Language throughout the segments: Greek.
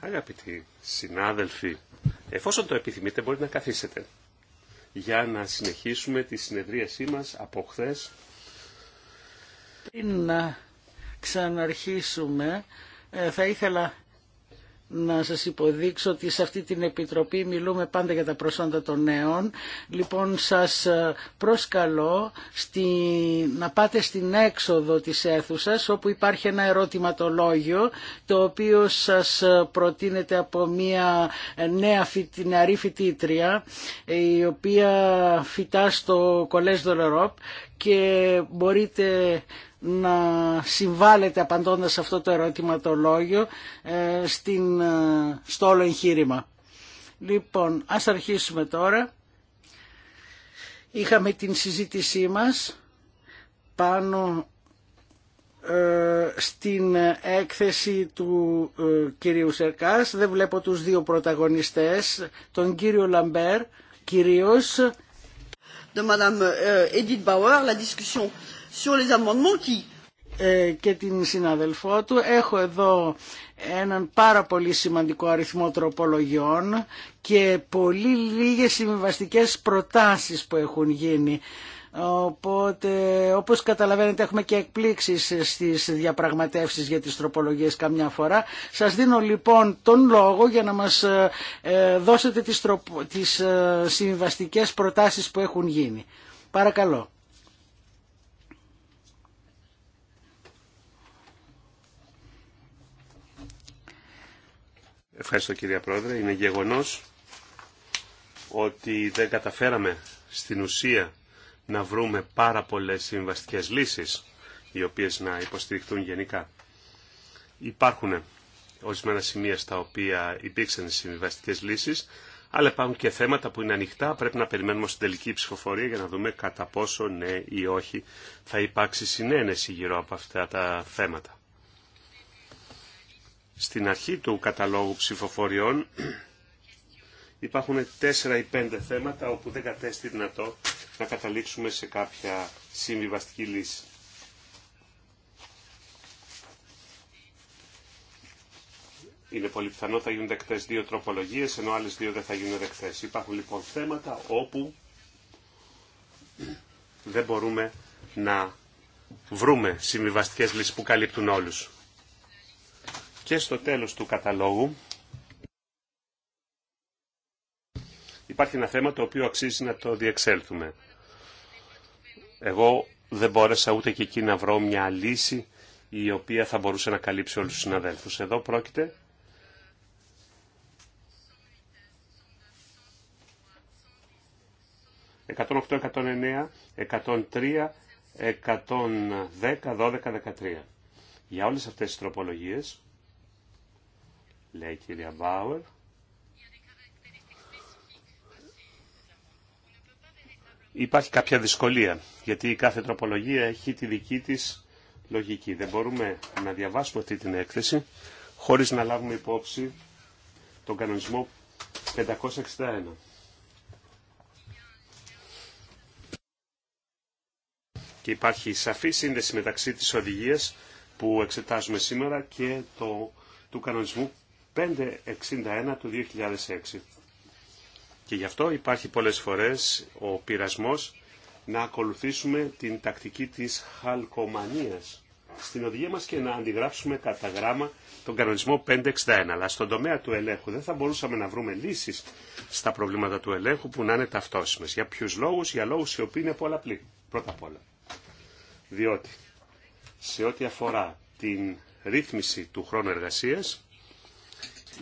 Αγαπητοί συνάδελφοι, εφόσον το επιθυμείτε μπορείτε να καθίσετε για να συνεχίσουμε τη συνεδρίασή μας από χθε. Πριν να ξαναρχίσουμε ε, θα ήθελα να σας υποδείξω ότι σε αυτή την Επιτροπή μιλούμε πάντα για τα προσόντα των νέων. Λοιπόν, σας ε, προσκαλώ στη... να πάτε στην έξοδο της αίθουσας όπου υπάρχει ένα ερωτηματολόγιο το οποίο σας ε, προτείνεται από μια ε, νέα νεαρή φοιτήτρια η οποία φυτά στο Collège de και μπορείτε να συμβάλλεται απαντώντας σε αυτό το ερωτηματολόγιο ε, στην, ε, στο όλο εγχείρημα. Λοιπόν, ας αρχίσουμε τώρα. Είχαμε την συζήτησή μας πάνω ε, στην έκθεση του κυρίου Σερκάς. Δεν βλέπω τους δύο πρωταγωνιστές, τον κύριο Λαμπέρ κυρίως. De Madame Edith Bauer, la discussion ε, και την συναδελφό του. Έχω εδώ έναν πάρα πολύ σημαντικό αριθμό τροπολογιών και πολύ λίγες συμβιβαστικέ προτάσεις που έχουν γίνει. Οπότε, όπως καταλαβαίνετε, έχουμε και εκπλήξεις στις διαπραγματεύσεις για τις τροπολογίες καμιά φορά. Σας δίνω λοιπόν τον λόγο για να μας ε, ε, δώσετε τις, τροπο... τις συμβαστικές προτάσεις που έχουν γίνει. Παρακαλώ. Ευχαριστώ κυρία Πρόεδρε. Είναι γεγονός ότι δεν καταφέραμε στην ουσία να βρούμε πάρα πολλές συμβαστικές λύσεις οι οποίες να υποστηριχτούν γενικά. Υπάρχουν ορισμένα σημεία στα οποία υπήρξαν συμβαστικές λύσεις, αλλά υπάρχουν και θέματα που είναι ανοιχτά. Πρέπει να περιμένουμε στην τελική ψηφοφορία για να δούμε κατά πόσο ναι ή όχι θα υπάρξει συνένεση γύρω από αυτά τα θέματα. Στην αρχή του καταλόγου ψηφοφοριών υπάρχουν τέσσερα ή πέντε θέματα όπου δεν κατέστη δυνατό να καταλήξουμε σε κάποια συμβιβαστική λύση. Είναι πολύ πιθανό θα γίνουν δεκτές δύο τροπολογίες, ενώ άλλες δύο δεν θα γίνουν δεκτές. Υπάρχουν λοιπόν θέματα όπου δεν μπορούμε να βρούμε συμβιβαστικές λύσεις που καλύπτουν όλους. Και στο τέλος του καταλόγου υπάρχει ένα θέμα το οποίο αξίζει να το διεξέλθουμε. Εγώ δεν μπόρεσα ούτε και εκεί να βρω μια λύση η οποία θα μπορούσε να καλύψει όλους τους συναδέλφους. Εδώ πρόκειται ...108, 109, 103, 110, 12, 13. Για όλες αυτές τις τροπολογίες λέει η κυρία Μπάουερ. Υπάρχει κάποια δυσκολία, γιατί η κάθε τροπολογία έχει τη δική της λογική. Δεν μπορούμε να διαβάσουμε αυτή την έκθεση χωρίς να λάβουμε υπόψη τον κανονισμό 561. Και υπάρχει σαφή σύνδεση μεταξύ της οδηγίας που εξετάζουμε σήμερα και το, του κανονισμού 561 του 2006. Και γι' αυτό υπάρχει πολλές φορές ο πειρασμός να ακολουθήσουμε την τακτική της χαλκομανίας στην οδηγία μας και να αντιγράψουμε κατά γράμμα τον κανονισμό 561. Αλλά στον τομέα του ελέγχου δεν θα μπορούσαμε να βρούμε λύσεις στα προβλήματα του ελέγχου που να είναι ταυτόσιμες. Για ποιους λόγους, για λόγους οι οποίοι είναι πολλαπλοί. Πρώτα απ' όλα. Διότι σε ό,τι αφορά την ρύθμιση του χρόνου εργασίας,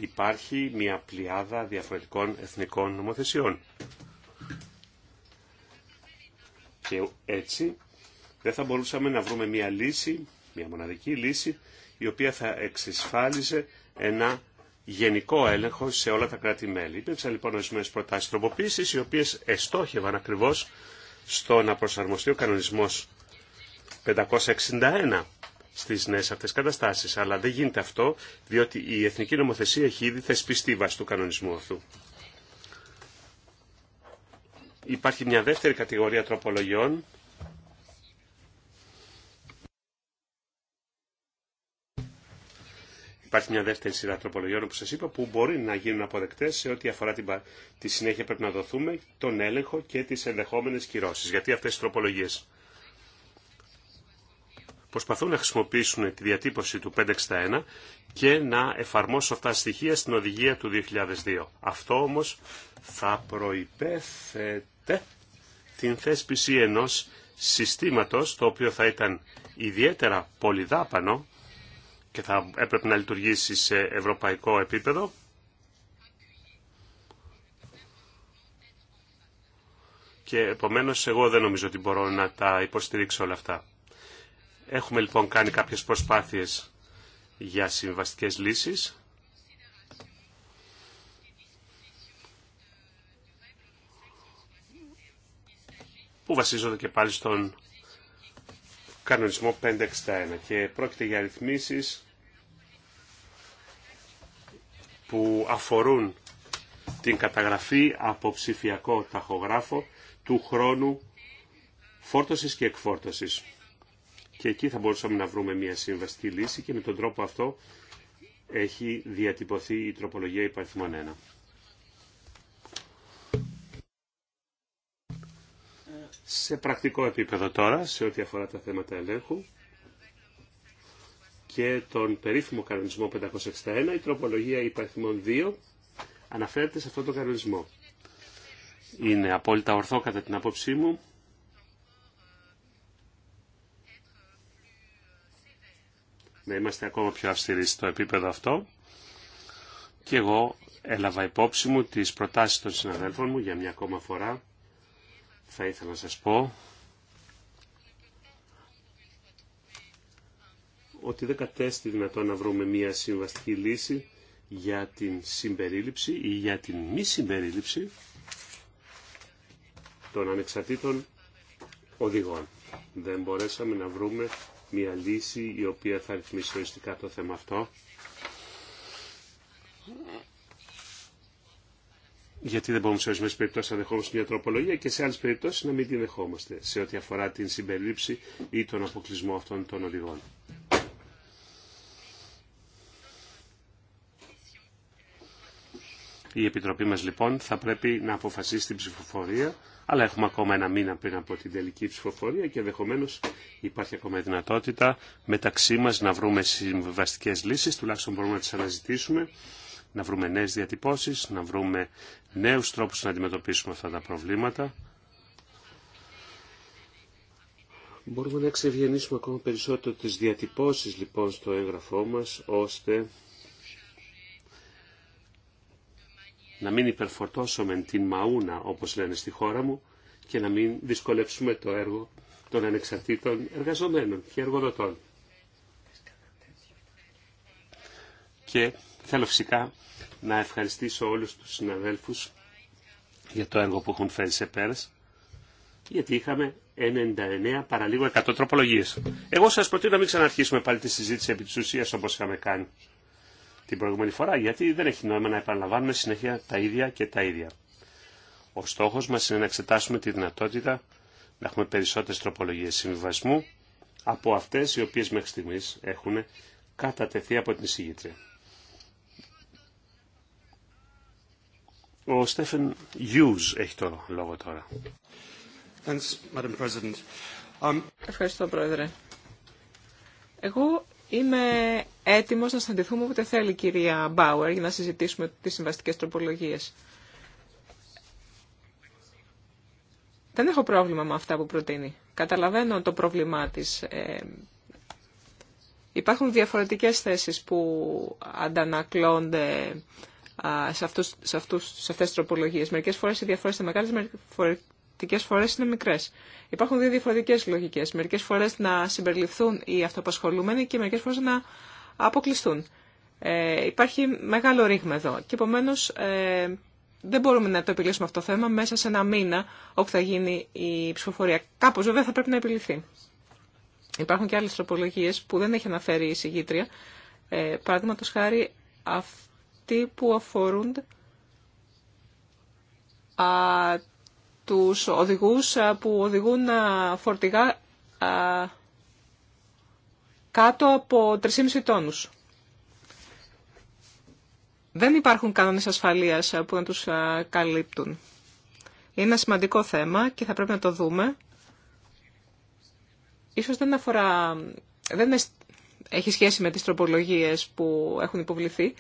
υπάρχει μια πλειάδα διαφορετικών εθνικών νομοθεσιών. Και έτσι δεν θα μπορούσαμε να βρούμε μια λύση, μια μοναδική λύση, η οποία θα εξισφάλιζε ένα γενικό έλεγχο σε όλα τα κράτη-μέλη. Υπήρξαν λοιπόν ορισμένε προτάσει τροποποίηση, οι οποίε εστόχευαν ακριβώ στο να προσαρμοστεί ο κανονισμό 561 στις νέε αυτές καταστάσεις. Αλλά δεν γίνεται αυτό, διότι η Εθνική Νομοθεσία έχει ήδη θεσπιστεί βάσει του κανονισμού αυτού. Υπάρχει μια δεύτερη κατηγορία τροπολογιών, Υπάρχει μια δεύτερη σειρά τροπολογιών, που σα είπα, που μπορεί να γίνουν αποδεκτέ σε ό,τι αφορά την, τη συνέχεια πρέπει να δοθούμε, τον έλεγχο και τι ενδεχόμενε κυρώσει. Γιατί αυτέ οι τροπολογίε προσπαθούν να χρησιμοποιήσουν τη διατύπωση του 561 και να εφαρμόσουν αυτά τα στοιχεία στην οδηγία του 2002. Αυτό όμως θα προϋπέθεται την θέσπιση ενός συστήματος το οποίο θα ήταν ιδιαίτερα πολυδάπανο και θα έπρεπε να λειτουργήσει σε ευρωπαϊκό επίπεδο και επομένως εγώ δεν νομίζω ότι μπορώ να τα υποστηρίξω όλα αυτά. Έχουμε λοιπόν κάνει κάποιες προσπάθειες για συμβαστικές λύσεις. που βασίζονται και πάλι στον κανονισμό 561 και πρόκειται για ρυθμίσεις που αφορούν την καταγραφή από ψηφιακό ταχογράφο του χρόνου φόρτωσης και εκφόρτωσης και εκεί θα μπορούσαμε να βρούμε μια συμβαστική λύση και με τον τρόπο αυτό έχει διατυπωθεί η τροπολογία υπαριθμών 1. Σε πρακτικό επίπεδο τώρα, σε ό,τι αφορά τα θέματα ελέγχου και τον περίφημο κανονισμό 561, η τροπολογία υπαριθμών 2 αναφέρεται σε αυτό τον κανονισμό. Είναι απόλυτα ορθό κατά την άποψή μου να είμαστε ακόμα πιο αυστηροί στο επίπεδο αυτό. Και εγώ έλαβα υπόψη μου τις προτάσεις των συναδέλφων μου για μια ακόμα φορά. Θα ήθελα να σας πω ότι δεν κατέστη δυνατόν να βρούμε μια συμβαστική λύση για την συμπερίληψη ή για την μη συμπερίληψη των ανεξαρτήτων οδηγών. Δεν μπορέσαμε να βρούμε μια λύση η οποία θα ρυθμίσει οριστικά το θέμα αυτό. Γιατί δεν μπορούμε σε ορισμένε περιπτώσει να δεχόμαστε μια τροπολογία και σε άλλε περιπτώσει να μην την δεχόμαστε σε ό,τι αφορά την συμπερίληψη ή τον αποκλεισμό αυτών των οδηγών. Η Επιτροπή μας λοιπόν θα πρέπει να αποφασίσει την ψηφοφορία αλλά έχουμε ακόμα ένα μήνα πριν από την τελική ψηφοφορία και ενδεχομένω υπάρχει ακόμα δυνατότητα μεταξύ μας να βρούμε συμβιβαστικέ λύσεις, τουλάχιστον μπορούμε να τις αναζητήσουμε, να βρούμε νέες διατυπώσεις, να βρούμε νέους τρόπους να αντιμετωπίσουμε αυτά τα προβλήματα. Μπορούμε να εξευγενήσουμε ακόμα περισσότερο τις διατυπώσεις λοιπόν στο έγγραφό μας, ώστε να μην υπερφορτώσουμε την μαούνα, όπως λένε στη χώρα μου, και να μην δυσκολεύσουμε το έργο των ανεξαρτήτων εργαζομένων και εργοδοτών. Και θέλω φυσικά να ευχαριστήσω όλους τους συναδέλφους για το έργο που έχουν φέρει σε πέρας, γιατί είχαμε 99 παραλίγο 100 τροπολογίες. Εγώ σας προτείνω να μην ξαναρχίσουμε πάλι τη συζήτηση επί της ουσίας όπως είχαμε κάνει την προηγούμενη φορά, γιατί δεν έχει νόημα να επαναλαμβάνουμε συνέχεια τα ίδια και τα ίδια. Ο στόχο μα είναι να εξετάσουμε τη δυνατότητα να έχουμε περισσότερες τροπολογίες συμβιβασμού από αυτές οι οποίες μέχρι στιγμή έχουν κατατεθεί από την εισηγήτρια. Ο Στέφεν Hughes έχει το λόγο τώρα. Madam Um... Ευχαριστώ, Πρόεδρε. Εγώ Είμαι έτοιμος να συναντηθούμε όποτε θέλει η κυρία Μπάουερ για να συζητήσουμε τις συμβαστικές τροπολογίες. Δεν έχω πρόβλημα με αυτά που προτείνει. Καταλαβαίνω το πρόβλημά της. Ε, υπάρχουν διαφορετικές θέσεις που αντανακλώνται σε, αυτούς, σε, αυτούς, σε αυτές τις τροπολογίες. Μερικές φορές οι διαφορές είναι μεγάλες, μερικέ φορές είναι μικρές. Υπάρχουν δύο διαφορετικέ λογικέ. Μερικέ φορέ να συμπεριληφθούν οι αυτοπασχολούμενοι και μερικέ φορέ να αποκλειστούν. Ε, υπάρχει μεγάλο ρήγμα εδώ και επομένω ε, δεν μπορούμε να το επιλύσουμε αυτό το θέμα μέσα σε ένα μήνα όπου θα γίνει η ψηφοφορία. Κάπως βέβαια θα πρέπει να επιληθεί. Υπάρχουν και άλλε τροπολογίε που δεν έχει αναφέρει η συγγήτρια. Ε, Παραδείγματος χάρη αυτοί που αφορούν α, τους οδηγούς ε, που οδηγούν ε, φορτηγά ε, κάτω από 3,5 τόνους. Δεν υπάρχουν κανόνες ασφαλείας που να τους καλύπτουν. Είναι ένα σημαντικό θέμα και θα πρέπει να το δούμε. Ίσως δεν αφορά... Δεν έχει σχέση με τις τροπολογίες που έχουν υποβληθεί,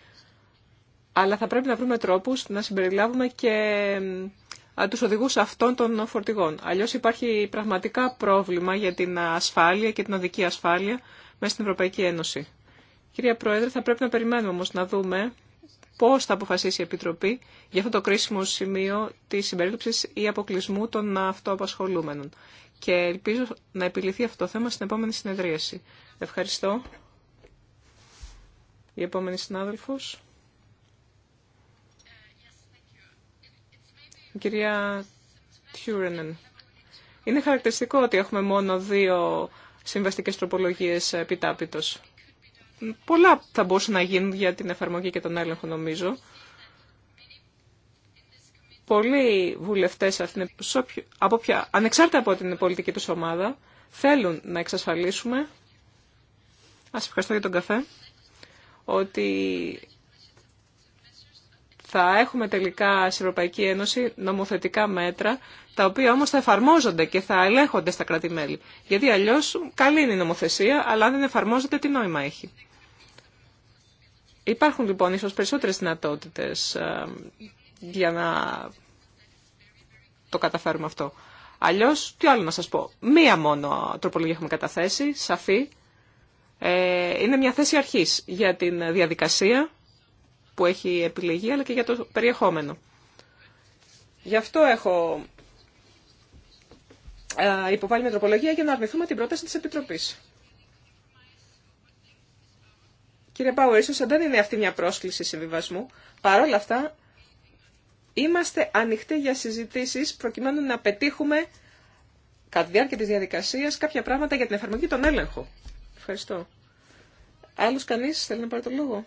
αλλά θα πρέπει να βρούμε τρόπους να συμπεριλάβουμε και τους οδηγούς αυτών των φορτηγών. Αλλιώς υπάρχει πραγματικά πρόβλημα για την ασφάλεια και την οδική ασφάλεια μέσα στην Ευρωπαϊκή Ένωση. Κυρία Πρόεδρε, θα πρέπει να περιμένουμε όμως να δούμε πώς θα αποφασίσει η Επιτροπή για αυτό το κρίσιμο σημείο της συμπερίληψης ή αποκλεισμού των αυτοαπασχολούμενων. Και ελπίζω να επιληθεί αυτό το θέμα στην επόμενη συνεδρίαση. Ευχαριστώ. Η επόμενη συνάδελφος. κυρία Τιούρενεν. Είναι χαρακτηριστικό ότι έχουμε μόνο δύο συμβαστικές τροπολογίες επιτάπητος. Πολλά θα μπορούσαν να γίνουν για την εφαρμογή και τον έλεγχο νομίζω. Πολλοί βουλευτές από ανεξάρτητα από την πολιτική του ομάδα θέλουν να εξασφαλίσουμε, ας ευχαριστώ για τον καφέ, ότι θα έχουμε τελικά στην Ευρωπαϊκή Ένωση νομοθετικά μέτρα, τα οποία όμως θα εφαρμόζονται και θα ελέγχονται στα κράτη-μέλη. Γιατί αλλιώς καλή είναι η νομοθεσία, αλλά αν δεν εφαρμόζεται τι νόημα έχει. Υπάρχουν λοιπόν ίσως περισσότερες δυνατότητες ε, για να το καταφέρουμε αυτό. Αλλιώς, τι άλλο να σας πω. Μία μόνο τροπολογία έχουμε καταθέσει, σαφή. Ε, είναι μια θέση αρχής για την διαδικασία που έχει επιλεγεί, αλλά και για το περιεχόμενο. Γι' αυτό έχω ε, υποβάλει μετροπολογία τροπολογία για να αρνηθούμε την πρόταση της Επιτροπής. Κύριε Πάουερ, ίσως δεν είναι αυτή μια πρόσκληση συμβιβασμού. Παρ' όλα αυτά, είμαστε ανοιχτοί για συζητήσεις προκειμένου να πετύχουμε κατά τη διάρκεια της διαδικασίας κάποια πράγματα για την εφαρμογή των έλεγχων. Ευχαριστώ. Άλλος κανείς θέλει να πάρει το λόγο.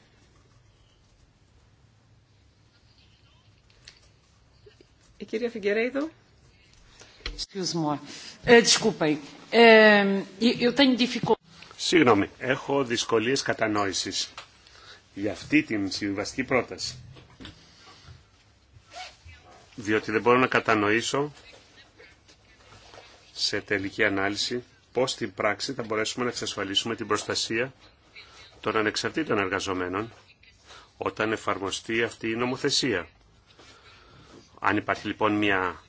Η κυρία Φιγκερέιδο. Ε, ε, ε, Συγγνώμη, έχω δυσκολίες κατανόησης για αυτή την συμβιβαστική πρόταση. Διότι δεν μπορώ να κατανοήσω σε τελική ανάλυση πώς στην πράξη θα μπορέσουμε να εξασφαλίσουμε την προστασία των ανεξαρτήτων εργαζομένων όταν εφαρμοστεί αυτή η νομοθεσία. Αν υπάρχει λοιπόν μια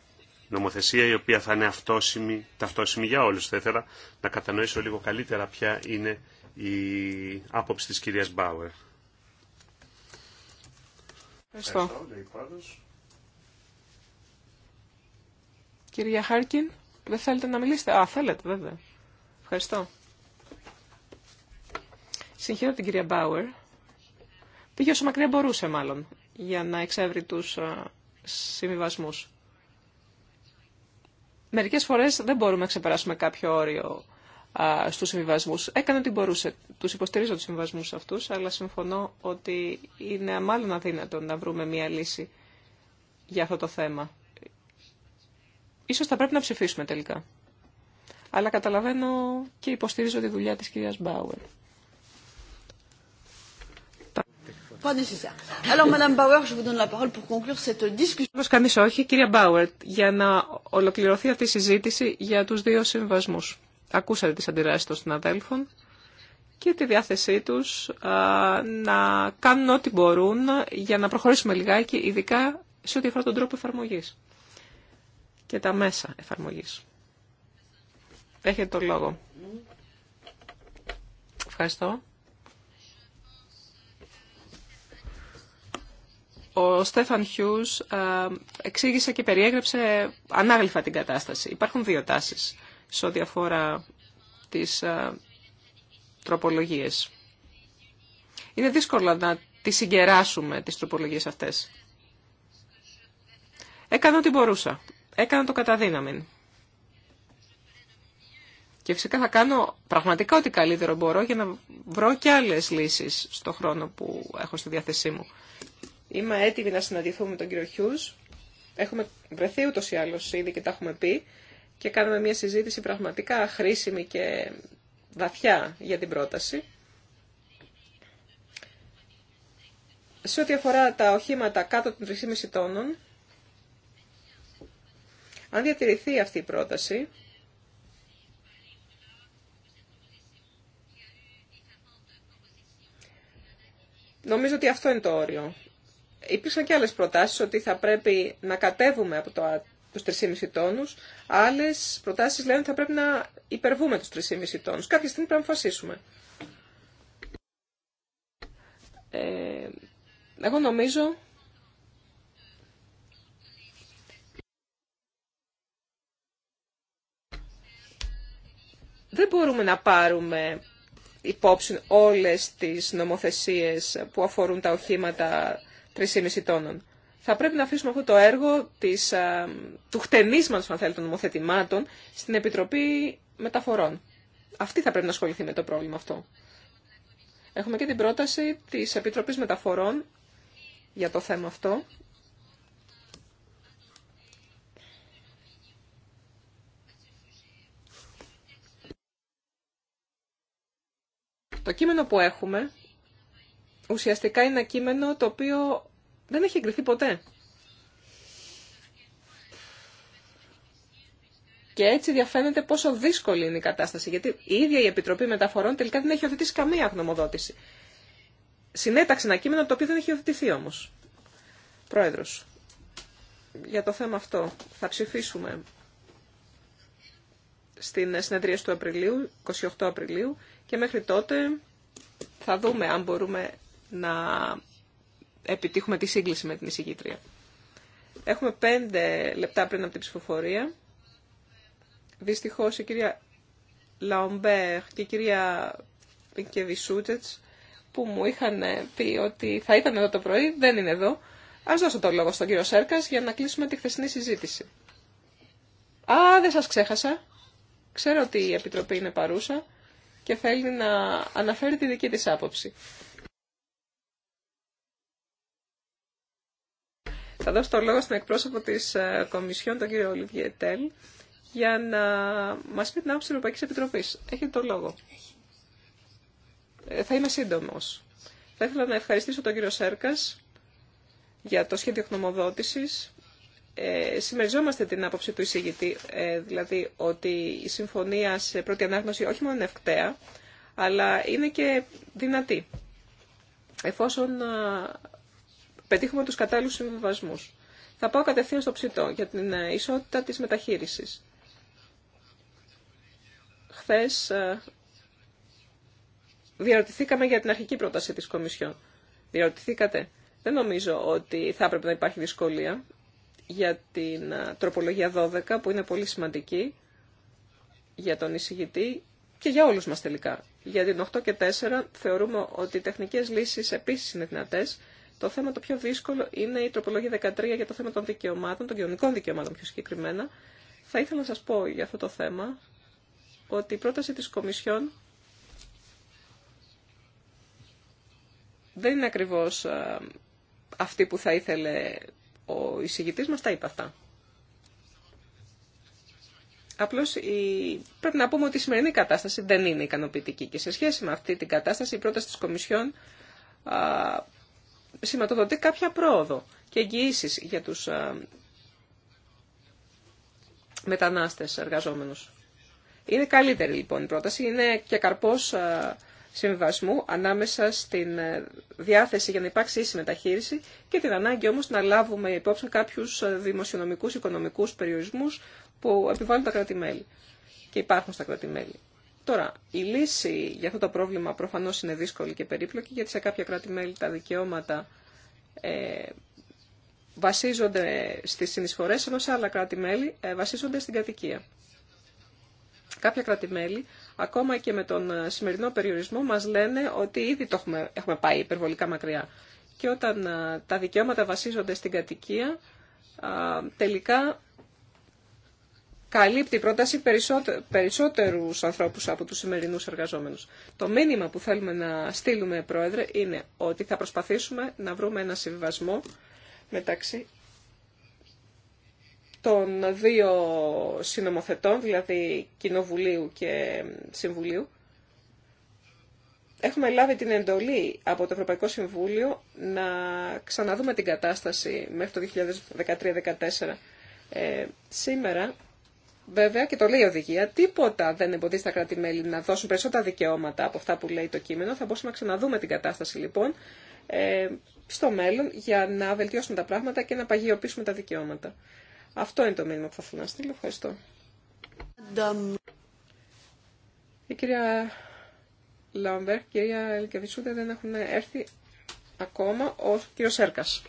νομοθεσία η οποία θα είναι αυτόσιμη, ταυτόσιμη για όλους, θα ήθελα να κατανοήσω λίγο καλύτερα ποια είναι η άποψη της κυρίας Μπάουερ. Ευχαριστώ. Κυρία Χάρκιν, δεν θέλετε να μιλήσετε. Α, θέλετε βέβαια. Ευχαριστώ. Συγχαίρω την κυρία Μπάουερ. Πήγε όσο μακριά μπορούσε μάλλον για να εξεύρει τους ε, συμβιβασμού. Μερικές φορές δεν μπορούμε να ξεπεράσουμε κάποιο όριο στου στους Έκανε ό,τι μπορούσε. Τους υποστηρίζω τους συμβιβασμού αυτούς, αλλά συμφωνώ ότι είναι αμάλλον αδύνατο να βρούμε μία λύση για αυτό το θέμα. Ίσως θα πρέπει να ψηφίσουμε τελικά. Αλλά καταλαβαίνω και υποστηρίζω τη δουλειά της κυρίας Μπάουερ. Pas nécessaire. κανείς όχι, κυρία Μπάουερ, για να ολοκληρωθεί αυτή η συζήτηση για τους δύο συμβασμούς. Ακούσατε τις αντιδράσεις των συναδέλφων και τη διάθεσή τους να κάνουν ό,τι μπορούν για να προχωρήσουμε λιγάκι, ειδικά σε ό,τι αφορά τον τρόπο εφαρμογής και τα μέσα εφαρμογής. Έχετε το λόγο. Ευχαριστώ. ο Στέφαν Χιούς ε, εξήγησε και περιέγραψε ανάγλυφα την κατάσταση. Υπάρχουν δύο τάσεις σε ό,τι αφορά τις ε, τροπολογίες. Είναι δύσκολο να τις συγκεράσουμε τις τροπολογίες αυτές. Έκανα ό,τι μπορούσα. Έκανα το καταδύναμεν. Και φυσικά θα κάνω πραγματικά ό,τι καλύτερο μπορώ για να βρω και άλλες λύσεις στο χρόνο που έχω στη διάθεσή μου. Είμαι έτοιμη να συναντηθούμε με τον κύριο Χιούς. Έχουμε βρεθεί ούτω ή άλλω ήδη και τα έχουμε πει και κάνουμε μια συζήτηση πραγματικά χρήσιμη και βαθιά για την πρόταση. Σε ό,τι αφορά τα οχήματα κάτω των 3,5 τόνων, αν διατηρηθεί αυτή η πρόταση, νομίζω ότι αυτό είναι το όριο. Υπήρξαν και άλλες προτάσεις ότι θα πρέπει να κατέβουμε από το, τους 3,5 τόνους. Άλλες προτάσεις λένε ότι θα πρέπει να υπερβούμε τους 3,5 τόνους. Κάποια στιγμή πρέπει να αποφασίσουμε. Ε, εγώ νομίζω δεν μπορούμε να πάρουμε υπόψη όλες τις νομοθεσίες που αφορούν τα οχήματα 3,5 τόνων. Θα πρέπει να αφήσουμε αυτό το έργο της, α, του χτενίσματος, αν θέλετε, των νομοθετημάτων στην Επιτροπή Μεταφορών. Αυτή θα πρέπει να ασχοληθεί με το πρόβλημα αυτό. Έχουμε και την πρόταση της Επιτροπής Μεταφορών για το θέμα αυτό. Το κείμενο που έχουμε ουσιαστικά είναι ένα κείμενο το οποίο δεν έχει εγκριθεί ποτέ. Και έτσι διαφαίνεται πόσο δύσκολη είναι η κατάσταση, γιατί η ίδια η Επιτροπή Μεταφορών τελικά δεν έχει οθετήσει καμία γνωμοδότηση. Συνέταξε ένα κείμενο το οποίο δεν έχει οθετηθεί όμω. Πρόεδρο, για το θέμα αυτό θα ψηφίσουμε στην συνεδρία του Απριλίου, 28 Απριλίου, και μέχρι τότε θα δούμε αν μπορούμε να επιτύχουμε τη σύγκληση με την εισηγήτρια. Έχουμε πέντε λεπτά πριν από την ψηφοφορία. Δυστυχώς η κυρία Λαομπέρ και η κυρία Πικεβισούτετς που μου είχαν πει ότι θα ήταν εδώ το πρωί, δεν είναι εδώ. Ας δώσω το λόγο στον κύριο Σέρκας για να κλείσουμε τη χθεσινή συζήτηση. Α, δεν σας ξέχασα. Ξέρω ότι η Επιτροπή είναι παρούσα και θέλει να αναφέρει τη δική της άποψη. Θα δώσω το λόγο στην εκπρόσωπο της ε, Κομισιόν, τον κύριο Ολιβιέ Τέλ, για να μας πει την άποψη τη Ευρωπαϊκή Επιτροπή. Έχετε το λόγο. Ε, θα είμαι σύντομο. Θα ήθελα να ευχαριστήσω τον κύριο Σέρκα για το σχέδιο χνομοδότησης. Ε, συμμεριζόμαστε την άποψη του εισηγητή, ε, δηλαδή ότι η συμφωνία σε πρώτη ανάγνωση όχι μόνο είναι ευκταία, αλλά είναι και δυνατή. Εφόσον ε, πετύχουμε τους κατάλληλους συμβιβασμούς. Θα πάω κατευθείαν στο ψητό για την ε, ισότητα της μεταχείρισης. Χθες ε, διαρωτηθήκαμε για την αρχική πρόταση της Κομισιόν. Διαρωτηθήκατε. Δεν νομίζω ότι θα έπρεπε να υπάρχει δυσκολία για την ε, τροπολογία 12 που είναι πολύ σημαντική για τον εισηγητή και για όλους μας τελικά. Για την 8 και 4 θεωρούμε ότι οι τεχνικές λύσεις επίσης είναι δυνατές το θέμα το πιο δύσκολο είναι η τροπολογία 13 για το θέμα των δικαιωμάτων, των κοινωνικών δικαιωμάτων πιο συγκεκριμένα. Θα ήθελα να σας πω για αυτό το θέμα ότι η πρόταση της Κομισιόν δεν είναι ακριβώς αυτή που θα ήθελε ο εισηγητής μας, τα είπα αυτά. Απλώς η... πρέπει να πούμε ότι η σημερινή κατάσταση δεν είναι ικανοποιητική και σε σχέση με αυτή την κατάσταση η πρόταση της Κομισιόν σηματοδοτεί κάποια πρόοδο και εγγυήσεις για τους μετανάστες εργαζόμενους. Είναι καλύτερη λοιπόν η πρόταση, είναι και καρπός συμβιβασμού ανάμεσα στην ε, διάθεση για να υπάρξει ίση μεταχείριση και την ανάγκη όμως να λάβουμε υπόψη κάποιους δημοσιονομικούς, οικονομικούς περιορισμούς που επιβάλλουν τα κράτη-μέλη και υπάρχουν στα κράτη-μέλη. Τώρα, η λύση για αυτό το πρόβλημα προφανώς είναι δύσκολη και περίπλοκη, γιατί σε κάποια κράτη-μέλη τα δικαιώματα ε, βασίζονται στις συνεισφορές, ενώ σε άλλα κράτη-μέλη ε, βασίζονται στην κατοικία. Κάποια κράτη-μέλη, ακόμα και με τον ε, σημερινό περιορισμό, μας λένε ότι ήδη το έχουμε, πάει υπερβολικά μακριά. Και όταν ε, τα δικαιώματα βασίζονται στην κατοικία, τελικά καλύπτει η πρόταση περισσότερους ανθρώπους από τους σημερινούς εργαζόμενους. Το μήνυμα που θέλουμε να στείλουμε, Πρόεδρε, είναι ότι θα προσπαθήσουμε να βρούμε ένα συμβιβασμό μεταξύ των δύο συνομοθετών, δηλαδή Κοινοβουλίου και Συμβουλίου. Έχουμε λάβει την εντολή από το Ευρωπαϊκό Συμβούλιο να ξαναδούμε την κατάσταση μέχρι το 2013-2014. Ε, σήμερα Βέβαια, και το λέει η οδηγία, τίποτα δεν εμποδίζει τα κράτη-μέλη να δώσουν περισσότερα δικαιώματα από αυτά που λέει το κείμενο. Θα μπορούσαμε να ξαναδούμε την κατάσταση λοιπόν ε, στο μέλλον για να βελτιώσουμε τα πράγματα και να παγιοποιήσουμε τα δικαιώματα. Αυτό είναι το μήνυμα που θα ήθελα να στείλω. Ευχαριστώ. Η κυρία Λάμπερ, η κυρία Ελκεβισούδε δεν έχουν έρθει ακόμα ο κύριος Σέρκας.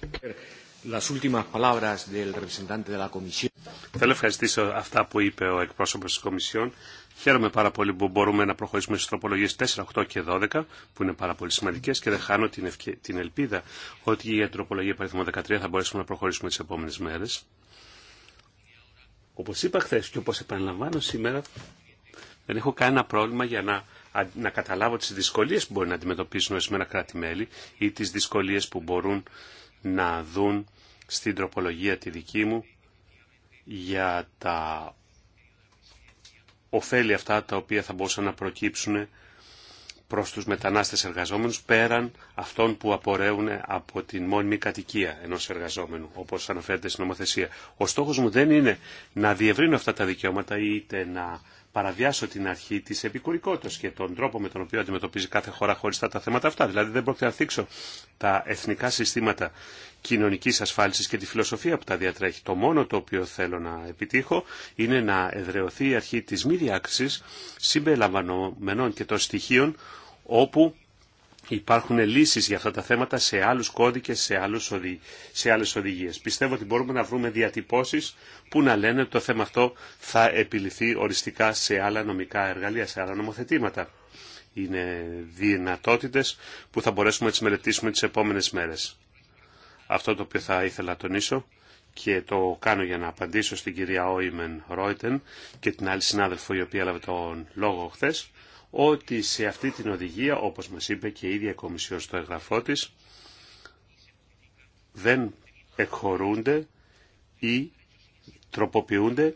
Las últimas palabras del representante de la Comisión. Θέλω ευχαριστήσω αυτά που είπε ο εκπρόσωπο τη Κομισιόν. Χαίρομαι πάρα πολύ που μπορούμε να προχωρήσουμε στι τροπολογίε 4, 8 και 12, που είναι πάρα πολύ σημαντικέ και δεν χάνω την, ευκαι... την ελπίδα ότι η τροπολογία παριθμό 13 θα μπορέσουμε να προχωρήσουμε τι επόμενε μέρε. Όπω είπα χθε και όπω επαναλαμβάνω σήμερα, δεν έχω κανένα πρόβλημα για να να καταλάβω τι δυσκολίε που μπορεί να αντιμετωπίσουν ορισμένα κράτη-μέλη ή τι δυσκολίε που μπορούν να δουν στην τροπολογία τη δική μου για τα ωφέλη αυτά τα οποία θα μπορούσαν να προκύψουν προς τους μετανάστες εργαζόμενους πέραν αυτών που απορρέουν από την μόνιμη κατοικία ενός εργαζόμενου, όπως αναφέρεται στην νομοθεσία. Ο στόχος μου δεν είναι να διευρύνω αυτά τα δικαιώματα είτε να παραβιάσω την αρχή τη επικουρικότητα και τον τρόπο με τον οποίο αντιμετωπίζει κάθε χώρα χωριστά τα θέματα αυτά. Δηλαδή δεν πρόκειται να θίξω τα εθνικά συστήματα κοινωνική ασφάλιση και τη φιλοσοφία που τα διατρέχει. Το μόνο το οποίο θέλω να επιτύχω είναι να εδρεωθεί η αρχή τη μη διάκριση συμπεριλαμβανομένων και των στοιχείων όπου υπάρχουν λύσεις για αυτά τα θέματα σε άλλους κώδικες, σε, άλλους οδη... σε άλλες οδηγίες. Πιστεύω ότι μπορούμε να βρούμε διατυπώσεις που να λένε ότι το θέμα αυτό θα επιληθεί οριστικά σε άλλα νομικά εργαλεία, σε άλλα νομοθετήματα. Είναι δυνατότητες που θα μπορέσουμε να τις μελετήσουμε τις επόμενες μέρες. Αυτό το οποίο θα ήθελα να τονίσω και το κάνω για να απαντήσω στην κυρία Όιμεν Ρόιτεν και την άλλη συνάδελφο η οποία έλαβε τον λόγο χθες ότι σε αυτή την οδηγία, όπως μας είπε και η ίδια Κομισιόν στο εγγραφό τη, δεν εκχωρούνται ή τροποποιούνται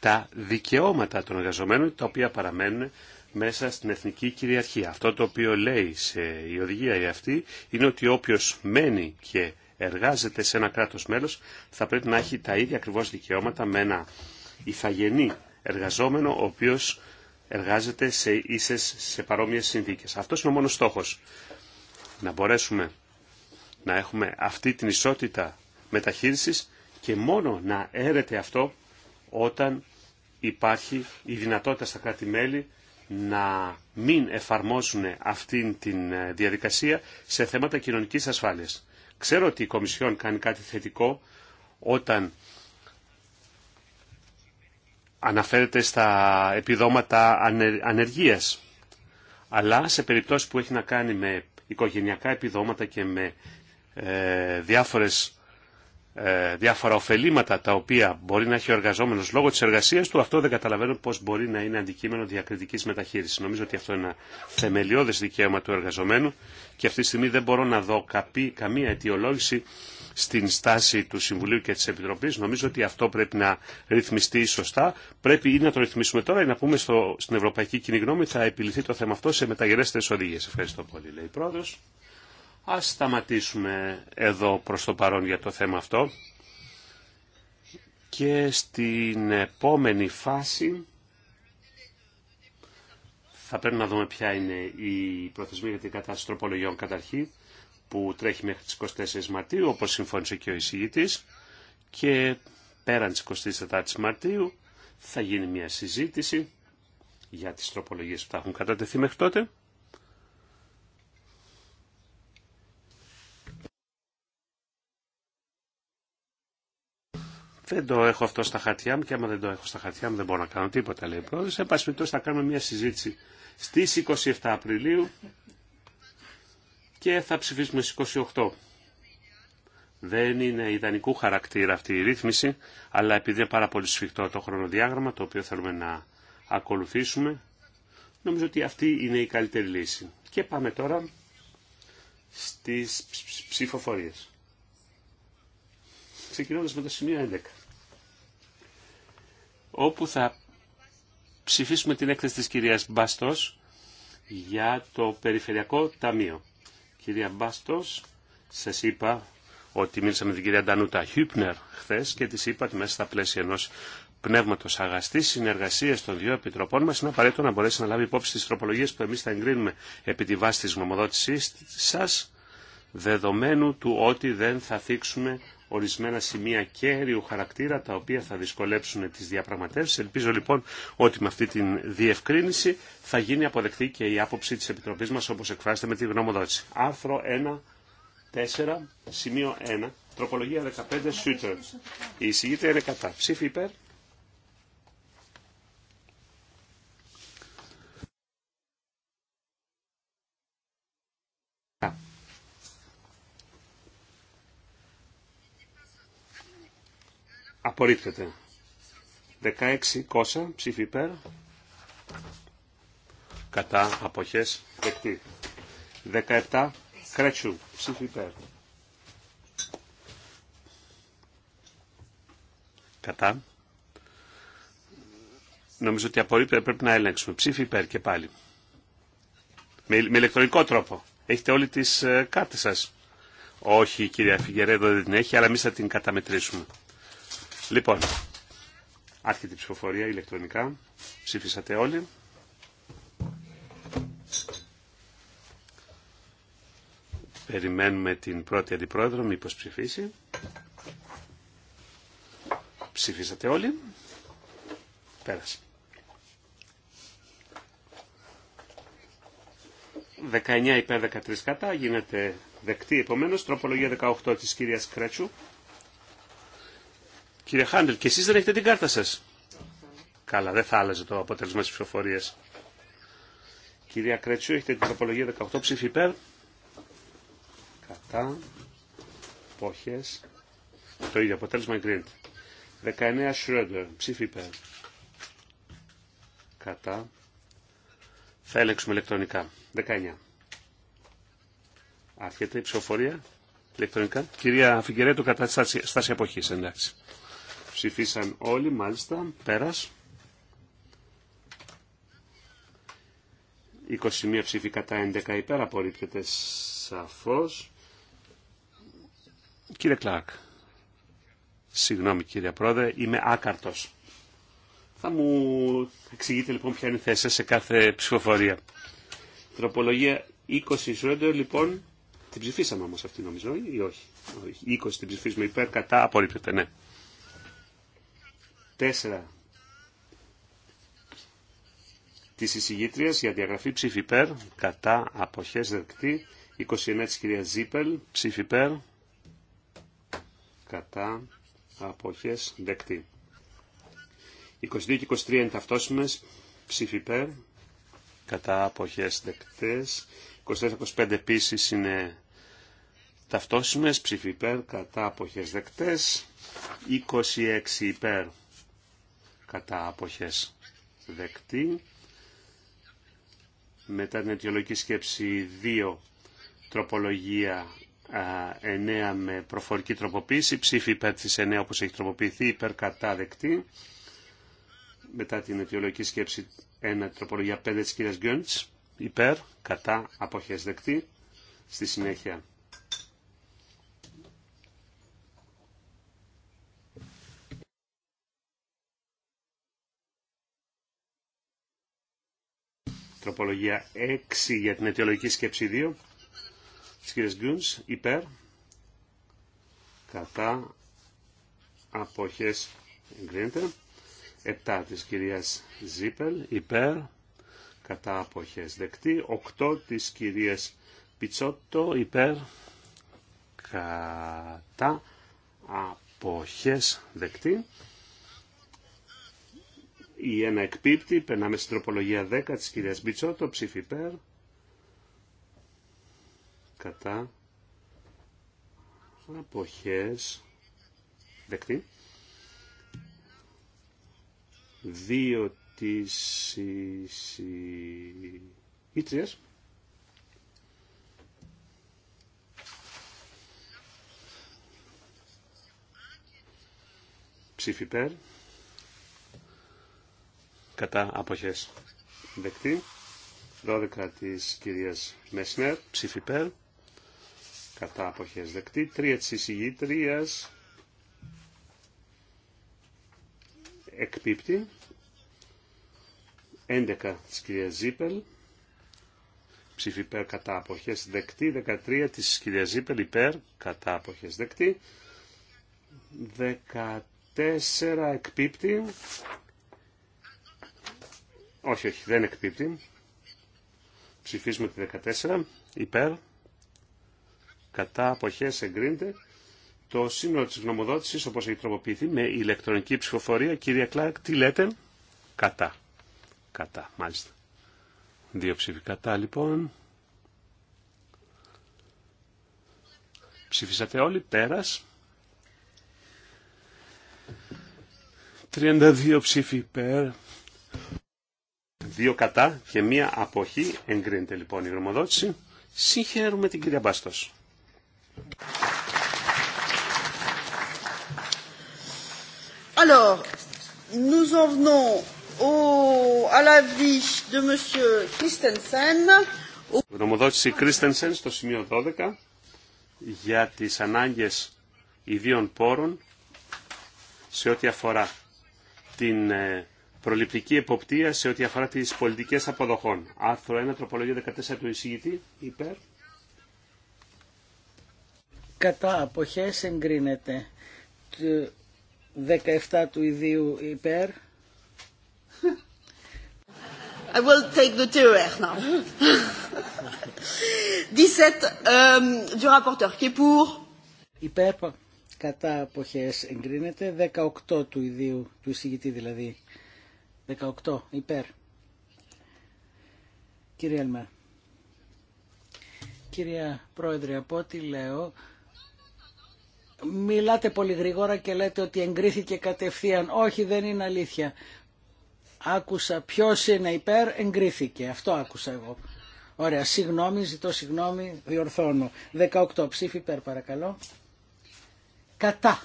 τα δικαιώματα των εργαζομένων τα οποία παραμένουν μέσα στην εθνική κυριαρχία. Αυτό το οποίο λέει σε η οδηγία αυτή είναι ότι όποιος μένει και εργάζεται σε ένα κράτος μέλος θα πρέπει να έχει τα ίδια ακριβώς δικαιώματα με ένα ηθαγενή εργαζόμενο ο οποίος εργάζεται σε ίσες, σε παρόμοιες συνθήκες. Αυτός είναι ο μόνος στόχος. Να μπορέσουμε να έχουμε αυτή την ισότητα μεταχείρισης και μόνο να έρεται αυτό όταν υπάρχει η δυνατότητα στα κράτη-μέλη να μην εφαρμόσουν αυτή την ε, διαδικασία σε θέματα κοινωνικής ασφάλειας. Ξέρω ότι η Κομισιόν κάνει κάτι θετικό όταν αναφέρεται στα επιδόματα ανεργίας. Αλλά σε περιπτώσεις που έχει να κάνει με οικογενειακά επιδόματα και με ε, διάφορες, ε, διάφορα ωφελήματα τα οποία μπορεί να έχει ο εργαζόμενος λόγω της εργασίας του, αυτό δεν καταλαβαίνω πώς μπορεί να είναι αντικείμενο διακριτικής μεταχείρισης. Νομίζω ότι αυτό είναι ένα θεμελιώδες δικαίωμα του εργαζομένου και αυτή τη στιγμή δεν μπορώ να δω καμία αιτιολόγηση στην στάση του Συμβουλίου και της Επιτροπής. Νομίζω ότι αυτό πρέπει να ρυθμιστεί σωστά. Πρέπει ή να το ρυθμίσουμε τώρα ή να πούμε στο, στην Ευρωπαϊκή Κοινή Γνώμη θα επιληθεί το θέμα αυτό σε μεταγερέστερες οδηγίες. Ευχαριστώ πολύ, λέει η Πρόεδρος. Ας σταματήσουμε εδώ προς το παρόν για το θέμα αυτό. Και στην επόμενη φάση θα πρέπει να δούμε ποια είναι η προθεσμία για την κατάσταση τροπολογιών καταρχήν που τρέχει μέχρι τις 24 Μαρτίου, όπως συμφώνησε και ο εισηγητής, και πέραν της 24 Μαρτίου θα γίνει μια συζήτηση για τις τροπολογίες που θα έχουν κατατεθεί μέχρι τότε. Δεν το έχω αυτό στα χαρτιά μου και άμα δεν το έχω στα χαρτιά μου δεν μπορώ να κάνω τίποτα, λέει ο πρόεδρος. θα κάνουμε μια συζήτηση στις 27 Απριλίου και θα ψηφίσουμε στις 28. Δεν είναι ιδανικού χαρακτήρα αυτή η ρύθμιση, αλλά επειδή είναι πάρα πολύ σφιχτό το χρονοδιάγραμμα, το οποίο θέλουμε να ακολουθήσουμε, νομίζω ότι αυτή είναι η καλύτερη λύση. Και πάμε τώρα στις ψηφοφορίες. Ξεκινώντας με το σημείο 11, όπου θα ψηφίσουμε την έκθεση της κυρίας Μπαστός για το Περιφερειακό Ταμείο. Κυρία Μπάστος, σας είπα ότι μίλησα με την κυρία Ντανούτα Χιούπνερ χθε και τη είπα ότι μέσα στα πλαίσια ενό πνεύματο αγαστή συνεργασία των δύο επιτροπών μα είναι απαραίτητο να μπορέσει να λάβει υπόψη τις τροπολογίε που εμεί θα εγκρίνουμε επί τη βάση τη γνωμοδότησή σα, δεδομένου του ότι δεν θα θίξουμε ορισμένα σημεία κέριου χαρακτήρα τα οποία θα δυσκολέψουν τις διαπραγματεύσεις. Ελπίζω λοιπόν ότι με αυτή την διευκρίνηση θα γίνει αποδεκτή και η άποψη της Επιτροπής μας όπως εκφράζεται με τη γνωμοδότηση. Άρθρο 1, 4, σημείο 1, τροπολογία 15, σούτερ. Η εισηγήτρια είναι κατά. Ψήφι υπέρ. Απορρίπτεται. 16 κόσα ψήφι υπέρ. Κατά αποχές δεκτή. 17 κρέτσου ψήφι υπέρ. Κατά. Νομίζω ότι απορρίπτεται πρέπει να ελέγξουμε. Ψήφι υπέρ και πάλι. Με, με ηλεκτρονικό τρόπο. Έχετε όλοι τις ε, κάρτες σας. Όχι, κυρία Φιγερέδο δεν την έχει, αλλά εμείς θα την καταμετρήσουμε. Λοιπόν, άρχεται η ψηφοφορία ηλεκτρονικά. Ψήφισατε όλοι. Περιμένουμε την πρώτη αντιπρόεδρο, μήπως ψηφίσει. Ψηφίσατε όλοι. Πέρασε. 19 υπέρ 13 κατά, γίνεται δεκτή. Επομένως, τροπολογία 18 της κυρίας Κρέτσου. Κύριε Χάντελ, και εσείς δεν έχετε την κάρτα σας. Καλά, δεν θα άλλαζε το αποτέλεσμα της ψηφοφορίας. Κυρία Κρέτσου, έχετε την τροπολογία 18 ψήφι υπέρ. Κατά. Πόχες. Το ίδιο αποτέλεσμα εγκρίνεται. 19 Σρόντερ, ψήφι υπέρ. Κατά. Θα έλεξουμε ηλεκτρονικά. 19. Άρχεται η ψηφοφορία ηλεκτρονικά. Κυρία Φιγκερέτου, κατά τη στάση αποχής, εντάξει. Ψηφίσαν όλοι, μάλιστα. Πέρας. 21 ψήφοι κατά 11 υπέρ απορρίπτεται σαφώς. Κύριε Κλάρκ, συγγνώμη κύριε Πρόεδρε, είμαι άκαρτος. Θα μου εξηγείτε λοιπόν ποια είναι η θέση σε κάθε ψηφοφορία. Τροπολογία 20 Σρέντερ λοιπόν, την ψηφίσαμε όμως αυτή νομίζω ή όχι. 20 την ψηφίσουμε υπέρ κατά απορρίπτεται, ναι. 4 της εισηγήτριας για διαγραφή ψήφι πέρ, κατά αποχές δεκτή, 29 της κυρίας Ζίπελ, ψήφι πέρ κατά αποχές δεκτή. 22 και 23 είναι ταυτόσιμες, ψήφι υπέρ, κατά αποχές δεκτές. 24-25 επίση είναι ταυτόσιμες, ψήφι υπέρ, κατά αποχές δεκτές. 26 υπέρ, κατά αποχές δεκτή. Μετά την αιτιολογική σκέψη 2, τροπολογία 9 με προφορική τροποποίηση, ψήφι υπέρ της 9 όπως έχει τροποποιηθεί, υπέρ κατά δεκτή. Μετά την αιτιολογική σκέψη 1, τροπολογία 5 της κυρίας Γκιόντς, υπέρ κατά αποχές δεκτή. Στη συνέχεια Τροπολογία 6 για την αιτιολογική σκέψη 2 της κυρίας Γκούνς, υπέρ, κατά, αποχές, εγκρίνεται. 7 της κυρίας Ζίπελ, υπέρ, κατά, αποχές, δεκτή. 8 της κυρίας Πιτσότο, υπέρ, κατά, αποχές, δεκτή η ένα εκπίπτει, περνάμε στην τροπολογία 10 της κυρίας Μπιτσότο, ψήφι υπέρ, κατά, αποχές, δεκτή, Δύο της Ήτριας, ψήφι υπέρ, κατά αποχές δεκτή. 12 της κυρίας Μεσνέρ, ψήφι κατά αποχές δεκτή. 3 της εισηγήτριας, εκπίπτη 11 της κυρίας Ζίπελ, ψήφι κατά αποχές δεκτή. 13 της κυρίας Ζίπελ υπέρ κατά αποχές δεκτή. 14 εκπίπτη όχι, όχι, δεν εκπίπτει. Ψηφίζουμε τη 14. Υπέρ. Κατά αποχές εγκρίνεται το σύνολο της γνωμοδότησης όπως έχει τροποποιηθεί με ηλεκτρονική ψηφοφορία. Κυρία Κλάρκ, τι λέτε. Κατά. Κατά, μάλιστα. Δύο ψήφοι κατά, λοιπόν. Ψηφίσατε όλοι, πέρας. 32 ψήφοι υπέρ, Δύο κατά και μία αποχή. Εγκρίνεται λοιπόν η γνωμοδότηση. Συγχαίρουμε την κυρία Μπάστος. Alors, nous venons à de Γνωμοδότηση Κρίστενσεν στο σημείο 12 για τις ανάγκες ιδίων πόρων σε ό,τι αφορά την ε, προληπτική εποπτεία σε ό,τι αφορά τις πολιτικές αποδοχών. Άρθρο 1, τροπολογία 14 του εισηγητή, υπέρ. Κατά αποχές εγκρίνεται. 17 του ιδίου υπέρ. I will take the TER now. 17 euh, du rapporteur qui est pour. Υπέρ κατά αποχές εγκρίνεται. 18 του ιδίου, του εισηγητή δηλαδή 18 υπέρ. Κύριε Ελμέ. Κυρία Πρόεδρε, από ό,τι λέω, μιλάτε πολύ γρήγορα και λέτε ότι εγκρίθηκε κατευθείαν. Όχι, δεν είναι αλήθεια. Άκουσα ποιος είναι υπέρ, εγκρίθηκε. Αυτό άκουσα εγώ. Ωραία, συγγνώμη, ζητώ συγγνώμη, διορθώνω. 18 ψήφι υπέρ παρακαλώ. Κατά.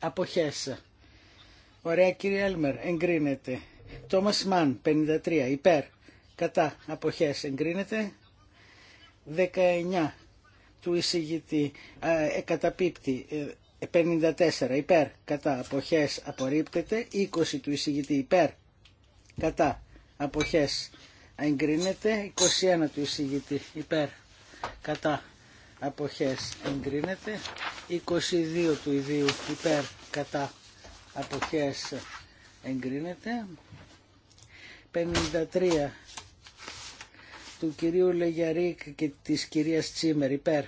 Αποχές. Ωραία κύριε Έλμερ, εγκρίνεται. Τόμας Μαν, 53, υπέρ. Κατά, αποχές, εγκρίνεται. 19 του εισηγητή, ε, καταπίπτει, 54 υπέρ, κατά, αποχές, απορρίπτεται. 20 του εισηγητή υπέρ, κατά, αποχές, εγκρίνεται. 21 του εισηγητή υπέρ, κατά, αποχές εγκρίνεται 22 του ιδίου υπέρ κατά αποχές εγκρίνεται 53 του κυρίου Λεγιαρίκ και της κυρίας Τσίμερ υπέρ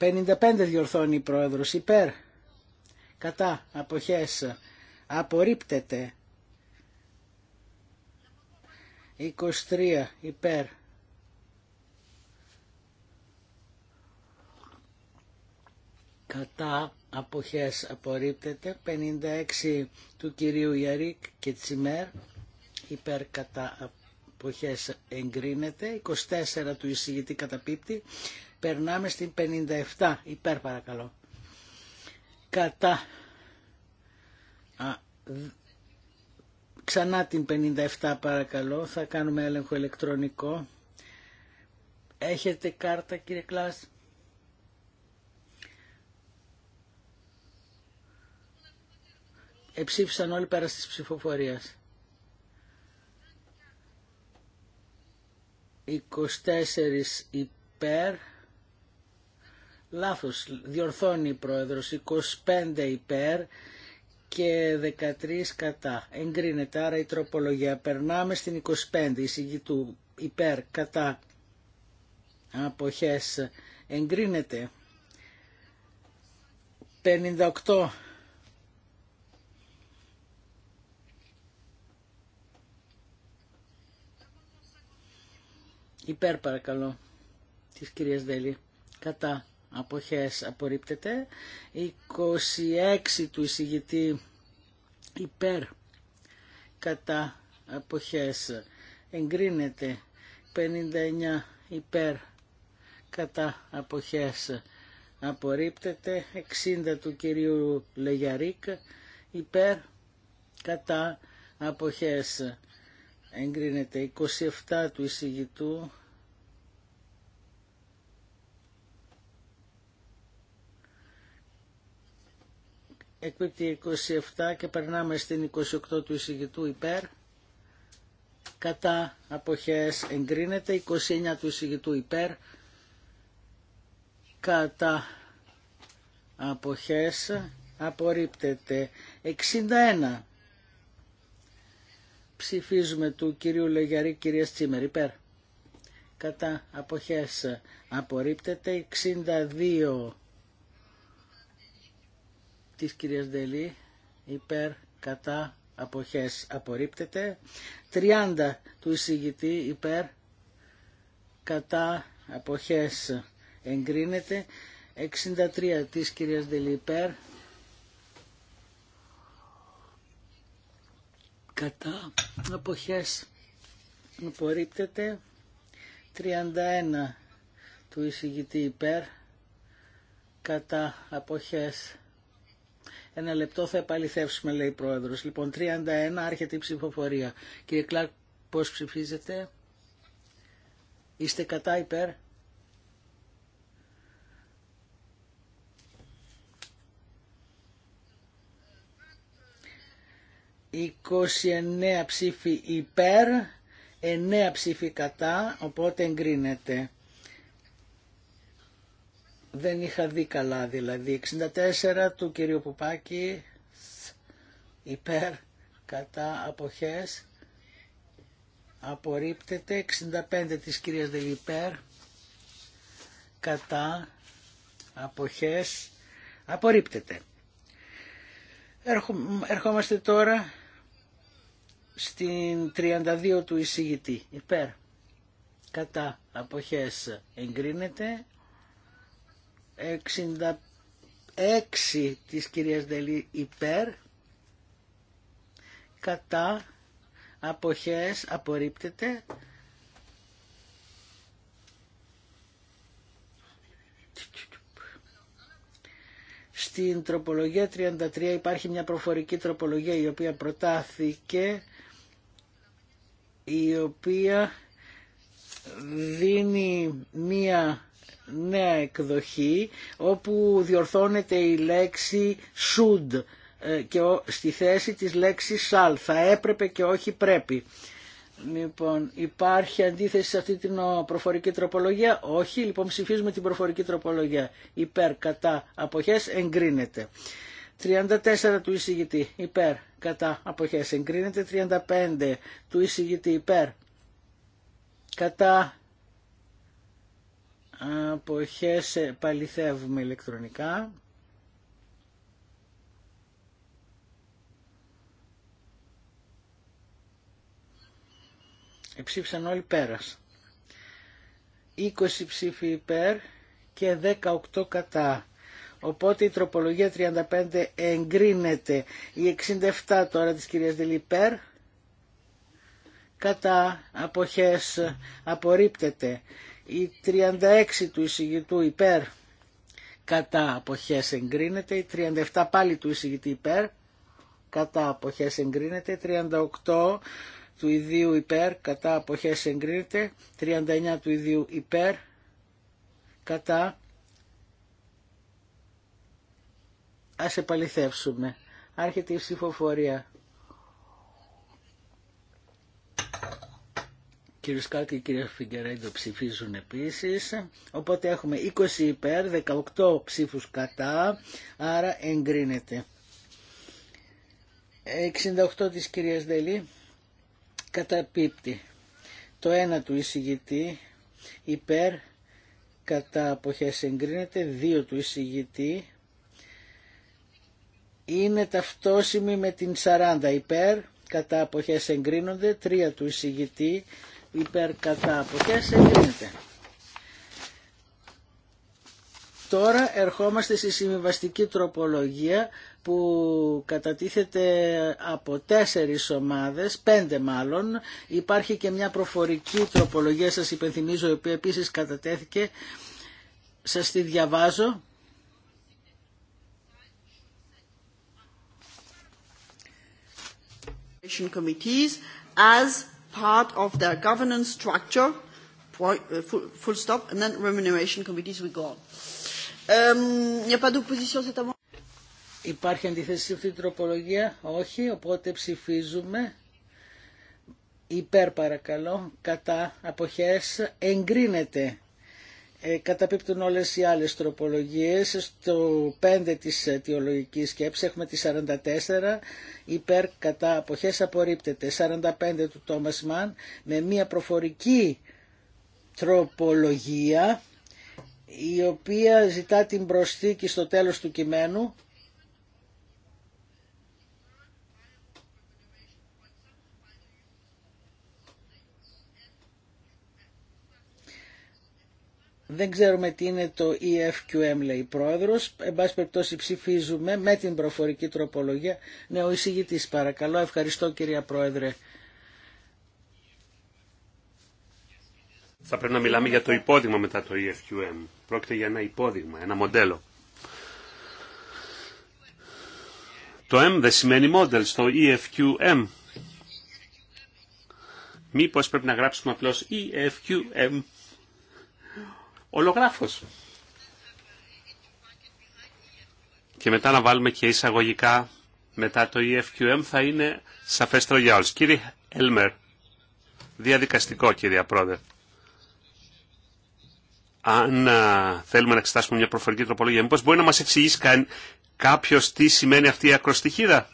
55 διορθώνει η πρόεδρος υπέρ κατά αποχές απορρίπτεται 23 υπέρ κατά αποχές απορρίπτεται 56 του κυρίου Ιαρίκ και Τσιμέρ υπέρ κατά αποχές εγκρίνεται 24 του εισηγητή καταπίπτει περνάμε στην 57 υπέρ παρακαλώ κατά Α, ξανά την 57 παρακαλώ θα κάνουμε έλεγχο ηλεκτρονικό έχετε κάρτα κύριε Κλάς Εψήφισαν όλοι πέρα στις ψηφοφορίες. 24 υπέρ. Λάθος, διορθώνει η πρόεδρος. 25 υπέρ και 13 κατά. Εγκρίνεται άρα η τροπολογία. Περνάμε στην 25 εισηγή του υπέρ κατά αποχές. Εγκρίνεται. 58 Υπέρ παρακαλώ της κυρίας Δέλη. Κατά αποχές απορρίπτεται. 26 του εισηγητή υπέρ κατά αποχές εγκρίνεται. 59 υπέρ κατά αποχές απορρίπτεται. 60 του κυρίου Λεγιαρίκ υπέρ κατά αποχές εγκρίνεται. 27 του εισηγητού Εκπίπτει 27 και περνάμε στην 28 του εισηγητού υπέρ. Κατά αποχές εγκρίνεται. 29 του εισηγητού υπέρ. Κατά αποχές απορρίπτεται. 61. Ψηφίζουμε του κυρίου Λεγιαρή κυρία Τσίμερ υπέρ. Κατά αποχές απορρίπτεται. 62 της κυρίας Δελή υπέρ κατά αποχές απορρίπτεται 30 του εισηγητή υπέρ κατά αποχές εγκρίνεται 63 της κυρίας Δελή υπέρ κατά αποχές απορρίπτεται 31 του εισηγητή υπέρ κατά αποχές ένα λεπτό θα επαληθεύσουμε, λέει η Πρόεδρος. Λοιπόν, 31, άρχεται η ψηφοφορία. Κύριε Κλάρκ, πώ ψηφίζετε. Είστε κατά υπέρ. «29 ψήφοι υπέρ, 9 ψήφοι κατά, οπότε εγκρίνεται» δεν είχα δει καλά δηλαδή. 64 του κυρίου Πουπάκη υπέρ κατά αποχές απορρίπτεται. 65 της κυρίας υπέρ κατά αποχές απορρίπτεται. Ερχόμαστε τώρα στην 32 του εισηγητή υπέρ κατά αποχές εγκρίνεται 66 της κυρίας Δελή υπέρ κατά αποχές απορρίπτεται στην τροπολογία 33 υπάρχει μια προφορική τροπολογία η οποία προτάθηκε η οποία δίνει μία νέα εκδοχή όπου διορθώνεται η λέξη should ε, και στη θέση της λέξης shall, θα έπρεπε και όχι πρέπει. Λοιπόν, υπάρχει αντίθεση σε αυτή την προφορική τροπολογία. Όχι, λοιπόν ψηφίζουμε την προφορική τροπολογία. Υπέρ, κατά, αποχές, εγκρίνεται. 34 του εισηγητή, υπέρ, κατά, αποχές, εγκρίνεται. 35 του εισηγητή, υπέρ, κατά, Αποχές ε, παληθεύουμε ηλεκτρονικά. Εψήφισαν όλοι πέρας. 20 ψήφοι υπέρ και 18 κατά. Οπότε η τροπολογία 35 εγκρίνεται. Η 67 τώρα της κυρίας υπέρ. κατά αποχές απορρίπτεται. Η 36 του εισηγητού υπέρ κατά αποχές εγκρίνεται. Η 37 πάλι του εισηγητή υπέρ κατά αποχές εγκρίνεται. 38 του ιδίου υπέρ κατά αποχές εγκρίνεται. 39 του ιδίου υπέρ κατά ας επαληθεύσουμε. Άρχεται η ψηφοφορία. κύριος Σκάκη και η κυρία Φιγκερέντο ψηφίζουν επίσης. Οπότε έχουμε 20 υπέρ, 18 ψήφους κατά, άρα εγκρίνεται. 68 της κυρίας Δελή καταπίπτει. Το ένα του εισηγητή υπέρ κατά αποχές εγκρίνεται, δύο του εισηγητή είναι ταυτόσιμη με την 40 υπέρ, κατά αποχές εγκρίνονται, τρία του εισηγητή υπέρ κατά Τώρα ερχόμαστε στη συμβιβαστική τροπολογία που κατατίθεται από τέσσερις ομάδες, πέντε μάλλον. Υπάρχει και μια προφορική τροπολογία, σας υπενθυμίζω, η οποία επίσης κατατέθηκε. Σας τη διαβάζω. Committees as part of their governance structure, full stop, and then remuneration committees will go on. Il n'y a pas d'opposition cet amendement. Υπάρχει αντίθεση σε αυτή την τροπολογία. Όχι, οπότε ψηφίζουμε. Υπέρ παρακαλώ, κατά αποχές εγκρίνεται ε, καταπίπτουν όλες οι άλλες τροπολογίες. Στο 5 της αιτιολογικής σκέψης έχουμε τη 44, υπέρ κατά αποχές απορρίπτεται. 45 του Τόμας Μαν με μια προφορική τροπολογία η οποία ζητά την προσθήκη στο τέλος του κειμένου Δεν ξέρουμε τι είναι το EFQM, λέει η πρόεδρος. Εν πάση περιπτώσει ψηφίζουμε με την προφορική τροπολογία. Ναι, ο εισηγητή, παρακαλώ. Ευχαριστώ κυρία πρόεδρε. Θα πρέπει να μιλάμε για το υπόδειγμα μετά το EFQM. Πρόκειται για ένα υπόδειγμα, ένα μοντέλο. Το M δεν σημαίνει model στο EFQM. Μήπως πρέπει να γράψουμε απλώς EFQM ολογράφος. Και μετά να βάλουμε και εισαγωγικά μετά το EFQM θα είναι σαφέστερο για όλους. Κύριε Έλμερ, διαδικαστικό κύριε Πρόεδρε. Αν θέλουμε να εξετάσουμε μια προφορική τροπολογία, μήπως μπορεί να μας εξηγήσει καν, κάποιος τι σημαίνει αυτή η ακροστοιχίδα.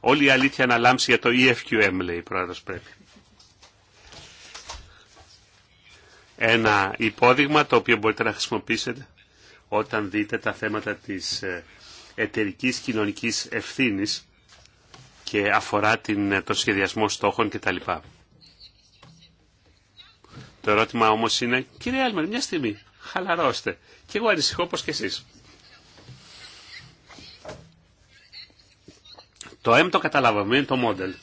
Όλη η αλήθεια να λάμψει για το EFQM λέει η Πρόεδρος πρέπει. ένα υπόδειγμα το οποίο μπορείτε να χρησιμοποιήσετε όταν δείτε τα θέματα της ε, εταιρικής κοινωνικής ευθύνης και αφορά την, ε, το σχεδιασμό στόχων κτλ. Το ερώτημα όμως είναι, κύριε Άλμερ, μια στιγμή, χαλαρώστε. Και εγώ ανησυχώ όπως και εσείς. Το M το καταλάβαμε, είναι το μόντελ.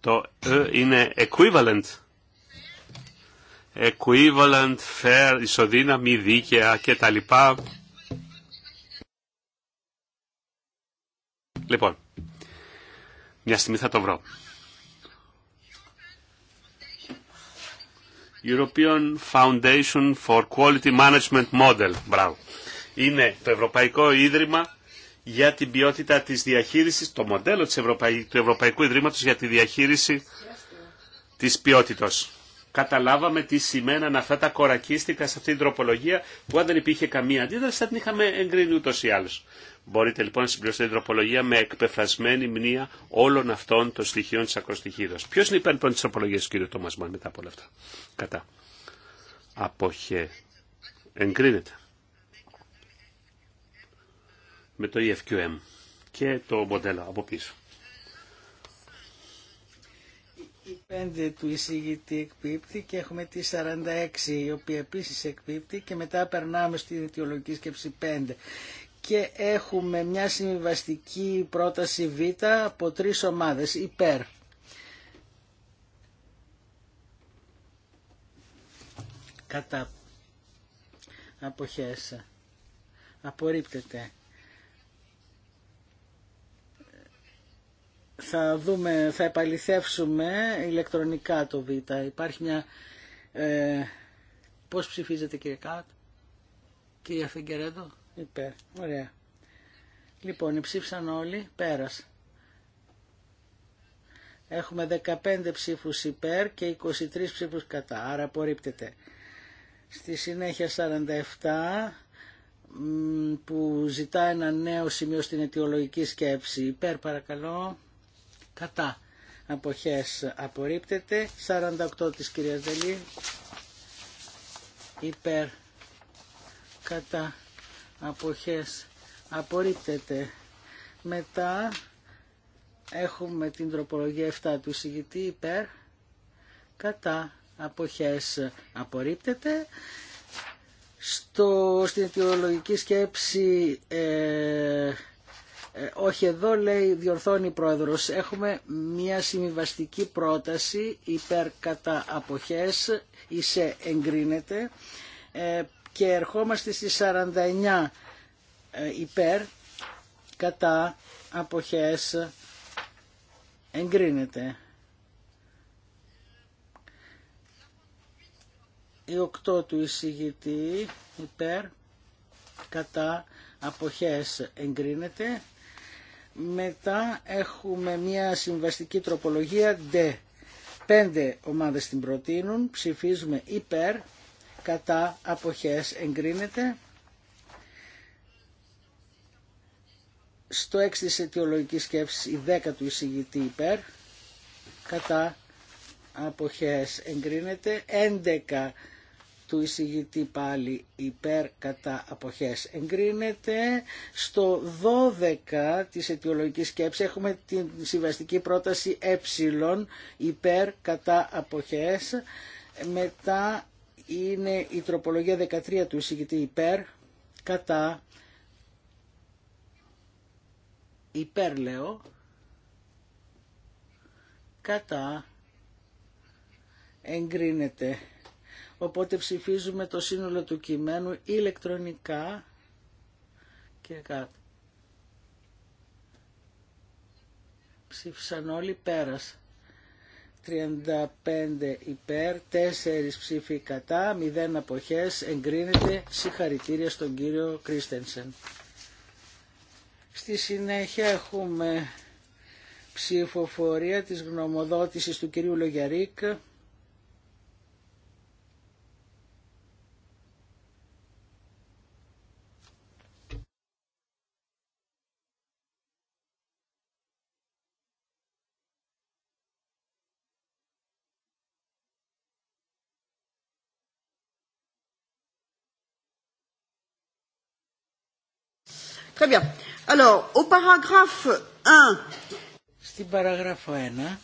Το ε είναι equivalent. Equivalent, fair, ισοδύναμη, δίκαια λοιπά. Λοιπόν, μια στιγμή θα το βρω. European Foundation for Quality Management Model. Μπράβο. Είναι το Ευρωπαϊκό Ίδρυμα για την ποιότητα της διαχείρισης, το μοντέλο της Ευρωπαϊ... του Ευρωπαϊκού Ιδρύματος για τη διαχείριση της ποιότητα. Καταλάβαμε τι σημαίναν αυτά τα κορακίστικα σε αυτή την τροπολογία που αν δεν υπήρχε καμία αντίδραση θα την είχαμε εγκρίνει ούτω ή άλλω. Μπορείτε λοιπόν να συμπληρώσετε την τροπολογία με εκπεφασμένη μνήμα όλων αυτών των στοιχείων τη ακροστοιχίδα. Ποιο είναι υπέρ λοιπόν τη τροπολογία, κύριε Μάν, μετά από όλα αυτά. Κατά. Αποχε. Εγκρίνεται με το EFQM και το μοντέλο από πίσω. Η 5 του εισηγητή εκπίπτει και έχουμε τη 46 η οποία επίσης εκπίπτει και μετά περνάμε στη αιτιολογική σκέψη 5 και έχουμε μια συμβιβαστική πρόταση Β από τρεις ομάδες υπέρ. Κατά αποχέσα. απορρίπτεται. θα δούμε, θα επαληθεύσουμε ηλεκτρονικά το Β. Υπάρχει μια... Ε, πώς ψηφίζετε κύριε Κάτ, κύριε Φιγκερέντο, υπέρ, ωραία. Λοιπόν, ψήφισαν όλοι, πέρας. Έχουμε 15 ψήφους υπέρ και 23 ψήφους κατά, άρα απορρίπτεται. Στη συνέχεια 47 που ζητά ένα νέο σημείο στην αιτιολογική σκέψη. Υπέρ παρακαλώ κατά αποχές απορρίπτεται 48 της κυρίας Δελή υπέρ κατά αποχές απορρίπτεται μετά έχουμε την τροπολογία 7 του συγητή υπέρ κατά αποχές απορρίπτεται στο, στην αιτιολογική σκέψη ε, ε, όχι εδώ λέει, διορθώνει η πρόεδρος. Έχουμε μια συμβιβαστική πρόταση υπέρ κατά αποχές, η σε εγκρίνεται ε, και ερχόμαστε στις 49 ε, υπέρ κατά αποχές εγκρίνεται. Η 8 του εισηγητή υπέρ κατά αποχές εγκρίνεται. Μετά έχουμε μια συμβαστική τροπολογία D. Πέντε ομάδες την προτείνουν, ψηφίζουμε υπέρ, κατά αποχές εγκρίνεται. Στο έξι της αιτιολογικής σκέψης η 10 του εισηγητή υπέρ, κατά αποχές εγκρίνεται. 11 του εισηγητή πάλι υπέρ κατά αποχές εγκρίνεται. Στο 12 της αιτιολογικής σκέψης έχουμε την συμβαστική πρόταση ε υπέρ κατά αποχές. Μετά είναι η τροπολογία 13 του εισηγητή υπέρ κατά υπέρ λέω κατά εγκρίνεται Οπότε ψηφίζουμε το σύνολο του κειμένου ηλεκτρονικά. και κάτω. Ψήφισαν όλοι πέρας. 35 υπέρ, 4 ψήφοι κατά, 0 αποχές, εγκρίνεται συγχαρητήρια στον κύριο Κρίστενσεν. Στη συνέχεια έχουμε ψηφοφορία της γνωμοδότησης του κυρίου Λογιαρίκ Στην παραγράφο 1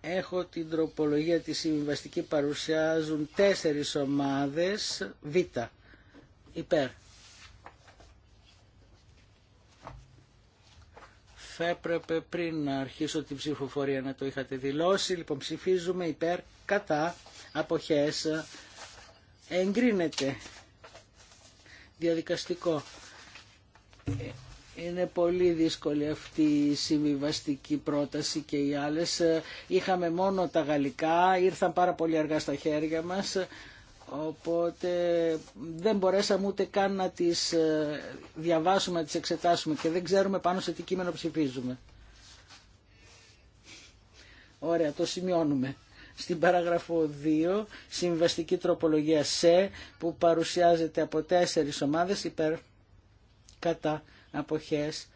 έχω την τροπολογία τη συμβιβαστική παρουσιάζουν τέσσερις ομάδες Β. Υπέρ. Θα έπρεπε πριν να αρχίσω την ψηφοφορία να το είχατε δηλώσει. Λοιπόν, ψηφίζουμε υπέρ, κατά, αποχές. Εγκρίνεται. Διαδικαστικό. Είναι πολύ δύσκολη αυτή η συμβιβαστική πρόταση και οι άλλες. Είχαμε μόνο τα γαλλικά, ήρθαν πάρα πολύ αργά στα χέρια μας, οπότε δεν μπορέσαμε ούτε καν να τις ε, διαβάσουμε, να τις εξετάσουμε και δεν ξέρουμε πάνω σε τι κείμενο ψηφίζουμε. Ωραία, το σημειώνουμε. Στην παράγραφο 2, συμβαστική τροπολογία σε, που παρουσιάζεται από τέσσερις ομάδες υπέρ κατά αποχές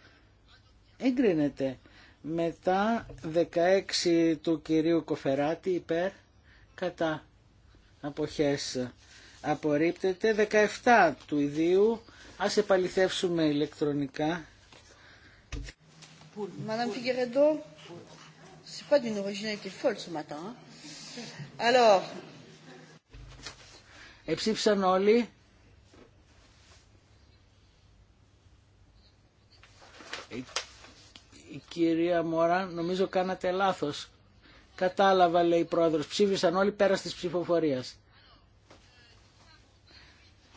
εγκρίνεται. Μετά 16 του κυρίου Κοφεράτη υπέρ κατά αποχές απορρίπτεται. 17 του ιδίου ας επαληθεύσουμε ηλεκτρονικά. Madame Figueredo, c'est pas d'une originalité folle ce matin. Alors. Εψήφισαν όλοι. Ε, η κυρία Μόρα, νομίζω κάνατε λάθος. Κατάλαβα, λέει η πρόεδρος. Ψήφισαν όλοι πέρα της ψηφοφορίας.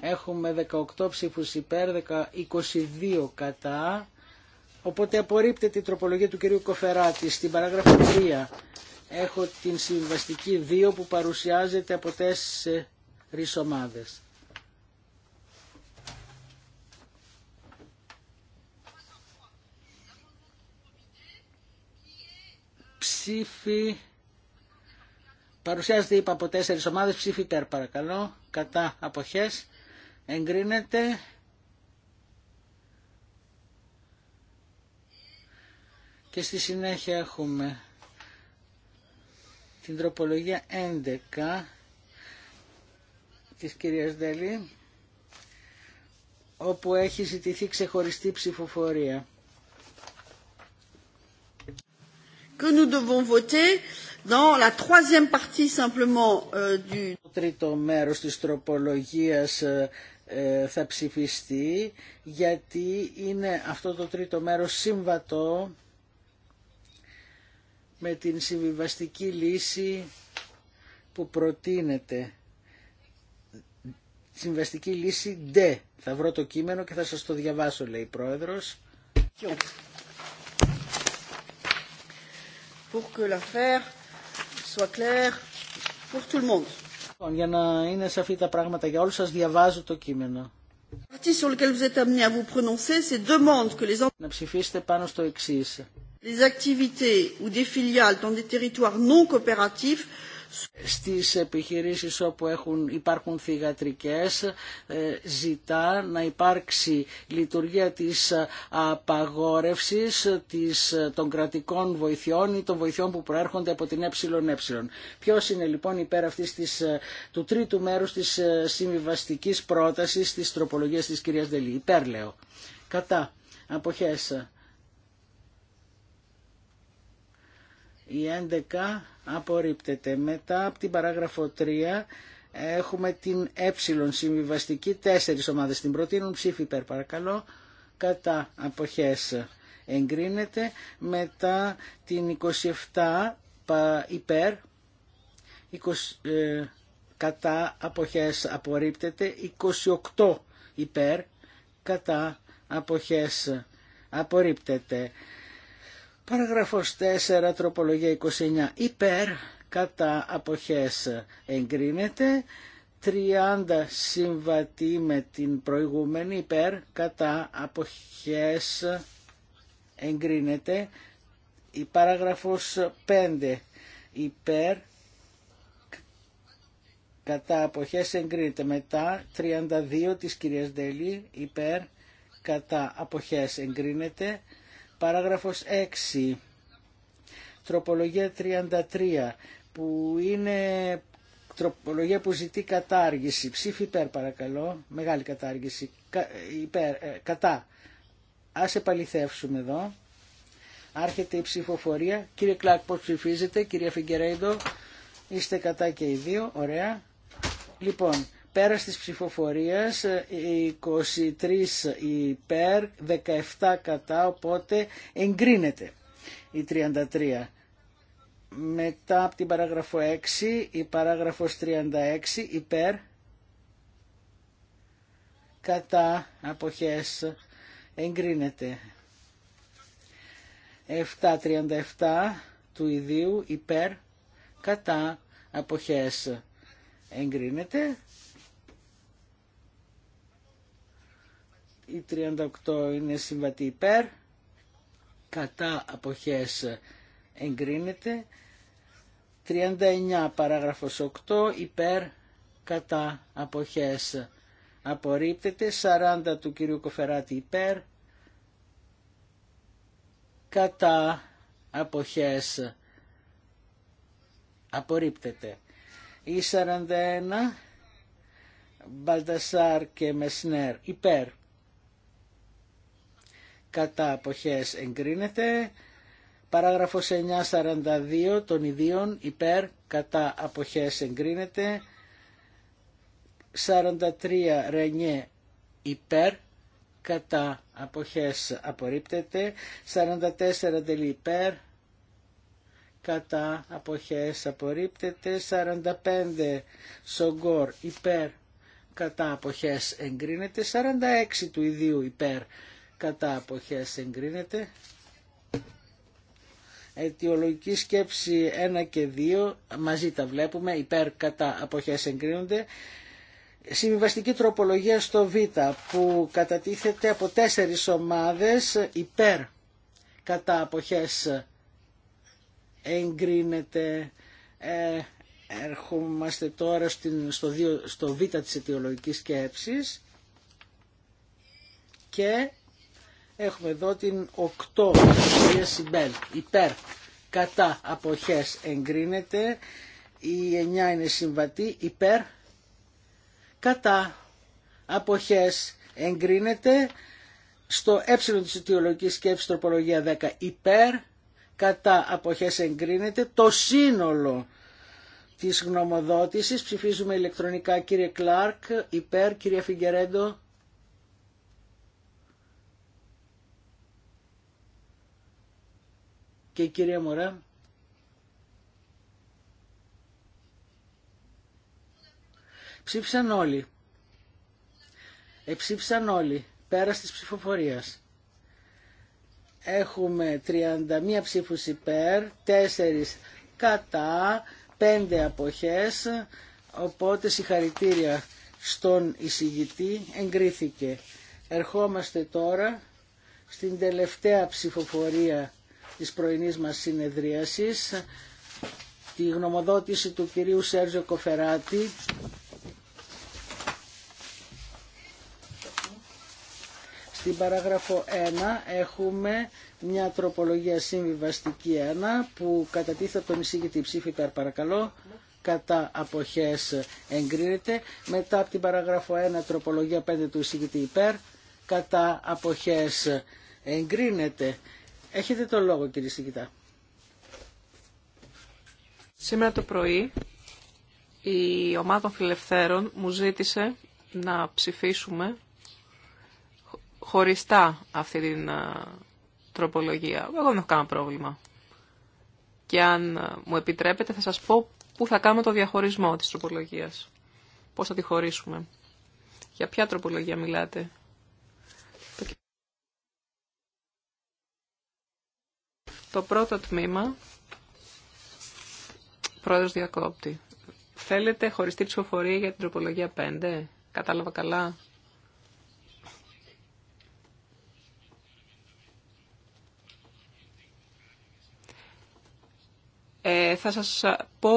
Έχουμε 18 ψήφους υπέρ, 22 κατά. Οπότε απορρίπτεται την τροπολογία του κυρίου Κοφεράτη στην παράγραφο 3. Έχω την συμβαστική 2 που παρουσιάζεται από τέσσερις ομάδες. Ψήφι παρουσιάζεται είπα από τέσσερις ομάδες ψήφι υπέρ παρακαλώ κατά αποχές εγκρίνεται και στη συνέχεια έχουμε την τροπολογία 11 της κυρίας Δέλη όπου έχει ζητηθεί ξεχωριστή ψηφοφορία Το τρίτο μέρος της τροπολογίας ε, ε, θα ψηφιστεί γιατί είναι αυτό το τρίτο μέρος σύμβατο με την συμβιβαστική λύση που προτείνεται. Συμβαστική λύση D. Θα βρω το κείμενο και θα σας το διαβάσω λέει η Πρόεδρος pour que l'affaire soit claire pour tout le monde. Λοιπόν, για να είναι τα πράγματα για όλους σας διαβάζω το κείμενο. Sur lequel vous êtes amené à vous prononcer, c'est demande que les Να ψηφίσετε πάνω στο εξής. Les activités ou des filiales dans des territoires non coopératifs στις επιχειρήσεις όπου έχουν, υπάρχουν θυγατρικές ε, ζητά να υπάρξει λειτουργία της απαγόρευσης της, των κρατικών βοηθειών ή των βοηθειών που προέρχονται από την ΕΕ. Ποιος είναι λοιπόν υπέρ αυτής της, ε, του τρίτου μέρους της ε, συμβιβαστικής πρότασης της τροπολογίας της κυρίας Δελή. Υπέρ λέω. Κατά. Αποχές. Η 11 απορρίπτεται. Μετά από την παράγραφο 3 έχουμε την ε συμβιβαστική. Τέσσερις ομάδες την προτείνουν. Ψήφι υπέρ παρακαλώ. Κατά αποχές εγκρίνεται. Μετά την 27 υπέρ. 20, ε, κατά αποχές απορρίπτεται. 28 υπέρ. Κατά αποχές απορρίπτεται. Παραγραφός 4, τροπολογία 29, υπέρ, κατά αποχές εγκρίνεται. 30 συμβατή με την προηγούμενη υπέρ κατά αποχές εγκρίνεται η παράγραφος 5 υπέρ κατά αποχές εγκρίνεται μετά 32 της κυρίας Δελή υπέρ κατά αποχές εγκρίνεται Παράγραφος 6, τροπολογία 33, που είναι τροπολογία που ζητεί κατάργηση. Ψήφι υπέρ παρακαλώ, μεγάλη κατάργηση, υπέρ, ε, κατά. Ας επαληθεύσουμε εδώ. Άρχεται η ψηφοφορία. Κύριε Κλάκ, πώς ψηφίζετε, κυρία Φιγκερέιντο, είστε κατά και οι δύο, ωραία. Λοιπόν, Πέρα της ψηφοφορίας 23 υπέρ, 17 κατά, οπότε εγκρίνεται η 33. Μετά από την παράγραφο 6, η παράγραφος 36 υπέρ, κατά αποχές εγκρίνεται. 7.37 του ιδίου υπέρ κατά αποχές εγκρίνεται. η 38 είναι συμβατή υπέρ, κατά αποχές εγκρίνεται, 39 παράγραφος 8 υπέρ, κατά αποχές απορρίπτεται, 40 του κυρίου Κοφεράτη υπέρ, κατά αποχές απορρίπτεται. Η 41 Μπαλτασάρ και Μεσνέρ υπέρ κατά αποχές εγκρίνεται. Παράγραφος 9.42 των ιδίων υπέρ κατά αποχές εγκρίνεται. 43 ρενιέ υπέρ κατά αποχές απορρίπτεται. 44 τελεί υπέρ κατά αποχές απορρίπτεται. 45 σογκόρ υπέρ κατά αποχές εγκρίνεται. 46 του ιδίου υπέρ κατά αποχές εγκρίνεται. Αιτιολογική σκέψη 1 και 2 μαζί τα βλέπουμε υπέρ κατά αποχές εγκρίνονται. Συμβιβαστική τροπολογία στο Β που κατατίθεται από τέσσερις ομάδες υπέρ κατά αποχές εγκρίνεται. Ε, ερχόμαστε τώρα στην, στο, δύο, στο Β της αιτιολογικής σκέψης και Έχουμε εδώ την 8 κυρία Σιμπέλ, υπέρ, κατά, αποχές εγκρίνεται. Η 9 είναι συμβατή, υπέρ, κατά, αποχές εγκρίνεται. Στο ε της αιτιολογικής σκέψης τροπολογία 10 υπέρ, κατά αποχές εγκρίνεται. Το σύνολο της γνωμοδότησης ψηφίζουμε ηλεκτρονικά κύριε Κλάρκ, υπέρ, κύριε Φιγκερέντο, και η κυρία Μωρά. Ψήφισαν όλοι. Εψήφισαν όλοι. Πέρα της ψηφοφορίας. Έχουμε 31 ψήφους υπέρ, 4 κατά, 5 αποχές, οπότε συγχαρητήρια στον εισηγητή εγκρίθηκε. Ερχόμαστε τώρα στην τελευταία ψηφοφορία της πρωινής μας συνεδρίασης τη γνωμοδότηση του κυρίου Σέρζιο Κοφεράτη Στην παράγραφο 1 έχουμε μια τροπολογία συμβιβαστική 1 που κατατίθεται τον εισήγητη ψήφι παρακαλώ κατά αποχές εγκρίνεται. Μετά από την παράγραφο 1 τροπολογία 5 του εισηγητή υπέρ κατά αποχές εγκρίνεται. Έχετε το λόγο κύριε Σιγητά. Σήμερα το πρωί η ομάδα φιλελευθέρων μου ζήτησε να ψηφίσουμε χωριστά αυτή την τροπολογία. Εγώ δεν έχω κανένα πρόβλημα. Και αν μου επιτρέπετε θα σας πω πού θα κάνουμε το διαχωρισμό της τροπολογίας. Πώς θα τη χωρίσουμε. Για ποια τροπολογία μιλάτε. Το πρώτο τμήμα, πρόεδρος διακόπτη. Θέλετε χωριστή ψηφοφορία για την τροπολογία 5. Κατάλαβα καλά. Ε, θα σας πω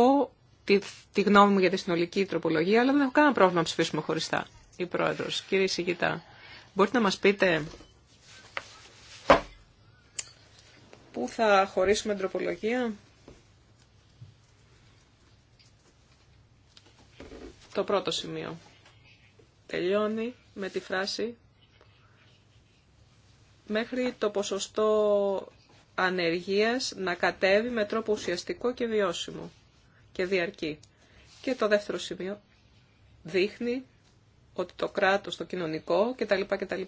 τη, τη γνώμη μου για τη συνολική τροπολογία, αλλά δεν έχω κανένα πρόβλημα να ψηφίσουμε χωριστά. Η Πρόεδρος, κύριε Σιγητά, μπορείτε να μας πείτε Πού θα χωρίσουμε την τροπολογία. Το πρώτο σημείο. Τελειώνει με τη φράση μέχρι το ποσοστό ανεργίας να κατέβει με τρόπο ουσιαστικό και βιώσιμο και διαρκή. Και το δεύτερο σημείο δείχνει ότι το κράτος, το κοινωνικό κτλ. κτλ.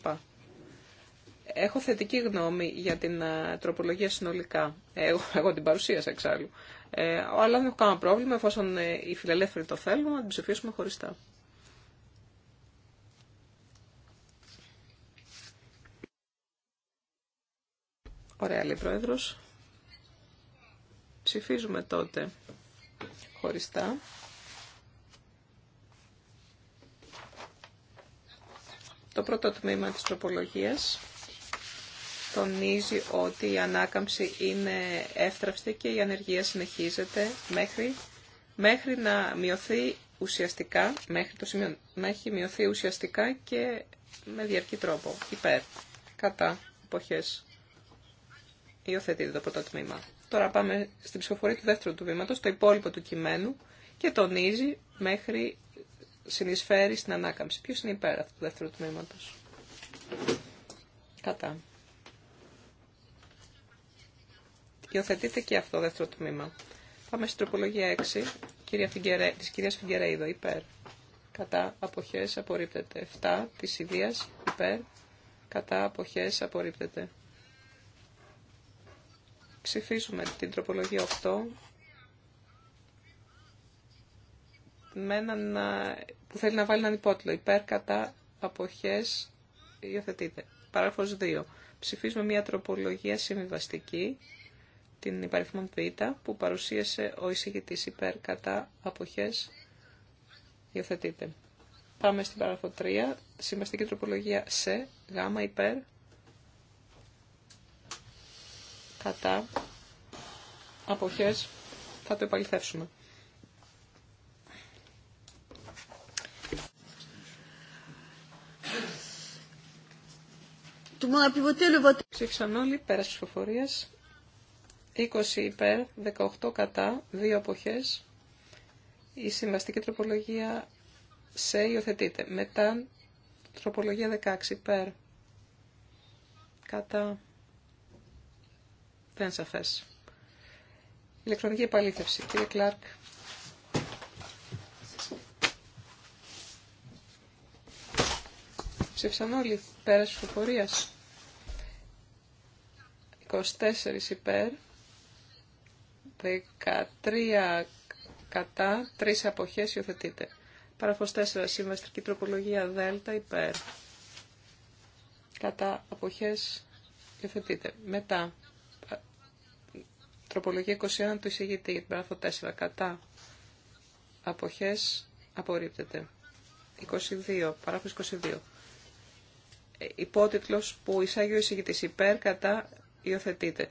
Έχω θετική γνώμη για την ε, τροπολογία συνολικά. Εγώ, εγώ την παρουσίασα εξάλλου. Ε, αλλά δεν έχω κανένα πρόβλημα, εφόσον ε, οι φιλελεύθεροι το θέλουν, να την ψηφίσουμε χωριστά. Ωραία, λέει Πρόεδρος. Ψηφίζουμε τότε χωριστά. Το πρώτο τμήμα της τροπολογίας τονίζει ότι η ανάκαμψη είναι εύτραυστη και η ανεργία συνεχίζεται μέχρι, μέχρι να μειωθεί ουσιαστικά, μέχρι το σημείο, να έχει μειωθεί ουσιαστικά και με διαρκή τρόπο, υπέρ, κατά, εποχές. Υιοθετείται το πρώτο τμήμα. Τώρα πάμε στην ψηφοφορία του δεύτερου του βήματος, το υπόλοιπο του κειμένου και τονίζει μέχρι συνεισφέρει στην ανάκαμψη. Ποιος είναι υπέρ αυτού του δεύτερου τμήματος. Κατά. Υιοθετείτε και αυτό δεύτερο τμήμα. Πάμε στην τροπολογία 6 κυρία Φιγκερέ, της κυρίας Φιγκερέιδο, υπέρ. Κατά αποχές απορρίπτεται. 7 της Ιδίας, υπέρ. Κατά αποχές απορρίπτεται. Ψηφίζουμε την τροπολογία 8 με που θέλει να βάλει έναν υπότιλο. Υπέρ κατά αποχές υιοθετείται. Παράγραφος 2. Ψηφίζουμε μια τροπολογία συμβιβαστική την υπαριθμόν Β που παρουσίασε ο εισηγητής υπέρ κατά αποχές υιοθετείται. Πάμε στην παράγραφο 3, συμβαστική τροπολογία σε, γάμα υπέρ, κατά, αποχές, θα το επαληθεύσουμε. Ψήφισαν όλοι πέρα τις ψηφοφορίες. 20 υπέρ, 18 κατά, δύο αποχές. Η συμβαστική τροπολογία σε υιοθετείται. Μετά τροπολογία 16 υπέρ, κατά, δεν σαφές. Ηλεκτρονική επαλήθευση. Κύριε Κλάρκ. Ψήφισαν όλοι πέρας της 24 υπέρ, 13 κατά, 3 αποχές υιοθετείται. Παραφός 4, συμβαστική τροπολογία δέλτα υπέρ. Κατά αποχές υιοθετείται. Μετά, τροπολογία 21 του εισηγητή, παραφό 4, κατά αποχές απορρίπτεται. 22, παράφος 22. Υπότιτλος που εισάγει ο εισηγητής υπέρ κατά υιοθετείται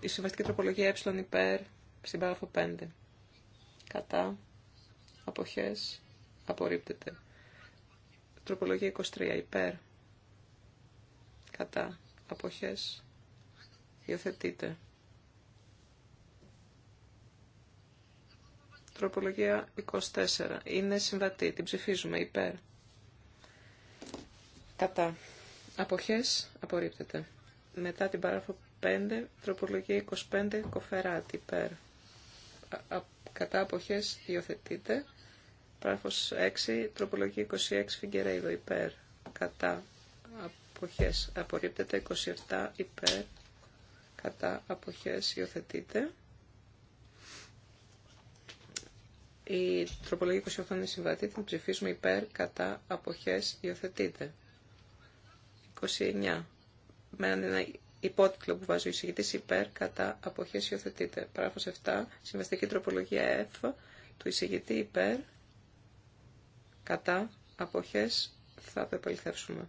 η συμβαστική τροπολογία ε υπέρ στην 5. Κατά. Αποχές. Απορρίπτεται. Τροπολογία 23 υπέρ. Κατά. Αποχές. Υιοθετείται. Τροπολογία 24. Είναι συμβατή. Την ψηφίζουμε υπέρ. Κατά. Αποχές απορρίπτεται. Μετά την παράγραφο 25, τροπολογία 25, κοφεράτη, υπέρ. Κατά αποχές υιοθετείται. Πράγματος 6, τροπολογία 26, φιγκερέιδο, υπέρ. Κατά αποχές απορρίπτεται, 27, υπέρ. Κατά αποχές υιοθετείται. Η τροπολογία 28 είναι συμβατή, την ψηφίσουμε υπέρ, κατά, αποχές, υιοθετείται. 29. Με Υπότιτλο που βάζει ο εισηγητή υπέρ κατά αποχέ υιοθετείται. Πράγμα 7. Συμβαστική τροπολογία F του εισηγητή υπέρ κατά αποχέ θα το επαληθεύσουμε.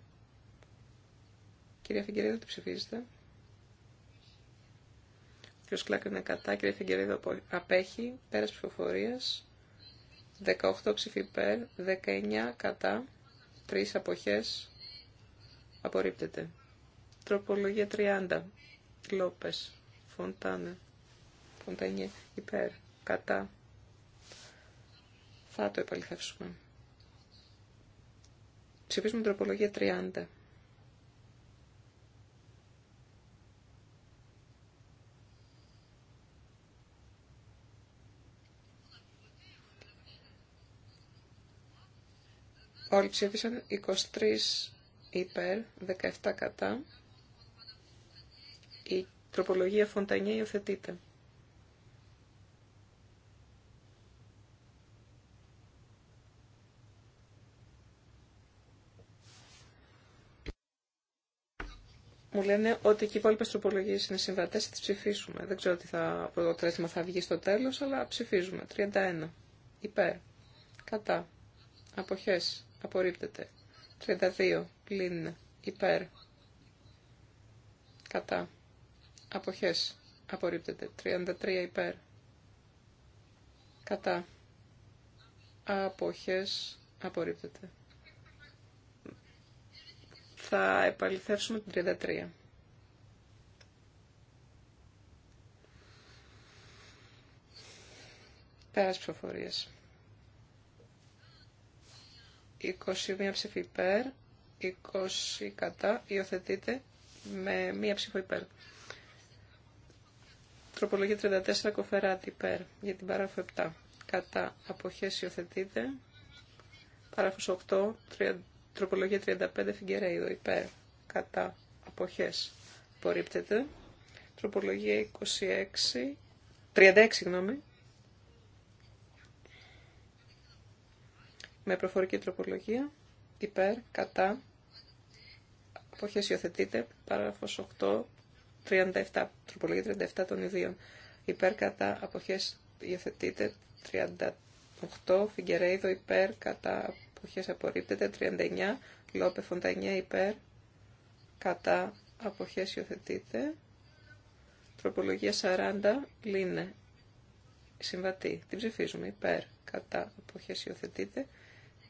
Κυρία Φιγκερίδα, το ψηφίζετε. Ο Κλάκ είναι κατά. Κυρία Φιγκερίδα απέχει. Πέρα ψηφοφορία. 18 ψηφί υπέρ. 19 κατά. 3 αποχέ. Απορρίπτεται. Τροπολογία 30. λόπε. Φοντάνε. Φοντανιέ. Υπέρ. Κατά. Θα το επαληθεύσουμε. Ψηφίζουμε τροπολογία 30. Όλοι ψήφισαν 23 υπέρ, 17 κατά. Τροπολογία Φοντανιέ υιοθετείται. Μου λένε ότι και οι υπόλοιπε τροπολογίε είναι συμβατέ, θα τι ψηφίσουμε. Δεν ξέρω τι θα, το τρέσμα θα βγει στο τέλο, αλλά ψηφίζουμε. 31. Υπέρ. Κατά. Αποχέ. Απορρίπτεται. 32. Πλην. Υπέρ. Κατά. Αποχές. Απορρίπτεται. 33 υπέρ. Κατά. Αποχές. Απορρίπτεται. Θα επαληθεύσουμε την 33. Πέρας ψηφοφορίας. 21 ψήφι υπέρ, 20 κατά, υιοθετείται με μία ψήφο υπέρ. Τροπολογία 34 κοφεράτη υπέρ για την παράγραφο 7. Κατά αποχές υιοθετείται. Παράγραφος 8. Τροπολογία 35 φιγκερέιδο υπέρ. Κατά αποχές απορρίπτεται. Τροπολογία 26. 36 γνώμη. Με προφορική τροπολογία. Υπέρ. Κατά. Αποχές υιοθετείται. Παράγραφος 8. 37, τροπολογία 37 των ιδίων. Υπέρ κατά αποχές υιοθετείται 38, Φιγκερέιδο υπέρ κατά αποχές απορρίπτεται 39, Λόπε Φοντανιέ υπέρ κατά αποχές υιοθετείται. Τροπολογία 40, Λίνε, συμβατή. Την ψηφίζουμε υπέρ κατά αποχές υιοθετείται.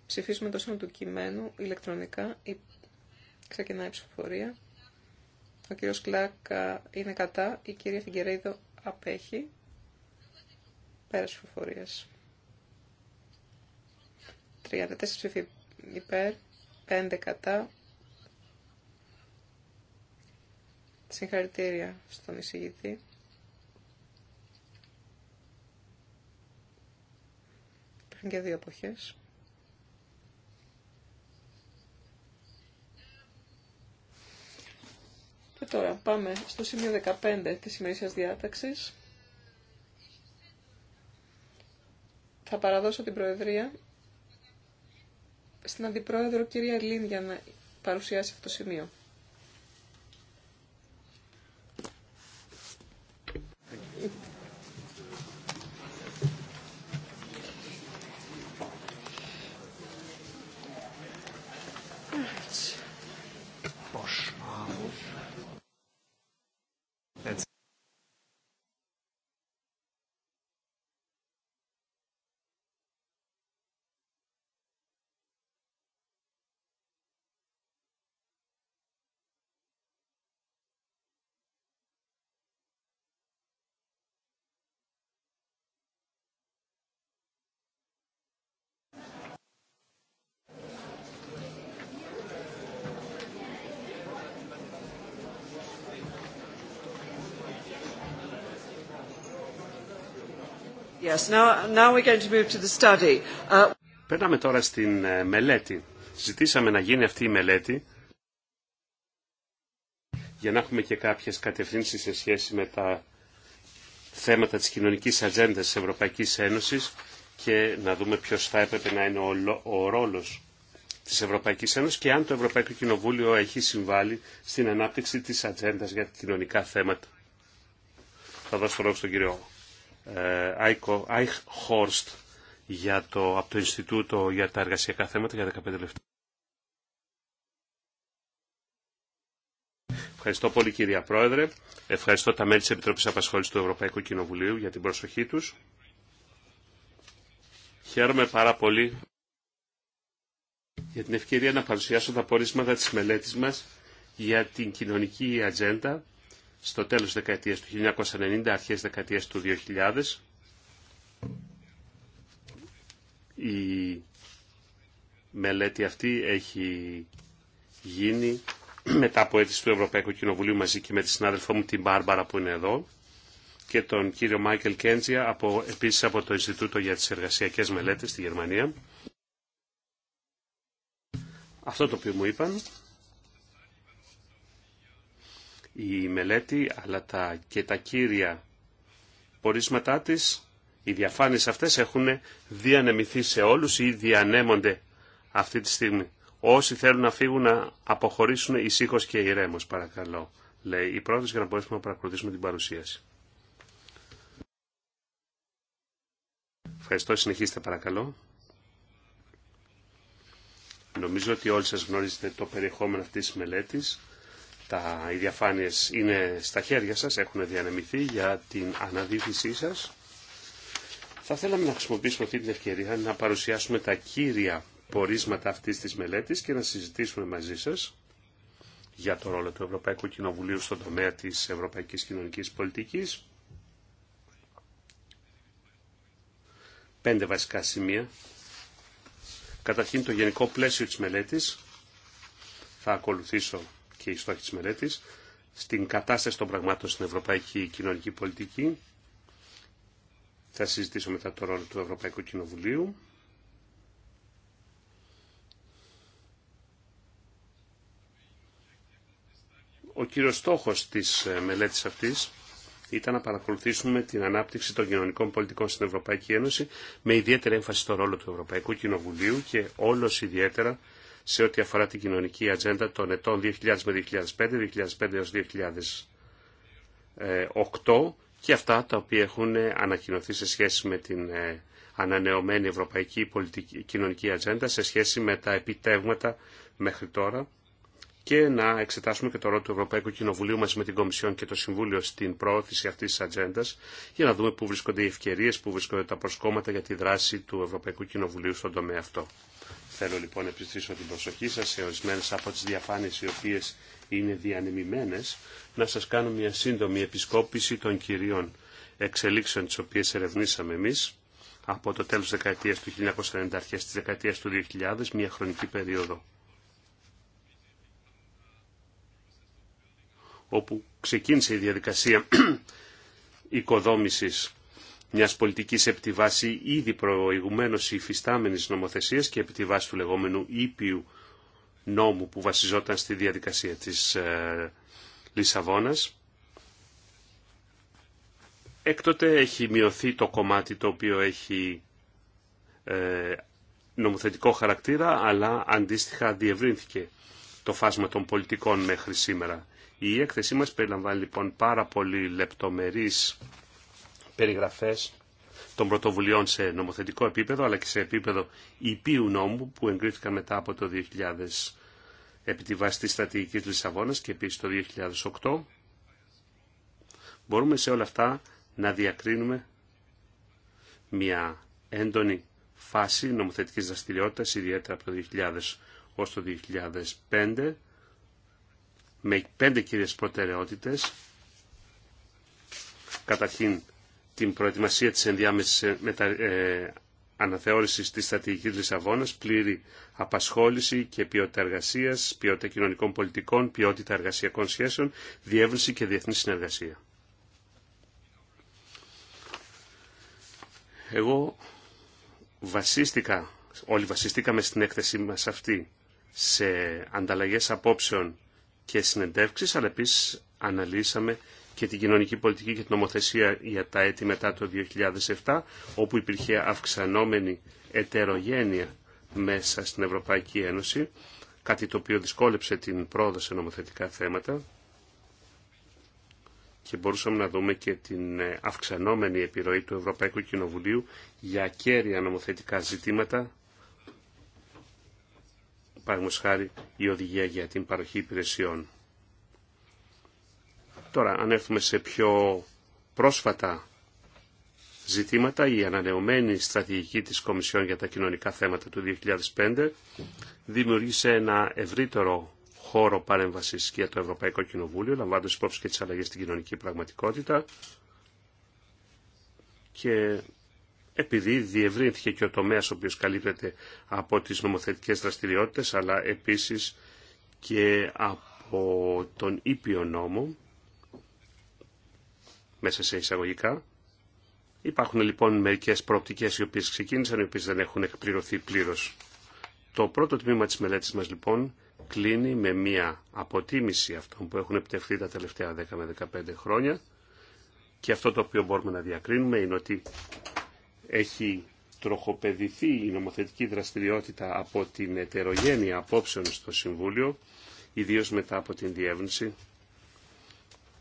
Ψηφίζουμε το σύνολο του κειμένου ηλεκτρονικά. Ξεκινάει η ψηφοφορία. Ο κύριος Κλάκ είναι κατά. Η κυρία Φιγκερέιδο απέχει. Πέρας ψηφοφορίας. 34 ψηφί υπέρ, 5 κατά. Συγχαρητήρια στον εισηγητή. Υπήρχαν και δύο εποχές. Τώρα πάμε στο σημείο 15 της σημερινής διάταξης. Θα παραδώσω την Προεδρία στην Αντιπρόεδρο κυρία Λίν για να παρουσιάσει αυτό το σημείο. Yes, Περνάμε τώρα στην ε, μελέτη. Ζητήσαμε να γίνει αυτή η μελέτη για να έχουμε και κάποιες κατευθύνσεις σε σχέση με τα θέματα της κοινωνικής ατζέντας της Ευρωπαϊκής Ένωσης και να δούμε ποιος θα έπρεπε να είναι ο ρόλος της Ευρωπαϊκής Ένωσης και αν το Ευρωπαϊκό Κοινοβούλιο έχει συμβάλει στην ανάπτυξη της ατζέντα για τα κοινωνικά θέματα. Θα δώσω το λόγο στον κύριο ε, για το, από το Ινστιτούτο για τα εργασιακά θέματα για 15 λεπτά. Ευχαριστώ πολύ κυρία Πρόεδρε. Ευχαριστώ τα μέλη της Επιτροπής Απασχόλησης του Ευρωπαϊκού Κοινοβουλίου για την προσοχή τους. Χαίρομαι πάρα πολύ για την ευκαιρία να παρουσιάσω τα πορίσματα της μελέτης μας για την κοινωνική ατζέντα στο τέλος της δεκαετίας του 1990, αρχές δεκαετίας του 2000. Η μελέτη αυτή έχει γίνει μετά από αίτηση του Ευρωπαϊκού Κοινοβουλίου μαζί και με τη συνάδελφό μου την Μπάρμπαρα που είναι εδώ και τον κύριο Μάικελ Κέντζια από, επίσης από το Ινστιτούτο για τις Εργασιακές Μελέτες στη Γερμανία. Αυτό το οποίο μου είπαν η μελέτη αλλά τα, και τα κύρια πορίσματά της, οι διαφάνειες αυτές έχουν διανεμηθεί σε όλους ή διανέμονται αυτή τη στιγμή. Όσοι θέλουν να φύγουν να αποχωρήσουν ησύχω και ηρέμος παρακαλώ, λέει η πρόεδρος για να μπορέσουμε να παρακολουθήσουμε την παρουσίαση. Ευχαριστώ, συνεχίστε παρακαλώ. Νομίζω ότι όλοι σας γνωρίζετε το περιεχόμενο αυτής της μελέτης τα, οι διαφάνειες είναι στα χέρια σας, έχουν διανεμηθεί για την αναδίδυσή σας. Θα θέλαμε να χρησιμοποιήσουμε αυτή την ευκαιρία να παρουσιάσουμε τα κύρια πορίσματα αυτής της μελέτης και να συζητήσουμε μαζί σας για το ρόλο του Ευρωπαϊκού Κοινοβουλίου στον τομέα της Ευρωπαϊκής Κοινωνικής Πολιτικής. Πέντε βασικά σημεία. Καταρχήν το γενικό πλαίσιο της μελέτης. Θα ακολουθήσω και οι στόχοι της μελέτης, στην κατάσταση των πραγμάτων στην ευρωπαϊκή κοινωνική πολιτική. Θα συζητήσω μετά το ρόλο του Ευρωπαϊκού Κοινοβουλίου. Ο κύριος στόχος της ε, μελέτης αυτής ήταν να παρακολουθήσουμε την ανάπτυξη των κοινωνικών πολιτικών στην Ευρωπαϊκή Ένωση με ιδιαίτερη έμφαση στο ρόλο του Ευρωπαϊκού Κοινοβουλίου και όλος ιδιαίτερα σε ό,τι αφορά την κοινωνική ατζέντα των ετών 2000 με 2005, 2005 έως 2008 και αυτά τα οποία έχουν ανακοινωθεί σε σχέση με την ε, ανανεωμένη ευρωπαϊκή κοινωνική ατζέντα σε σχέση με τα επιτεύγματα μέχρι τώρα και να εξετάσουμε και το ρόλο του Ευρωπαϊκού Κοινοβουλίου μαζί με την Κομισιόν και το Συμβούλιο στην προώθηση αυτή τη ατζέντα για να δούμε πού βρίσκονται οι ευκαιρίε, πού βρίσκονται τα προσκόμματα για τη δράση του Ευρωπαϊκού Κοινοβουλίου στον τομέα αυτό. Θέλω λοιπόν να επιστήσω την προσοχή σας σε ορισμένες από τις διαφάνειες οι οποίες είναι διανεμημένες, να σας κάνω μια σύντομη επισκόπηση των κυρίων εξελίξεων τις οποίες ερευνήσαμε εμείς από το τέλος της δεκαετίας του 1990 αρχές της δεκαετίας του 2000, μια χρονική περίοδο όπου ξεκίνησε η διαδικασία οικοδόμησης μιας πολιτικής επί τη βάση ήδη προηγουμένως υφιστάμενης νομοθεσίας και επί του λεγόμενου ήπιου νόμου που βασιζόταν στη διαδικασία της ε, Λισαβόνας. Έκτοτε έχει μειωθεί το κομμάτι το οποίο έχει ε, νομοθετικό χαρακτήρα, αλλά αντίστοιχα διευρύνθηκε το φάσμα των πολιτικών μέχρι σήμερα. Η έκθεσή μας περιλαμβάνει λοιπόν πάρα πολύ λεπτομερείς περιγραφές των πρωτοβουλειών σε νομοθετικό επίπεδο αλλά και σε επίπεδο υπείου νόμου που εγκρίθηκαν μετά από το 2000 επί τη βάση της στρατηγικής Λισαβόνας και επίσης το 2008 μπορούμε σε όλα αυτά να διακρίνουμε μια έντονη φάση νομοθετικής δραστηριότητα, ιδιαίτερα από το 2000 ως το 2005 με πέντε κυρίες προτεραιότητες καταρχήν την προετοιμασία της ενδιάμεσης ε, μετα... ε, αναθεώρησης της στρατηγικής Λισαβόνας, πλήρη απασχόληση και ποιότητα εργασία, ποιότητα κοινωνικών πολιτικών, ποιότητα εργασιακών σχέσεων, διεύρυνση και διεθνή συνεργασία. Εγώ βασίστηκα, όλοι βασίστηκαμε στην έκθεσή μας αυτή, σε ανταλλαγές απόψεων και συνεντεύξεις, αλλά επίσης αναλύσαμε και την κοινωνική πολιτική και την νομοθεσία για τα έτη μετά το 2007, όπου υπήρχε αυξανόμενη ετερογένεια μέσα στην Ευρωπαϊκή Ένωση, κάτι το οποίο δυσκόλεψε την πρόοδο σε νομοθετικά θέματα και μπορούσαμε να δούμε και την ε, αυξανόμενη επιρροή του Ευρωπαϊκού Κοινοβουλίου για κέρια νομοθετικά ζητήματα, παραδείγματος χάρη η οδηγία για την παροχή υπηρεσιών. Τώρα, αν έρθουμε σε πιο πρόσφατα ζητήματα, η ανανεωμένη στρατηγική της Κομισιόν για τα κοινωνικά θέματα του 2005 δημιούργησε ένα ευρύτερο χώρο παρέμβασης για το Ευρωπαϊκό Κοινοβούλιο, λαμβάνοντας υπόψη και τις αλλαγές στην κοινωνική πραγματικότητα και επειδή διευρύνθηκε και ο τομέας ο οποίος καλύπτεται από τις νομοθετικές δραστηριότητες, αλλά επίσης και από τον ήπιο νόμο, μέσα σε εισαγωγικά. Υπάρχουν λοιπόν μερικέ προοπτικέ οι οποίε ξεκίνησαν, οι οποίε δεν έχουν εκπληρωθεί πλήρω. Το πρώτο τμήμα τη μελέτη μα λοιπόν κλείνει με μία αποτίμηση αυτών που έχουν επιτευχθεί τα τελευταία 10 με 15 χρόνια και αυτό το οποίο μπορούμε να διακρίνουμε είναι ότι έχει τροχοπεδηθεί η νομοθετική δραστηριότητα από την ετερογένεια απόψεων στο Συμβούλιο, ιδίως μετά από την διεύνηση,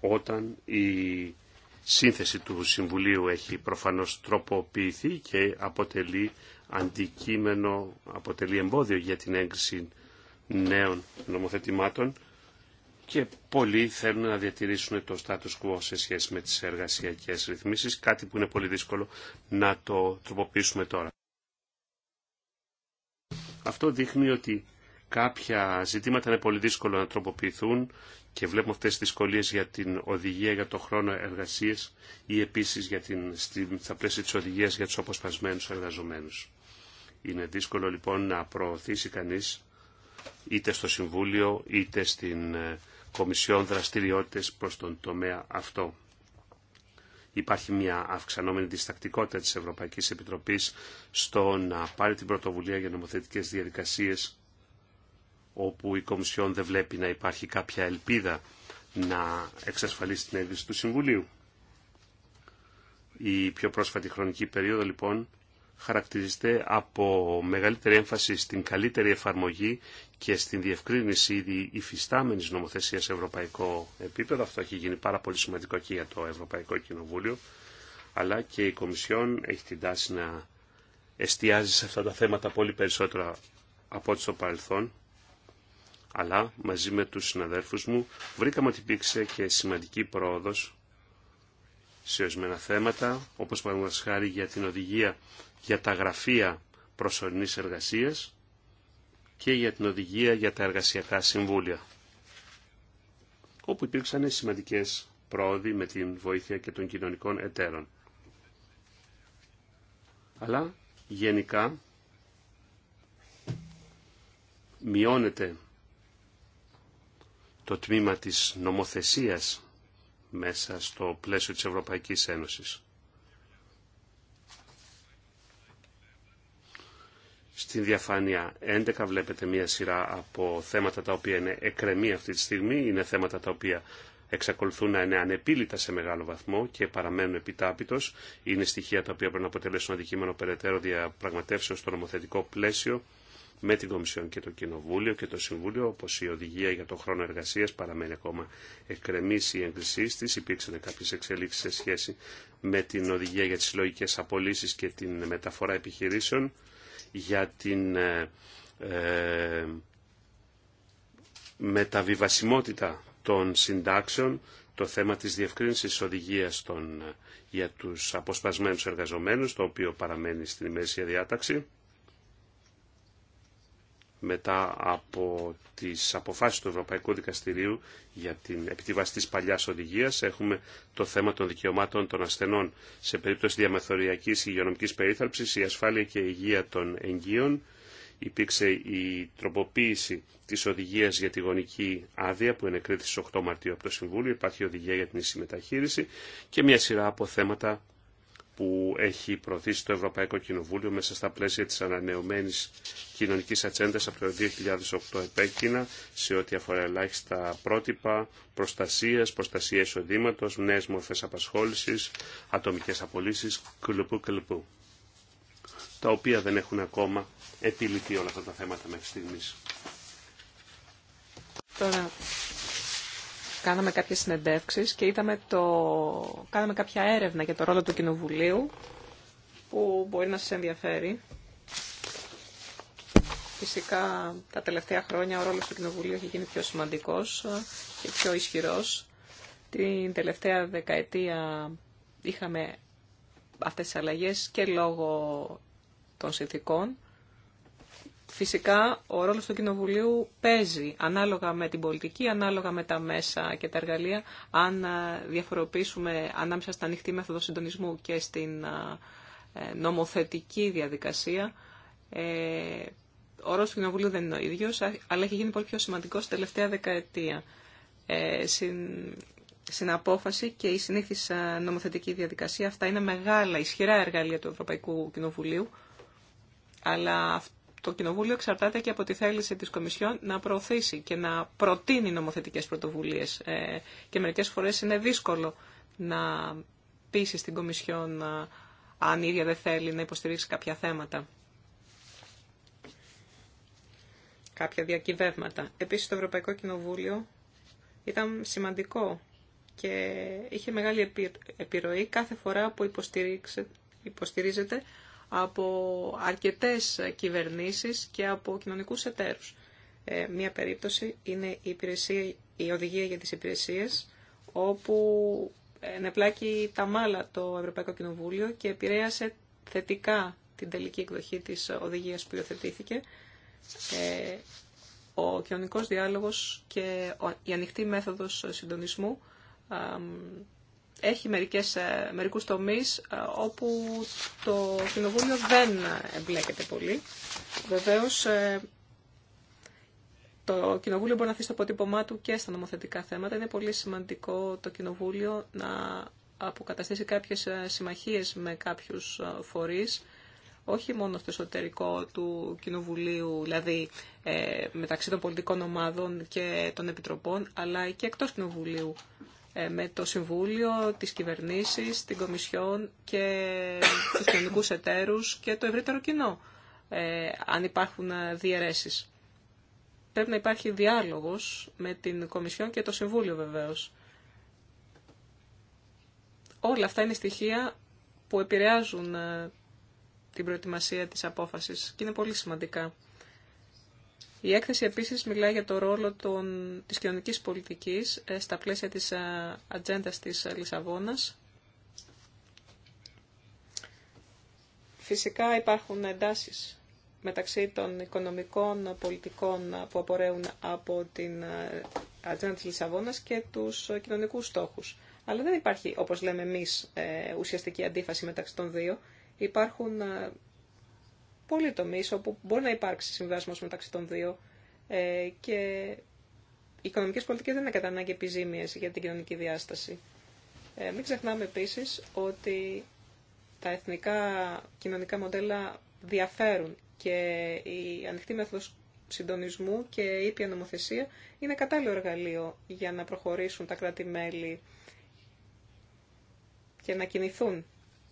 όταν η σύνθεση του Συμβουλίου έχει προφανώς τροποποιηθεί και αποτελεί αντικείμενο, αποτελεί εμπόδιο για την έγκριση νέων νομοθετημάτων και πολλοί θέλουν να διατηρήσουν το status quo σε σχέση με τις εργασιακές ρυθμίσεις, κάτι που είναι πολύ δύσκολο να το τροποποιήσουμε τώρα. Αυτό δείχνει ότι κάποια ζητήματα είναι πολύ δύσκολο να τροποποιηθούν και βλέπουμε αυτές τις δυσκολίες για την οδηγία για το χρόνο εργασίας ή επίσης για την, στα πλαίσια της οδηγίας για τους αποσπασμένους εργαζομένους. Είναι δύσκολο λοιπόν να προωθήσει κανείς είτε στο Συμβούλιο είτε στην ε, Κομισιόν δραστηριότητες προς τον τομέα αυτό. Υπάρχει μια αυξανόμενη διστακτικότητα της Ευρωπαϊκής Επιτροπής στο να πάρει την πρωτοβουλία για νομοθετικές διαδικασίες όπου η Κομισιόν δεν βλέπει να υπάρχει κάποια ελπίδα να εξασφαλίσει την έγκριση του Συμβουλίου. Η πιο πρόσφατη χρονική περίοδο λοιπόν χαρακτηρίζεται από μεγαλύτερη έμφαση στην καλύτερη εφαρμογή και στην διευκρίνηση ήδη υφιστάμενης νομοθεσίας σε ευρωπαϊκό επίπεδο. Αυτό έχει γίνει πάρα πολύ σημαντικό και για το Ευρωπαϊκό Κοινοβούλιο, αλλά και η Κομισιόν έχει την τάση να εστιάζει σε αυτά τα θέματα πολύ περισσότερα από ό,τι στο παρελθόν αλλά μαζί με τους συναδέλφους μου βρήκαμε ότι υπήρξε και σημαντική πρόοδος σε ορισμένα θέματα, όπως παραδείγματος χάρη για την οδηγία για τα γραφεία προσωρινής εργασίας και για την οδηγία για τα εργασιακά συμβούλια, όπου υπήρξαν σημαντικές πρόοδοι με την βοήθεια και των κοινωνικών εταίρων. Αλλά γενικά μειώνεται το τμήμα της νομοθεσίας μέσα στο πλαίσιο της Ευρωπαϊκής Ένωσης. Στην διαφάνεια 11 βλέπετε μία σειρά από θέματα τα οποία είναι εκρεμή αυτή τη στιγμή, είναι θέματα τα οποία εξακολουθούν να είναι ανεπίλητα σε μεγάλο βαθμό και παραμένουν επιτάπητος. Είναι στοιχεία τα οποία πρέπει να αποτελέσουν αντικείμενο περαιτέρω διαπραγματεύσεως στο νομοθετικό πλαίσιο με την Κομισιόν και το Κοινοβούλιο και το Συμβούλιο, όπω η οδηγία για το χρόνο εργασία παραμένει ακόμα εκκρεμή η έγκρισή τη. Υπήρξαν κάποιε εξέλιξει σε σχέση με την οδηγία για τι συλλογικέ απολύσει και την μεταφορά επιχειρήσεων, για την ε, ε, μεταβιβασιμότητα των συντάξεων, το θέμα της διευκρίνησης οδηγίας ε, για τους αποσπασμένους εργαζομένους, το οποίο παραμένει στην ημερήσια διάταξη μετά από τις αποφάσεις του Ευρωπαϊκού Δικαστηρίου για την επιβάση της παλιάς οδηγίας. Έχουμε το θέμα των δικαιωμάτων των ασθενών σε περίπτωση διαμεθοριακής υγειονομικής περίθαλψης, η ασφάλεια και η υγεία των εγγύων. Υπήρξε η τροποποίηση της οδηγίας για τη γονική άδεια που ενεκρίθησε στις 8 Μαρτίου από το Συμβούλιο. Υπάρχει οδηγία για την συμμεταχείριση και μια σειρά από θέματα που έχει προωθήσει το Ευρωπαϊκό Κοινοβούλιο μέσα στα πλαίσια της ανανεωμένης κοινωνικής ατσέντας από το 2008 επέκεινα σε ό,τι αφορά ελάχιστα πρότυπα προστασίας, προστασία εισοδήματο, νέες μορφές απασχόλησης, ατομικές απολύσεις, κλπ. κλπ. Τα οποία δεν έχουν ακόμα επιληθεί όλα αυτά τα θέματα μέχρι στιγμής. Τώρα, κάναμε κάποιες συνεντεύξεις και είδαμε το... κάναμε κάποια έρευνα για το ρόλο του Κοινοβουλίου που μπορεί να σας ενδιαφέρει. Φυσικά τα τελευταία χρόνια ο ρόλος του Κοινοβουλίου έχει γίνει πιο σημαντικός ε, και πιο ισχυρός. Την τελευταία δεκαετία είχαμε αυτές τις αλλαγές και λόγω των συνθήκων Φυσικά, ο ρόλος του Κοινοβουλίου παίζει ανάλογα με την πολιτική, ανάλογα με τα μέσα και τα εργαλεία. Αν ε, διαφοροποιήσουμε ανάμεσα στα ανοιχτή μέθοδο συντονισμού και στην ε, ε, νομοθετική διαδικασία, ο ρόλος του Κοινοβουλίου δεν είναι ο ίδιος, αλλά έχει γίνει πολύ πιο σημαντικό στην τελευταία δεκαετία. Στην απόφαση και η συνήθις νομοθετική διαδικασία, αυτά είναι μεγάλα, ισχυρά εργαλεία του Ευρωπαϊκού Κοινοβουλίου, αλλά αυτό το Κοινοβούλιο εξαρτάται και από τη θέληση της Κομισιόν να προωθήσει και να προτείνει νομοθετικές πρωτοβουλίες. Ε, και μερικές φορές είναι δύσκολο να πείσει στην Κομισιόν ε, αν η ίδια δεν θέλει να υποστηρίξει κάποια θέματα. Κάποια διακυβεύματα. Επίσης το Ευρωπαϊκό Κοινοβούλιο ήταν σημαντικό και είχε μεγάλη επιρροή κάθε φορά που υποστηρίζεται από αρκετές κυβερνήσεις και από κοινωνικούς εταίρους. Ε, μία περίπτωση είναι η, υπηρεσία, η οδηγία για τις υπηρεσίες, όπου ενεπλάκει τα μάλα το Ευρωπαϊκό Κοινοβούλιο και επηρέασε θετικά την τελική εκδοχή της οδηγίας που υιοθετήθηκε. Ε, ο κοινωνικός διάλογος και η ανοιχτή μέθοδος συντονισμού έχει μερικές, ε, μερικούς τομείς ε, όπου το κοινοβούλιο δεν εμπλέκεται πολύ. Βεβαίως, ε, το κοινοβούλιο μπορεί να αφήσει το αποτύπωμά του και στα νομοθετικά θέματα. Είναι πολύ σημαντικό το κοινοβούλιο να αποκαταστήσει κάποιες συμμαχίες με κάποιους φορείς, όχι μόνο στο εσωτερικό του Κοινοβουλίου, δηλαδή μεταξύ των πολιτικών ομάδων και των επιτροπών, αλλά και εκτός Κοινοβουλίου ε, με το Συμβούλιο, τις κυβερνήσεις, την Κομισιόν και τους κοινωνικούς εταίρους και το ευρύτερο κοινό, ε, αν υπάρχουν ε, διαιρέσεις. Πρέπει να υπάρχει διάλογος με την Κομισιόν και το Συμβούλιο βεβαίως. Όλα αυτά είναι στοιχεία που επηρεάζουν την προετοιμασία της απόφασης και είναι πολύ σημαντικά. Η έκθεση επίσης μιλάει για το ρόλο των, της κοινωνικής ε, στα πλαίσια της ε, ατζέντα της ε, Λισαβόνας. Φυσικά υπάρχουν εντάσεις μεταξύ των οικονομικών πολιτικών που απορρέουν από την ατζέντα της Λισαβόνας και τους κοινωνικούς στόχους. Αλλά δεν υπάρχει, όπως λέμε εμείς, ουσιαστική αντίφαση μεταξύ των δύο. Υπάρχουν πολλοί τομεί όπου μπορεί να υπάρξει συμβιβασμό μεταξύ των δύο ε, και οι οικονομικέ πολιτικέ δεν είναι κατά ανάγκη επιζήμιε για την κοινωνική διάσταση. Ε, μην ξεχνάμε επίση ότι τα εθνικά κοινωνικά μοντέλα διαφέρουν και η ανοιχτή μέθοδος συντονισμού και η ήπια νομοθεσία είναι κατάλληλο εργαλείο για να προχωρήσουν τα κράτη-μέλη και να κινηθούν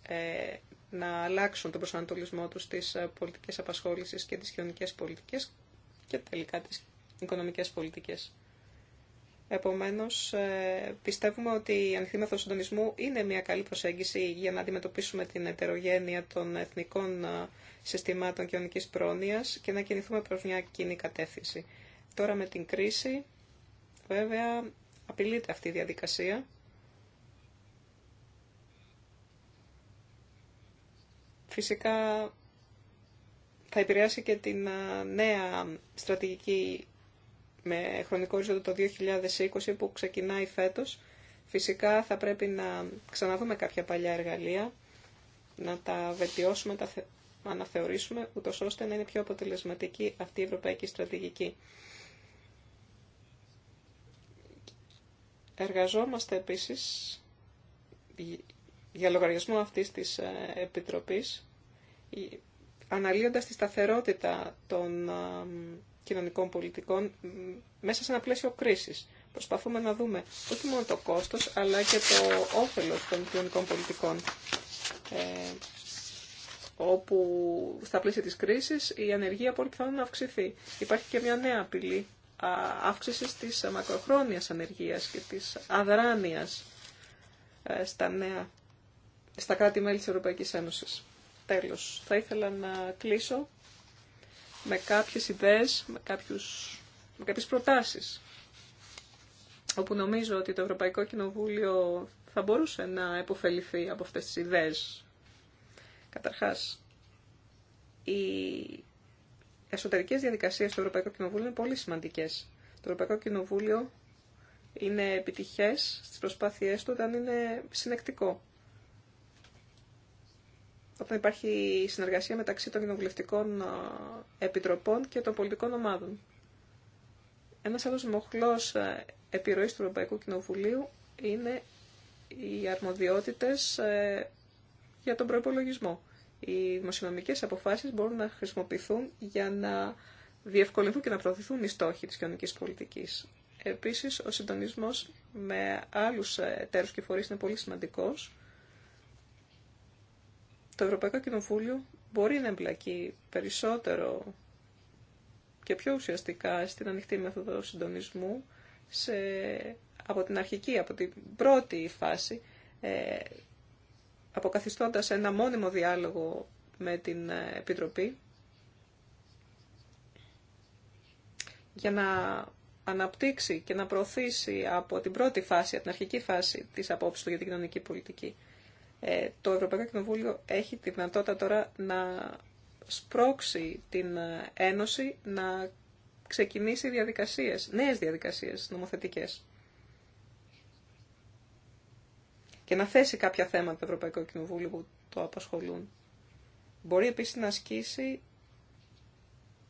ε, να αλλάξουν τον προσανατολισμό τους στις ε, πολιτικές απασχόλησης και τις κοινωνικές πολιτικές και τελικά τις οικονομικές πολιτικές. Επομένως, ε, πιστεύουμε ότι η ανοιχτή μέθοδος συντονισμού είναι μια καλή προσέγγιση για να αντιμετωπίσουμε την ετερογένεια των εθνικών ε, συστημάτων κοινωνικής πρόνοιας και να κινηθούμε προς μια κοινή κατεύθυνση. Τώρα με την κρίση, βέβαια, απειλείται αυτή η διαδικασία φυσικά θα επηρεάσει και την νέα στρατηγική με χρονικό ορίζοντα το 2020 που ξεκινάει φέτος. Φυσικά θα πρέπει να ξαναδούμε κάποια παλιά εργαλεία, να τα βελτιώσουμε, να τα αναθεωρήσουμε, ούτω ώστε να είναι πιο αποτελεσματική αυτή η ευρωπαϊκή στρατηγική. Εργαζόμαστε επίσης για λογαριασμό αυτής της ε, Επιτροπής, αναλύοντας τη σταθερότητα των ε, κοινωνικών πολιτικών μέσα σε ένα πλαίσιο κρίσης. Προσπαθούμε να δούμε όχι μόνο το κόστος, αλλά και το όφελος των κοινωνικών πολιτικών, ε, όπου στα πλαίσια της κρίσης η ανεργία πολύ πιθανόν να αυξηθεί. Υπάρχει και μια νέα απειλή αύξηση της μακροχρόνιας ανεργίας και της αδράνειας στα νέα στα κράτη-μέλη της Ευρωπαϊκής Ένωσης. Τέλος, θα ήθελα να κλείσω με κάποιες ιδέες, με, κάποιους, με κάποιες προτάσεις, όπου νομίζω ότι το Ευρωπαϊκό Κοινοβούλιο θα μπορούσε να επωφεληθεί από αυτές τις ιδέες. Καταρχάς, οι εσωτερικές διαδικασίες του Ευρωπαϊκού Κοινοβούλιο είναι πολύ σημαντικές. Το Ευρωπαϊκό Κοινοβούλιο είναι επιτυχές στις προσπάθειές του όταν είναι συνεκτικό όταν υπάρχει συνεργασία μεταξύ των κοινοβουλευτικών επιτροπών και των πολιτικών ομάδων. Ένα άλλο μοχλός επιρροή του Ευρωπαϊκού Κοινοβουλίου είναι οι αρμοδιότητες για τον προπολογισμό. Οι δημοσιονομικέ αποφάσεις μπορούν να χρησιμοποιηθούν για να διευκολυνθούν και να προωθηθούν οι στόχοι τη κοινωνική πολιτική. Επίση, ο συντονισμό με άλλου ε, εταίρου και φορεί είναι πολύ σημαντικό το Ευρωπαϊκό Κοινοβούλιο μπορεί να εμπλακεί περισσότερο και πιο ουσιαστικά στην ανοιχτή μέθοδο συντονισμού σε, από την αρχική, από την πρώτη φάση, ε, αποκαθιστώντας ένα μόνιμο διάλογο με την ε, Επιτροπή για να αναπτύξει και να προωθήσει από την πρώτη φάση, από την αρχική φάση της απόψης του για την κοινωνική πολιτική. Ε, το Ευρωπαϊκό Κοινοβούλιο έχει τη δυνατότητα τώρα να σπρώξει την ε, Ένωση να ξεκινήσει διαδικασίες, νέες διαδικασίες νομοθετικές. Και να θέσει κάποια θέματα του Ευρωπαϊκού Κοινοβούλιο που το απασχολούν. Μπορεί επίσης να ασκήσει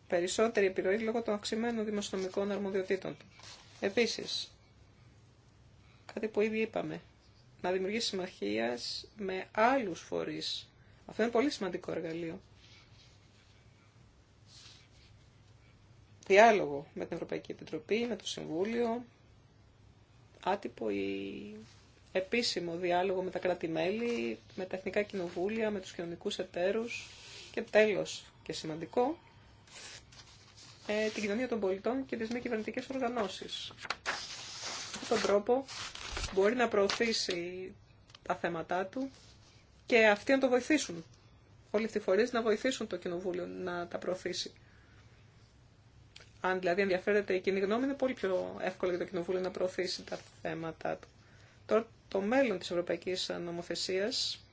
περισσότερη επιρροή λόγω των αυξημένων δημοσιονομικών αρμοδιοτήτων του. Επίσης, κάτι που ήδη είπαμε, να δημιουργεί συμμαχίας με άλλου φορεί. Αυτό είναι πολύ σημαντικό εργαλείο. Διάλογο με την Ευρωπαϊκή Επιτροπή, με το Συμβούλιο, άτυπο ή επίσημο διάλογο με τα κράτη-μέλη, με τα εθνικά κοινοβούλια, με τους κοινωνικούς εταίρους και τέλος και σημαντικό, ε, την κοινωνία των πολιτών και τις μη κυβερνητικές οργανώσεις. τον τρόπο μπορεί να προωθήσει τα θέματα του και αυτοί να το βοηθήσουν. Όλοι αυτοί οι φορεί να βοηθήσουν το Κοινοβούλιο να τα προωθήσει. Αν δηλαδή ενδιαφέρεται η κοινή γνώμη, είναι πολύ πιο εύκολο για το Κοινοβούλιο να προωθήσει τα θέματα του. Τώρα το μέλλον της Ευρωπαϊκής Νομοθεσίας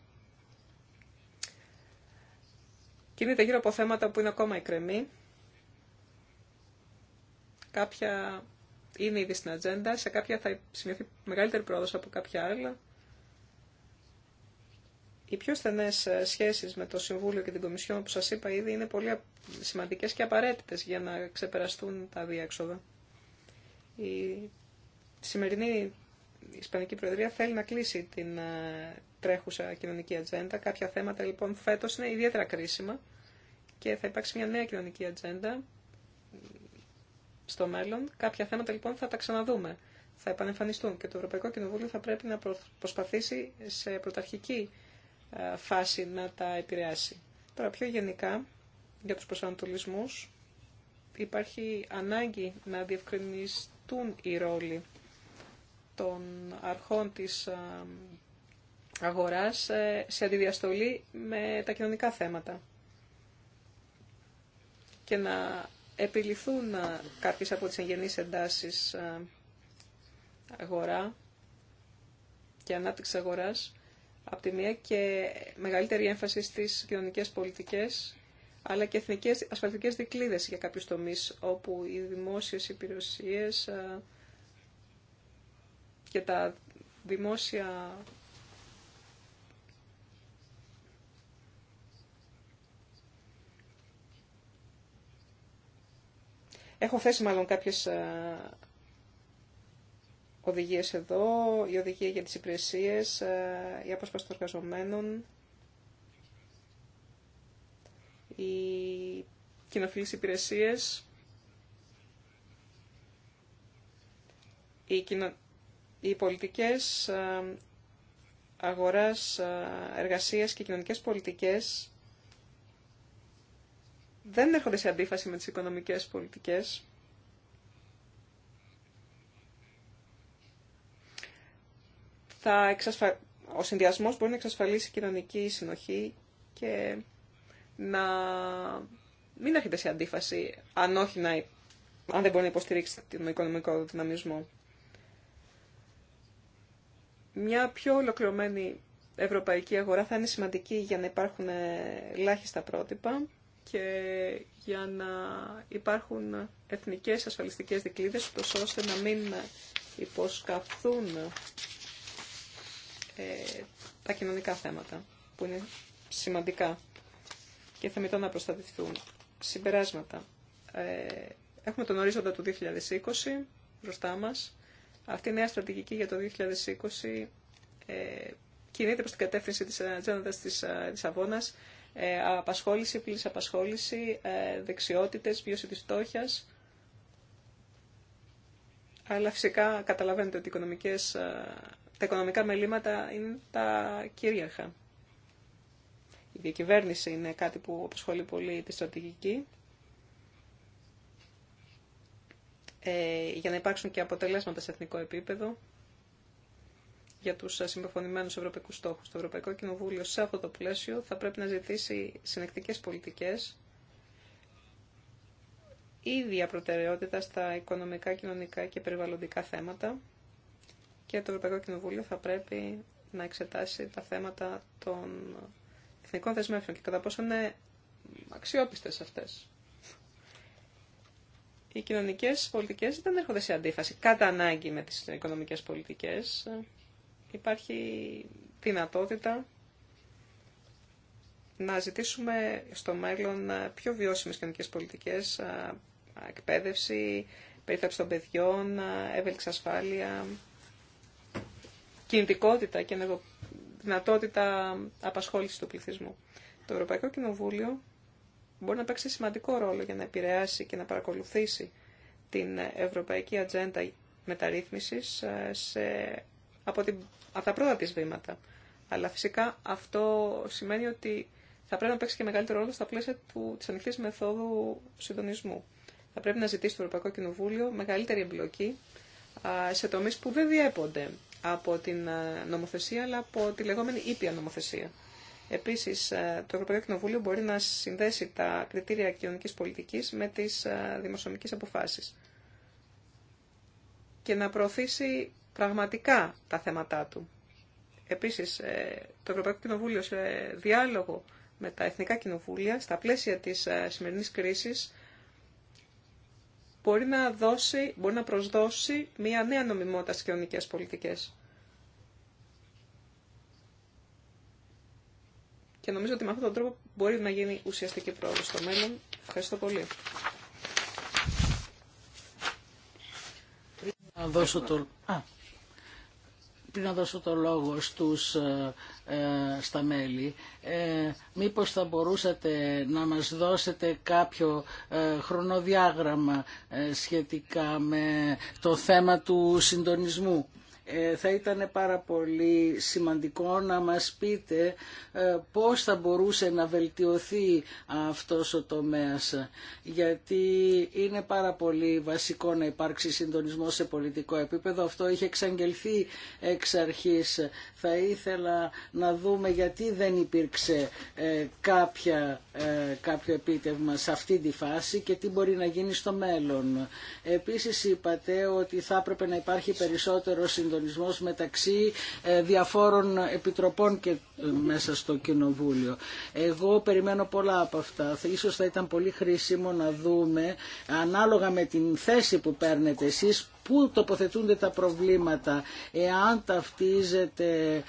κινείται γύρω από θέματα που είναι ακόμα εκκρεμή. Κάποια είναι ήδη στην ατζέντα, σε κάποια θα σημειωθεί μεγαλύτερη πρόοδος από κάποια άλλα. Οι πιο στενές ε, σχέσεις με το Συμβούλιο και την Κομισιόν που σας είπα ήδη είναι πολύ σημαντικές και απαραίτητες για να ξεπεραστούν τα διέξοδα. Η σημερινή Ισπανική Προεδρία θέλει να κλείσει την ε, τρέχουσα κοινωνική ατζέντα. Κάποια θέματα λοιπόν φέτος είναι ιδιαίτερα κρίσιμα και θα υπάρξει μια νέα κοινωνική ατζέντα στο μέλλον. Κάποια θέματα λοιπόν θα τα ξαναδούμε, θα επανεμφανιστούν και το Ευρωπαϊκό Κοινοβούλιο θα πρέπει να προσπαθήσει σε πρωταρχική ε, φάση να τα επηρεάσει. Τώρα πιο γενικά για τους προσανατολισμούς υπάρχει ανάγκη να διευκρινιστούν οι ρόλοι των αρχών της ε, αγοράς ε, σε αντιδιαστολή με τα κοινωνικά θέματα και να επιληθούν ε, κάποιες από τις εγγενείς εντάσεις ε, αγορά και ανάπτυξη αγοράς από τη μία και μεγαλύτερη έμφαση στις κοινωνικές πολιτικές αλλά και εθνικές ασφαλιστικές δικλείδες για κάποιους τομείς όπου οι δημόσιες υπηρεσίες ε, και τα δημόσια Έχω θέσει μάλλον κάποιες ε, οδηγίες εδώ, η οδηγία για τις υπηρεσίες, ε, η απόσπαση των εργαζομένων, οι κοινοφιλείς υπηρεσίες, οι, κοινο... οι πολιτικές ε, αγοράς, εργασίας και κοινωνικές πολιτικές δεν έρχονται σε αντίφαση με τις οικονομικές πολιτικές. Θα εξασφα... Ο συνδυασμός μπορεί να εξασφαλίσει κοινωνική συνοχή και να μην έρχεται σε αντίφαση, αν, όχι να... αν δεν μπορεί να υποστηρίξει τον οικονομικό δυναμισμό. Μια πιο ολοκληρωμένη ευρωπαϊκή αγορά θα είναι σημαντική για να υπάρχουν ε, ελάχιστα πρότυπα και για να υπάρχουν εθνικές ασφαλιστικές δικλείδες ώστε να μην υποσκαφθούν ε, τα κοινωνικά θέματα που είναι σημαντικά και θεμητό να προστατευτούν. Συμπεράσματα. Ε, έχουμε τον ορίζοντα του 2020 μπροστά μας. Αυτή η νέα στρατηγική για το 2020 ε, κινείται προς την κατεύθυνση της ε, ατζέντα της Λισαβόνας. Ε, απασχόληση, πλήρης απασχόληση, ε, δεξιότητες, βίωση της φτώχειας. Αλλά φυσικά καταλαβαίνετε ότι ε, τα οικονομικά μελήματα είναι τα κυρίαρχα. Η διακυβέρνηση είναι κάτι που απασχολεί πολύ τη στρατηγική. Ε, για να υπάρξουν και αποτελέσματα σε εθνικό επίπεδο για του συμπεφωνημένου Ευρωπαϊκού στόχου. Το Ευρωπαϊκό Κοινοβούλιο σε αυτό το πλαίσιο θα πρέπει να ζητήσει συνεκτικέ πολιτικέ. ίδια προτεραιότητα στα οικονομικά, κοινωνικά και περιβαλλοντικά θέματα και το Ευρωπαϊκό Κοινοβούλιο θα πρέπει να εξετάσει τα θέματα των εθνικών δεσμεύσεων και κατά πόσο είναι αξιόπιστες αυτές. Οι κοινωνικές πολιτικές δεν έρχονται σε αντίφαση κατά ανάγκη με τις οικονομικές πολιτικές υπάρχει δυνατότητα να ζητήσουμε στο μέλλον πιο βιώσιμες κοινωνικές πολιτικές, εκπαίδευση, περίθαψη των παιδιών, έβελξη ασφάλεια, κινητικότητα και δυνατότητα απασχόληση του πληθυσμού. Το Ευρωπαϊκό Κοινοβούλιο μπορεί να παίξει σημαντικό ρόλο για να επηρεάσει και να παρακολουθήσει την Ευρωπαϊκή Ατζέντα Μεταρρύθμισης σε από, την, από τα πρώτα τη βήματα. Αλλά φυσικά αυτό σημαίνει ότι θα πρέπει να παίξει και μεγαλύτερο ρόλο στα πλαίσια του, της μεθόδου συντονισμού. Θα πρέπει να ζητήσει το Ευρωπαϊκό Κοινοβούλιο μεγαλύτερη εμπλοκή σε τομείς που δεν διέπονται από την ε, νομοθεσία, αλλά από τη λεγόμενη ήπια νομοθεσία. Επίση, ε, το Ευρωπαϊκό Κοινοβούλιο μπορεί να συνδέσει τα κριτήρια κοινωνική πολιτική με τι ε, δημοσιονομικέ αποφάσει. και να προωθήσει πραγματικά τα θέματά του. Επίσης, ε, το Ευρωπαϊκό Κοινοβούλιο σε διάλογο με τα Εθνικά Κοινοβούλια, στα πλαίσια της ε, σημερινής κρίσης, μπορεί να, δώσει, μπορεί να προσδώσει μια νέα νομιμότητα στις κοινωνικές πολιτικές. Και νομίζω ότι με αυτόν τον τρόπο μπορεί να γίνει ουσιαστική πρόοδο στο μέλλον. Ευχαριστώ πολύ πριν να δώσω το λόγο στους, ε, ε, στα μέλη, ε, μήπως θα μπορούσατε να μας δώσετε κάποιο ε, χρονοδιάγραμμα σχετικά με το θέμα του συντονισμού. Ε, θα ήταν πάρα πολύ σημαντικό να μας πείτε ε, πώς θα μπορούσε να βελτιωθεί αυτός ο τομέας. Γιατί είναι πάρα πολύ βασικό να υπάρξει συντονισμό σε πολιτικό επίπεδο. Αυτό είχε εξαγγελθεί εξ αρχής. Θα ήθελα να δούμε γιατί δεν υπήρξε ε, κάποια, κάποιο επίτευγμα σε αυτή τη φάση και τι μπορεί να γίνει στο μέλλον. Επίσης είπατε ότι θα έπρεπε να υπάρχει περισσότερο συντονισμό συντονισμός μεταξύ ε, διαφόρων επιτροπών και ε, μέσα στο Κοινοβούλιο. Εγώ περιμένω πολλά από αυτά. Ίσως θα ήταν πολύ χρήσιμο να δούμε, ανάλογα με την θέση που παίρνετε εσείς, πού τοποθετούνται τα προβλήματα, εάν ταυτίζετε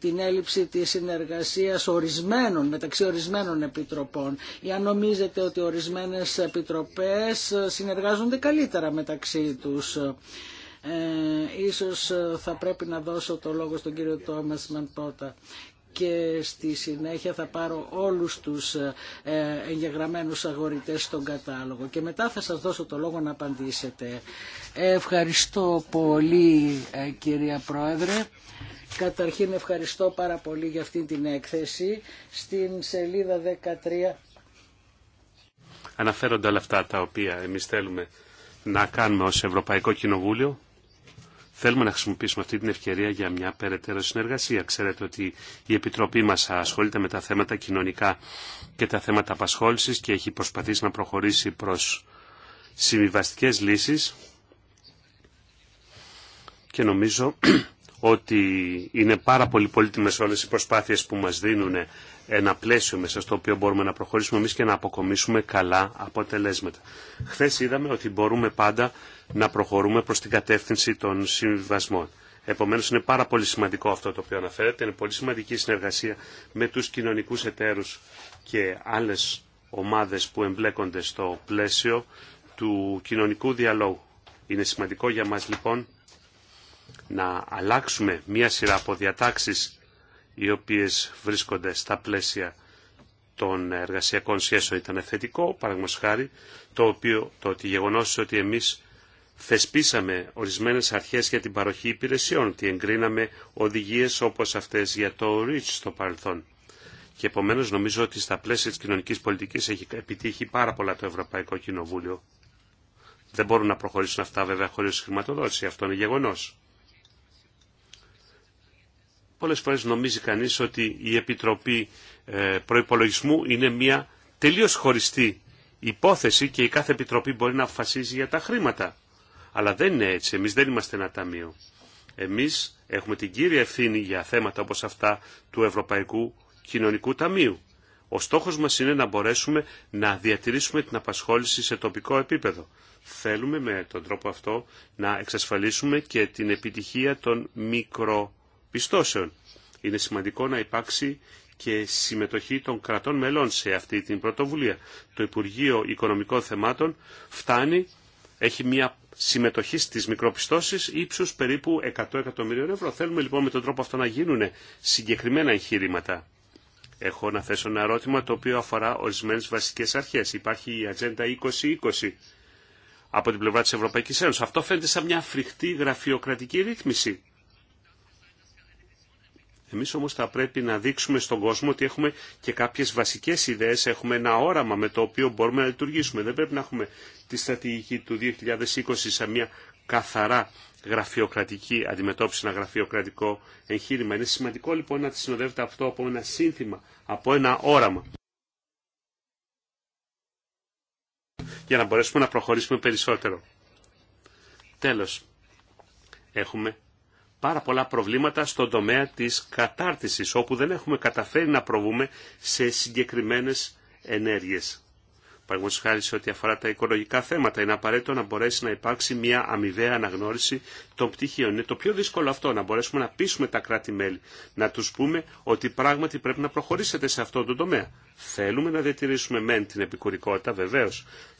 την έλλειψη της συνεργασίας ορισμένων, μεταξύ ορισμένων επιτροπών, ή αν νομίζετε ότι ορισμένες επιτροπές συνεργάζονται καλύτερα μεταξύ τους. Ε, ίσως ε, θα πρέπει να δώσω το λόγο στον κύριο Τόμας Μανπότα και στη συνέχεια θα πάρω όλους τους ε, εγγεγραμμένους αγορητές στον κατάλογο και μετά θα σας δώσω το λόγο να απαντήσετε. Ευχαριστώ πολύ κυρία Πρόεδρε. Καταρχήν ευχαριστώ πάρα πολύ για αυτή την έκθεση. Στην σελίδα 13 αναφέρονται όλα αυτά τα οποία εμείς θέλουμε να κάνουμε ως Ευρωπαϊκό Κοινοβούλιο Θέλουμε να χρησιμοποιήσουμε αυτή την ευκαιρία για μια περαιτέρω συνεργασία. Ξέρετε ότι η Επιτροπή μας ασχολείται με τα θέματα κοινωνικά και τα θέματα απασχόλησης και έχει προσπαθήσει να προχωρήσει προς συμβιβαστικές λύσεις και νομίζω ότι είναι πάρα πολύ πολύτιμες όλες οι προσπάθειες που μας δίνουν ένα πλαίσιο μέσα στο οποίο μπορούμε να προχωρήσουμε εμείς και να αποκομίσουμε καλά αποτελέσματα. Χθες είδαμε ότι μπορούμε πάντα να προχωρούμε προς την κατεύθυνση των συμβιβασμών. Επομένως είναι πάρα πολύ σημαντικό αυτό το οποίο αναφέρεται, είναι πολύ σημαντική συνεργασία με τους κοινωνικούς εταίρους και άλλες ομάδες που εμπλέκονται στο πλαίσιο του κοινωνικού διαλόγου. Είναι σημαντικό για μας λοιπόν να αλλάξουμε μία σειρά από διατάξεις οι οποίες βρίσκονται στα πλαίσια των εργασιακών σχέσεων ήταν θετικό, παραδείγματος το, οποίο, το ότι γεγονός ότι εμείς θεσπίσαμε ορισμένες αρχές για την παροχή υπηρεσιών, ότι εγκρίναμε οδηγίες όπως αυτές για το REACH στο παρελθόν. Και επομένως νομίζω ότι στα πλαίσια της κοινωνικής πολιτικής έχει επιτύχει πάρα πολλά το Ευρωπαϊκό Κοινοβούλιο. Δεν μπορούν να προχωρήσουν αυτά βέβαια χωρίς χρηματοδότηση, αυτό είναι γεγονό. Πολλές φορές νομίζει κανείς ότι η Επιτροπή ε, Προϋπολογισμού είναι μια τελείως χωριστή υπόθεση και η κάθε Επιτροπή μπορεί να αποφασίζει για τα χρήματα. Αλλά δεν είναι έτσι. Εμείς δεν είμαστε ένα ταμείο. Εμείς έχουμε την κύρια ευθύνη για θέματα όπως αυτά του Ευρωπαϊκού Κοινωνικού Ταμείου. Ο στόχος μας είναι να μπορέσουμε να διατηρήσουμε την απασχόληση σε τοπικό επίπεδο. Θέλουμε με τον τρόπο αυτό να εξασφαλίσουμε και την επιτυχία των μικρο πιστώσεων. Είναι σημαντικό να υπάρξει και συμμετοχή των κρατών μελών σε αυτή την πρωτοβουλία. Το Υπουργείο Οικονομικών Θεμάτων φτάνει, έχει μια συμμετοχή στις μικροπιστώσεις ύψους περίπου 100 εκατομμυρίων ευρώ. Θέλουμε λοιπόν με τον τρόπο αυτό να γίνουν συγκεκριμένα εγχείρηματα. Έχω να θέσω ένα ερώτημα το οποίο αφορά ορισμένες βασικές αρχές. Υπάρχει η Ατζέντα 2020 από την πλευρά της Ευρωπαϊκής Ένωσης. Αυτό φαίνεται σαν μια φρικτή γραφειοκρατική ρύθμιση. Εμείς όμως θα πρέπει να δείξουμε στον κόσμο ότι έχουμε και κάποιες βασικές ιδέες, έχουμε ένα όραμα με το οποίο μπορούμε να λειτουργήσουμε. Δεν πρέπει να έχουμε τη στρατηγική του 2020 σε μια καθαρά γραφειοκρατική αντιμετώπιση, ένα γραφειοκρατικό εγχείρημα. Είναι σημαντικό λοιπόν να τη συνοδεύεται αυτό από ένα σύνθημα, από ένα όραμα. Για να μπορέσουμε να προχωρήσουμε περισσότερο. Τέλος, έχουμε πάρα πολλά προβλήματα στον τομέα της κατάρτισης, όπου δεν έχουμε καταφέρει να προβούμε σε συγκεκριμένες ενέργειες. Παραγωγή χάρη σε ό,τι αφορά τα οικολογικά θέματα, είναι απαραίτητο να μπορέσει να υπάρξει μια αμοιβαία αναγνώριση των πτυχίων. Είναι το πιο δύσκολο αυτό, να μπορέσουμε να πείσουμε τα κράτη-μέλη, να του πούμε ότι πράγματι πρέπει να προχωρήσετε σε αυτόν τον τομέα. Θέλουμε να διατηρήσουμε μεν την επικουρικότητα, βεβαίω,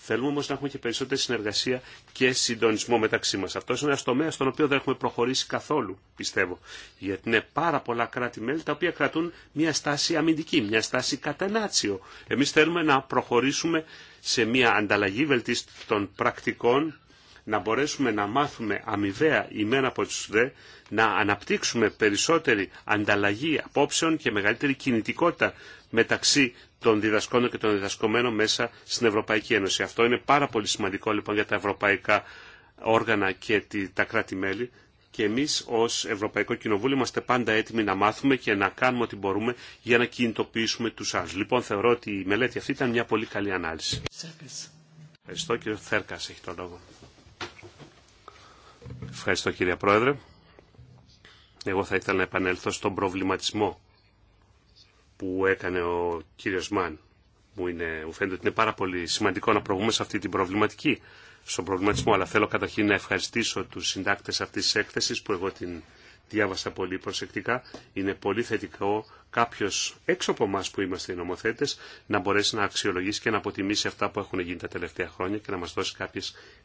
Θέλουμε όμω να έχουμε και περισσότερη συνεργασία και συντονισμό μεταξύ μα. Αυτό είναι ένα τομέα στον οποίο δεν έχουμε προχωρήσει καθόλου, πιστεύω. Γιατί είναι πάρα πολλά κράτη-μέλη τα οποία κρατούν μια στάση αμυντική, μια στάση κατανάτσιο. Εμεί θέλουμε να προχωρήσουμε σε μια ανταλλαγή βελτίστων πρακτικών να μπορέσουμε να μάθουμε αμοιβαία ημένα από τους δε, να αναπτύξουμε περισσότερη ανταλλαγή απόψεων και μεγαλύτερη κινητικότητα μεταξύ των διδασκόντων και των διδασκομένων μέσα στην Ευρωπαϊκή Ένωση. Αυτό είναι πάρα πολύ σημαντικό λοιπόν για τα ευρωπαϊκά όργανα και τα κράτη-μέλη και εμείς ως Ευρωπαϊκό Κοινοβούλιο είμαστε πάντα έτοιμοι να μάθουμε και να κάνουμε ό,τι μπορούμε για να κινητοποιήσουμε τους άλλους. Λοιπόν, θεωρώ ότι η μελέτη αυτή ήταν μια πολύ καλή ανάλυση. Ευχαριστώ κύριε Θέρκας, έχει το λόγο. Ευχαριστώ κύριε Πρόεδρε. Εγώ θα ήθελα να επανέλθω στον προβληματισμό που έκανε ο κύριος Μαν. Μου, είναι, μου φαίνεται ότι είναι πάρα πολύ σημαντικό να προβούμε σε αυτή την προβληματική, στον προβληματισμό, αλλά θέλω καταρχήν να ευχαριστήσω τους συντάκτες αυτής της έκθεσης που εγώ την διάβασα πολύ προσεκτικά. Είναι πολύ θετικό κάποιο, έξω από εμά που είμαστε οι νομοθέτε, να μπορέσει να αξιολογήσει και να αποτιμήσει αυτά που έχουν γίνει τα τελευταία χρόνια και να μα δώσει κάποιε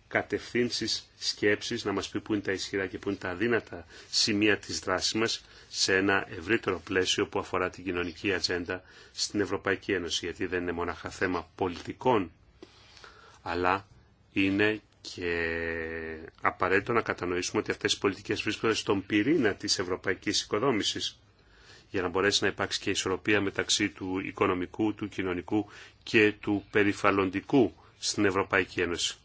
κατευθύνσει σκέψει να μα πει πού είναι τα ισχυρά και πού είναι τα αδύνατα σημεία τη δράση μα σε ένα ευρύτερο πλαίσιο που αφορά την κοινωνική ατζέντα στην Ευρωπαϊκή Ένωση, γιατί δεν είναι μονάχα θέμα πολιτικών, αλλά είναι και απαραίτητο να κατανοήσουμε ότι αυτές οι πολιτικές βρίσκονται στον πυρήνα της ευρωπαϊκής οικοδόμησης για να μπορέσει να υπάρξει και ισορροπία μεταξύ του οικονομικού, του κοινωνικού και του περιφαλλοντικού στην Ευρωπαϊκή Ένωση.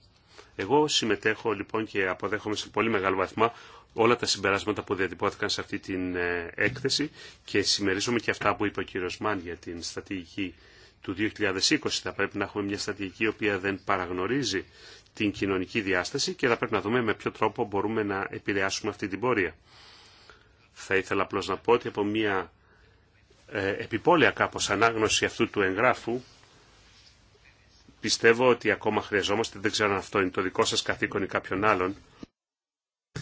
Εγώ συμμετέχω λοιπόν και αποδέχομαι σε πολύ μεγάλο βαθμό όλα τα συμπεράσματα που διατυπώθηκαν σε αυτή την ε, έκθεση και συμμερίζομαι και αυτά που είπε ο κύριος Μάν για την στρατηγική του 2020. Θα πρέπει να έχουμε μια στρατηγική η οποία δεν παραγνωρίζει την κοινωνική διάσταση και θα πρέπει να δούμε με ποιο τρόπο μπορούμε να επηρεάσουμε αυτή την πορεία. Θα ήθελα απλώς να πω ότι από μια ε, επιπόλαια κάπως ανάγνωση αυτού του εγγράφου πιστεύω ότι ακόμα χρειαζόμαστε, δεν ξέρω αν αυτό είναι το δικό σας καθήκον ή κάποιον άλλον,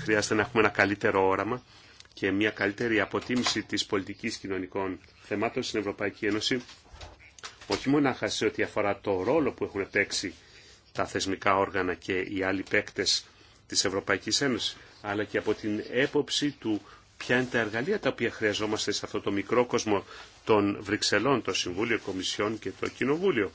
χρειάζεται να έχουμε ένα καλύτερο όραμα και μια καλύτερη αποτίμηση της πολιτικής κοινωνικών θεμάτων στην Ευρωπαϊκή Ένωση, όχι μόνο να σε ό,τι αφορά το ρόλο που έχουν παίξει τα θεσμικά όργανα και οι άλλοι παίκτες της Ευρωπαϊκής Ένωσης, αλλά και από την έποψη του ποια είναι τα εργαλεία τα οποία χρειαζόμαστε σε αυτό το μικρό κόσμο των Βρυξελών, το Συμβούλιο Κομισιών και το Κοινοβούλιο.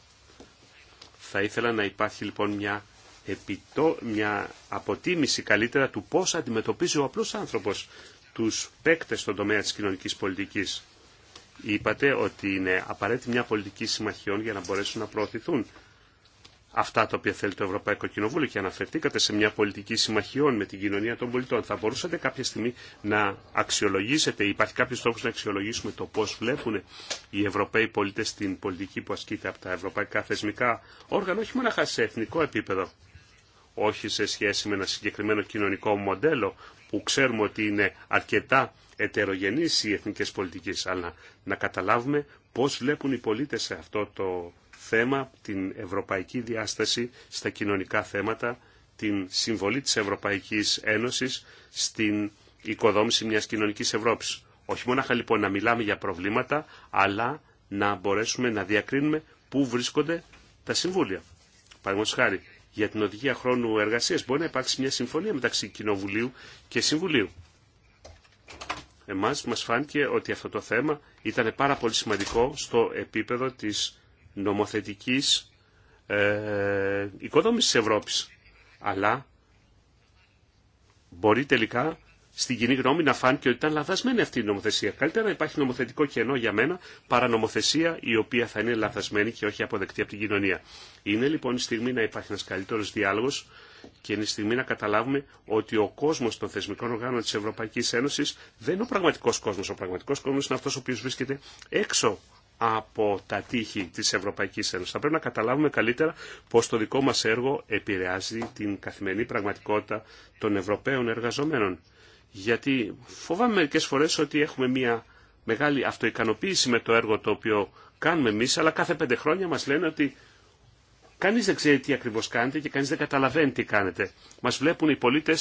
Θα ήθελα να υπάρχει λοιπόν μια επιτό, μια αποτίμηση καλύτερα του πώς αντιμετωπίζει ο απλός άνθρωπος τους παίκτες στον τομέα της κοινωνικής πολιτικής. Είπατε ότι είναι απαραίτητη μια πολιτική συμμαχιών για να μπορέσουν να προωθηθούν αυτά τα οποία θέλει το Ευρωπαϊκό Κοινοβούλιο και αναφερθήκατε σε μια πολιτική συμμαχιών με την κοινωνία των πολιτών. Θα μπορούσατε κάποια στιγμή να αξιολογήσετε, υπάρχει κάποιο τρόπο να αξιολογήσουμε το πώ βλέπουν οι Ευρωπαίοι πολίτε την πολιτική που ασκείται από τα ευρωπαϊκά θεσμικά όργανα, όχι μόνο σε εθνικό επίπεδο όχι σε σχέση με ένα συγκεκριμένο κοινωνικό μοντέλο που ξέρουμε ότι είναι αρκετά ετερογενείς οι εθνικές πολιτικές, αλλά να καταλάβουμε πώς βλέπουν οι πολίτες σε αυτό το θέμα, την ευρωπαϊκή διάσταση στα κοινωνικά θέματα, την συμβολή της Ευρωπαϊκής Ένωσης στην οικοδόμηση μιας κοινωνικής Ευρώπης. Όχι μόνο λοιπόν να μιλάμε για προβλήματα, αλλά να μπορέσουμε να διακρίνουμε πού βρίσκονται τα συμβούλια. Παραδείγματο χάρη, για την οδηγία χρόνου εργασία Μπορεί να υπάρξει μια συμφωνία μεταξύ Κοινοβουλίου και Συμβουλίου. Εμά μας φάνηκε ότι αυτό το θέμα ήταν πάρα πολύ σημαντικό στο επίπεδο τη νομοθετική ε, οικοδόμησης της Ευρώπης. Αλλά μπορεί τελικά στην κοινή γνώμη να φάνηκε ότι ήταν λαθασμένη αυτή η νομοθεσία. Καλύτερα να υπάρχει νομοθετικό κενό για μένα παρά νομοθεσία η οποία θα είναι λαθασμένη και όχι αποδεκτή από την κοινωνία. Είναι λοιπόν η στιγμή να υπάρχει ένα καλύτερο διάλογο και είναι η στιγμή να καταλάβουμε ότι ο κόσμο των θεσμικών οργάνων τη Ευρωπαϊκή Ένωση δεν είναι ο πραγματικό κόσμο. Ο πραγματικό κόσμο είναι αυτό ο οποίο βρίσκεται έξω από τα τείχη της Ευρωπαϊκής Ένωσης. Θα πρέπει να καταλάβουμε καλύτερα πως το δικό μας έργο επηρεάζει την καθημερινή πραγματικότητα των Ευρωπαίων εργαζομένων γιατί φοβάμαι μερικέ φορέ ότι έχουμε μια μεγάλη αυτοικανοποίηση με το έργο το οποίο κάνουμε εμείς, αλλά κάθε πέντε χρόνια μας λένε ότι κανείς δεν ξέρει τι ακριβώς κάνετε και κανείς δεν καταλαβαίνει τι κάνετε. Μας βλέπουν οι πολίτε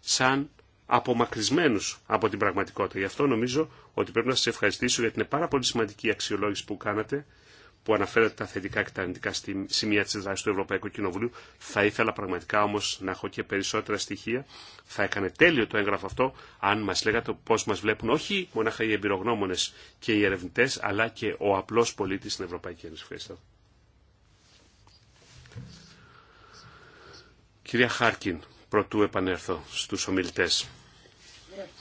σαν απομακρυσμένου από την πραγματικότητα. Γι' αυτό νομίζω ότι πρέπει να σα ευχαριστήσω για την πάρα πολύ σημαντική αξιολόγηση που κάνατε που αναφέρεται τα θετικά και τα αρνητικά σημεία τη δράση του Ευρωπαϊκού Κοινοβουλίου. Θα ήθελα πραγματικά όμω να έχω και περισσότερα στοιχεία. Θα έκανε τέλειο το έγγραφο αυτό αν μα λέγατε πώ μα βλέπουν όχι μονάχα οι εμπειρογνώμονε και οι ερευνητέ, αλλά και ο απλό πολίτη στην Ευρωπαϊκή Ένωση. Ευχαριστώ. Κυρία Χάρκιν, πρωτού επανέλθω στου ομιλητέ.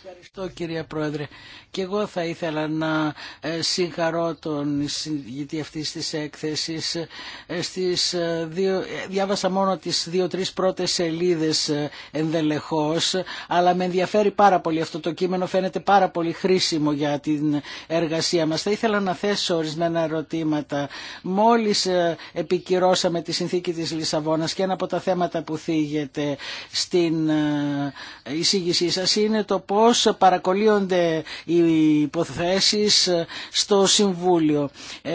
Ευχαριστώ κυρία Πρόεδρε. Και εγώ θα ήθελα να ε, συγχαρώ τον συγγητή αυτής της έκθεσης. Ε, ε, διάβασα μόνο τις δύο-τρεις πρώτες σελίδες ενδελεχώς, αλλά με ενδιαφέρει πάρα πολύ αυτό το κείμενο, φαίνεται πάρα πολύ χρήσιμο για την εργασία μας. Θα ήθελα να θέσω ορισμένα ερωτήματα. Μόλις επικυρώσαμε τη συνθήκη της Λισαβόνας και ένα από τα θέματα που θίγεται στην εισήγησή σας είναι το πώς παρακολύονται οι υποθέσεις στο Συμβούλιο. Ε,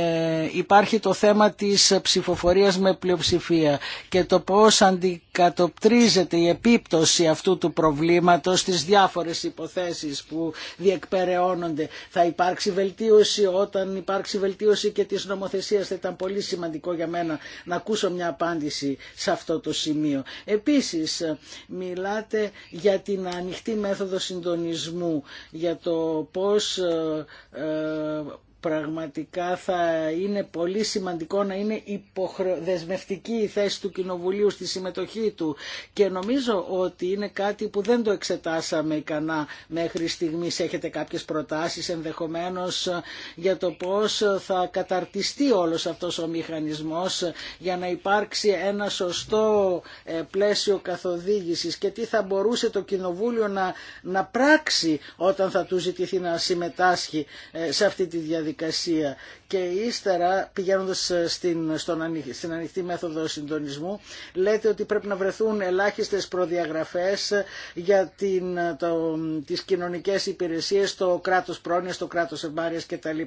υπάρχει το θέμα της ψηφοφορίας με πλειοψηφία και το πώς αντικατοπτρίζεται η επίπτωση αυτού του προβλήματος στις διάφορες υποθέσεις που διεκπεραιώνονται. Θα υπάρξει βελτίωση όταν υπάρξει βελτίωση και της νομοθεσίας. Θα ήταν πολύ σημαντικό για μένα να ακούσω μια απάντηση σε αυτό το σημείο. Επίσης, μιλάτε για την ανοιχτή μέθοδο συντονισμού για το πώς ε, ε, πραγματικά θα είναι πολύ σημαντικό να είναι υποχρεωδεσμευτική η θέση του Κοινοβουλίου στη συμμετοχή του και νομίζω ότι είναι κάτι που δεν το εξετάσαμε ικανά μέχρι στιγμής. Έχετε κάποιες προτάσεις ενδεχομένως για το πώς θα καταρτιστεί όλος αυτός ο μηχανισμός για να υπάρξει ένα σωστό ε, πλαίσιο καθοδήγησης και τι θα μπορούσε το Κοινοβούλιο να, να πράξει όταν θα του ζητηθεί να συμμετάσχει ε, σε αυτή τη διαδικασία διαδικασία και ύστερα πηγαίνοντας ε, στην, στον στην ανοιχτή μέθοδο συντονισμού λέτε ότι πρέπει να βρεθούν ελάχιστες προδιαγραφές για την, το, τις κοινωνικές υπηρεσίες στο κράτος πρόνοιας, στο κράτος εμπάρειας κτλ.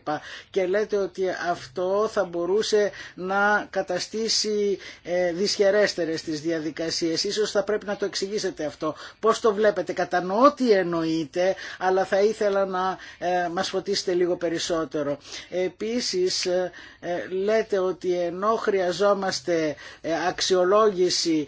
Και λέτε ότι αυτό θα μπορούσε να καταστήσει ε, δυσχερέστερες τις διαδικασίες. Ίσως θα πρέπει να το εξηγήσετε αυτό. Πώς το βλέπετε, κατανοώ τι εννοείτε, αλλά θα ήθελα να ε, μας φωτίσετε λίγο περισσότερο. Επίσης, Επίσης ε, ε, λέτε ότι ενώ χρειαζόμαστε ε, αξιολόγηση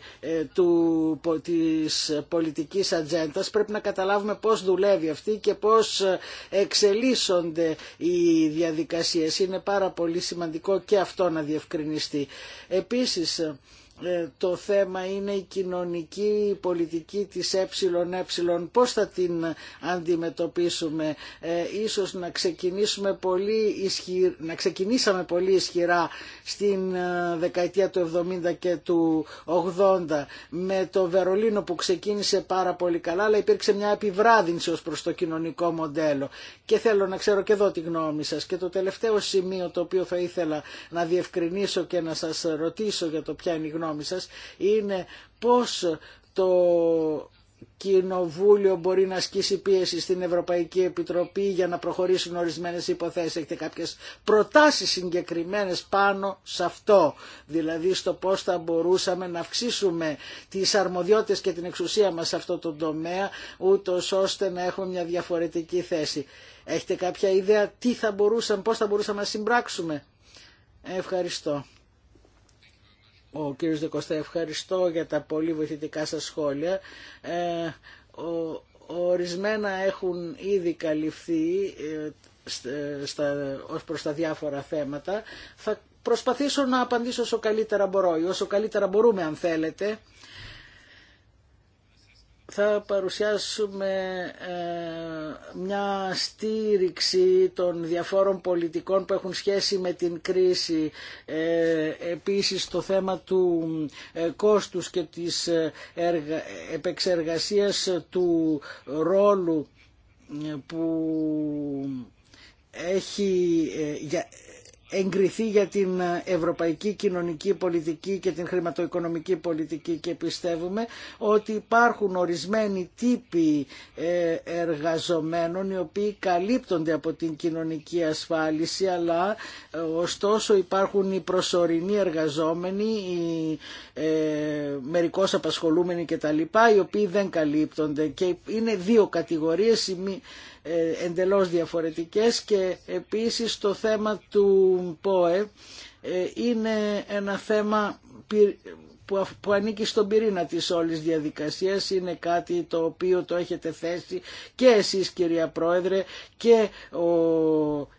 του, της πολιτικής ατζέντα, πρέπει να καταλάβουμε πώς δουλεύει αυτή και πώς εξελίσσονται οι διαδικασίες. Είναι πάρα πολύ σημαντικό και αυτό να διευκρινιστεί. Επίσης ε, το θέμα είναι η κοινωνική πολιτική της ΕΕ. Πώς θα την αντιμετωπίσουμε. Ε, ίσως να, ξεκινήσουμε πολύ να ξεκινήσαμε πολύ ισχυρά στην δεκαετία του 70 και του 80 με το Βερολίνο που ξεκίνησε πάρα πολύ καλά αλλά υπήρξε μια επιβράδυνση ως προς το κοινωνικό μοντέλο. Και θέλω να ξέρω και εδώ τη γνώμη σας. Και το τελευταίο σημείο το οποίο θα ήθελα να διευκρινίσω και να σας ρωτήσω για το ποια είναι η γνώμη σας είναι πώς το Κοινοβούλιο μπορεί να ασκήσει πίεση στην Ευρωπαϊκή Επιτροπή για να προχωρήσουν ορισμένες υποθέσεις. Έχετε κάποιες προτάσεις συγκεκριμένες πάνω σε αυτό, δηλαδή στο πώς θα μπορούσαμε να αυξήσουμε τις αρμοδιότητες και την εξουσία μας σε αυτό το τομέα, ούτω ώστε να έχουμε μια διαφορετική θέση. Έχετε κάποια ιδέα τι θα μπορούσαμε, πώς θα μπορούσαμε να συμπράξουμε. Ευχαριστώ. Ο κύριος Δεκοστά, ευχαριστώ για τα πολύ βοηθητικά σας σχόλια. Ε, ο, ορισμένα έχουν ήδη καλυφθεί ε, ε, στα, ως προς τα διάφορα θέματα. Θα προσπαθήσω να απαντήσω όσο καλύτερα μπορώ ή όσο καλύτερα μπορούμε αν θέλετε θα παρουσιάσουμε ε, μια στήριξη των διαφόρων πολιτικών που έχουν σχέση με την κρίση. Ε, επίσης το θέμα του ε, κόστους και της επεξεργασίας του ρόλου που έχει εγκριθεί για την ευρωπαϊκή κοινωνική πολιτική και την χρηματοοικονομική πολιτική και πιστεύουμε ότι υπάρχουν ορισμένοι τύποι ε, εργαζομένων οι οποίοι καλύπτονται από την κοινωνική ασφάλιση αλλά ε, ωστόσο υπάρχουν οι προσωρινοί εργαζόμενοι, οι ε, μερικώς απασχολούμενοι κτλ οι οποίοι δεν καλύπτονται και είναι δύο κατηγορίες ε, εντελώς διαφορετικές και επίσης το θέμα του ΠΟΕ ε, είναι ένα θέμα που ανήκει στον πυρήνα της όλης διαδικασίας είναι κάτι το οποίο το έχετε θέσει και εσείς κυρία Πρόεδρε και ο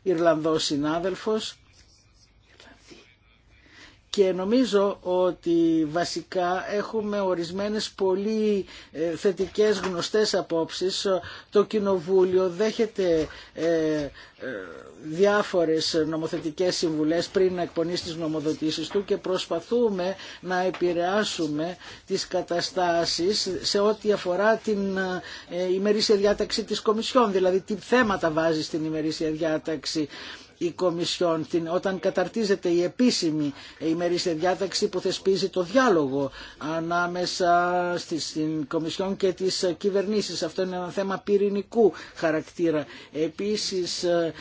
Ιρλανδός συνάδελφος και νομίζω ότι βασικά έχουμε ορισμένες πολύ ε, θετικές γνωστές απόψεις. Το Κοινοβούλιο δέχεται ε, ε, διάφορες νομοθετικές συμβουλές πριν να εκπονήσει τις νομοδοτήσεις του και προσπαθούμε να επηρεάσουμε τις καταστάσεις σε ό,τι αφορά την ημερήσια διάταξη της Κομισιόν, δηλαδή τι θέματα βάζει στην ημερήσια διάταξη η Κομισιόν όταν καταρτίζεται η επίσημη ημερήσια διάταξη που θεσπίζει το διάλογο ανάμεσα στην Κομισιόν και τις κυβερνήσεις. Αυτό είναι ένα θέμα πυρηνικού χαρακτήρα. Επίσης ε,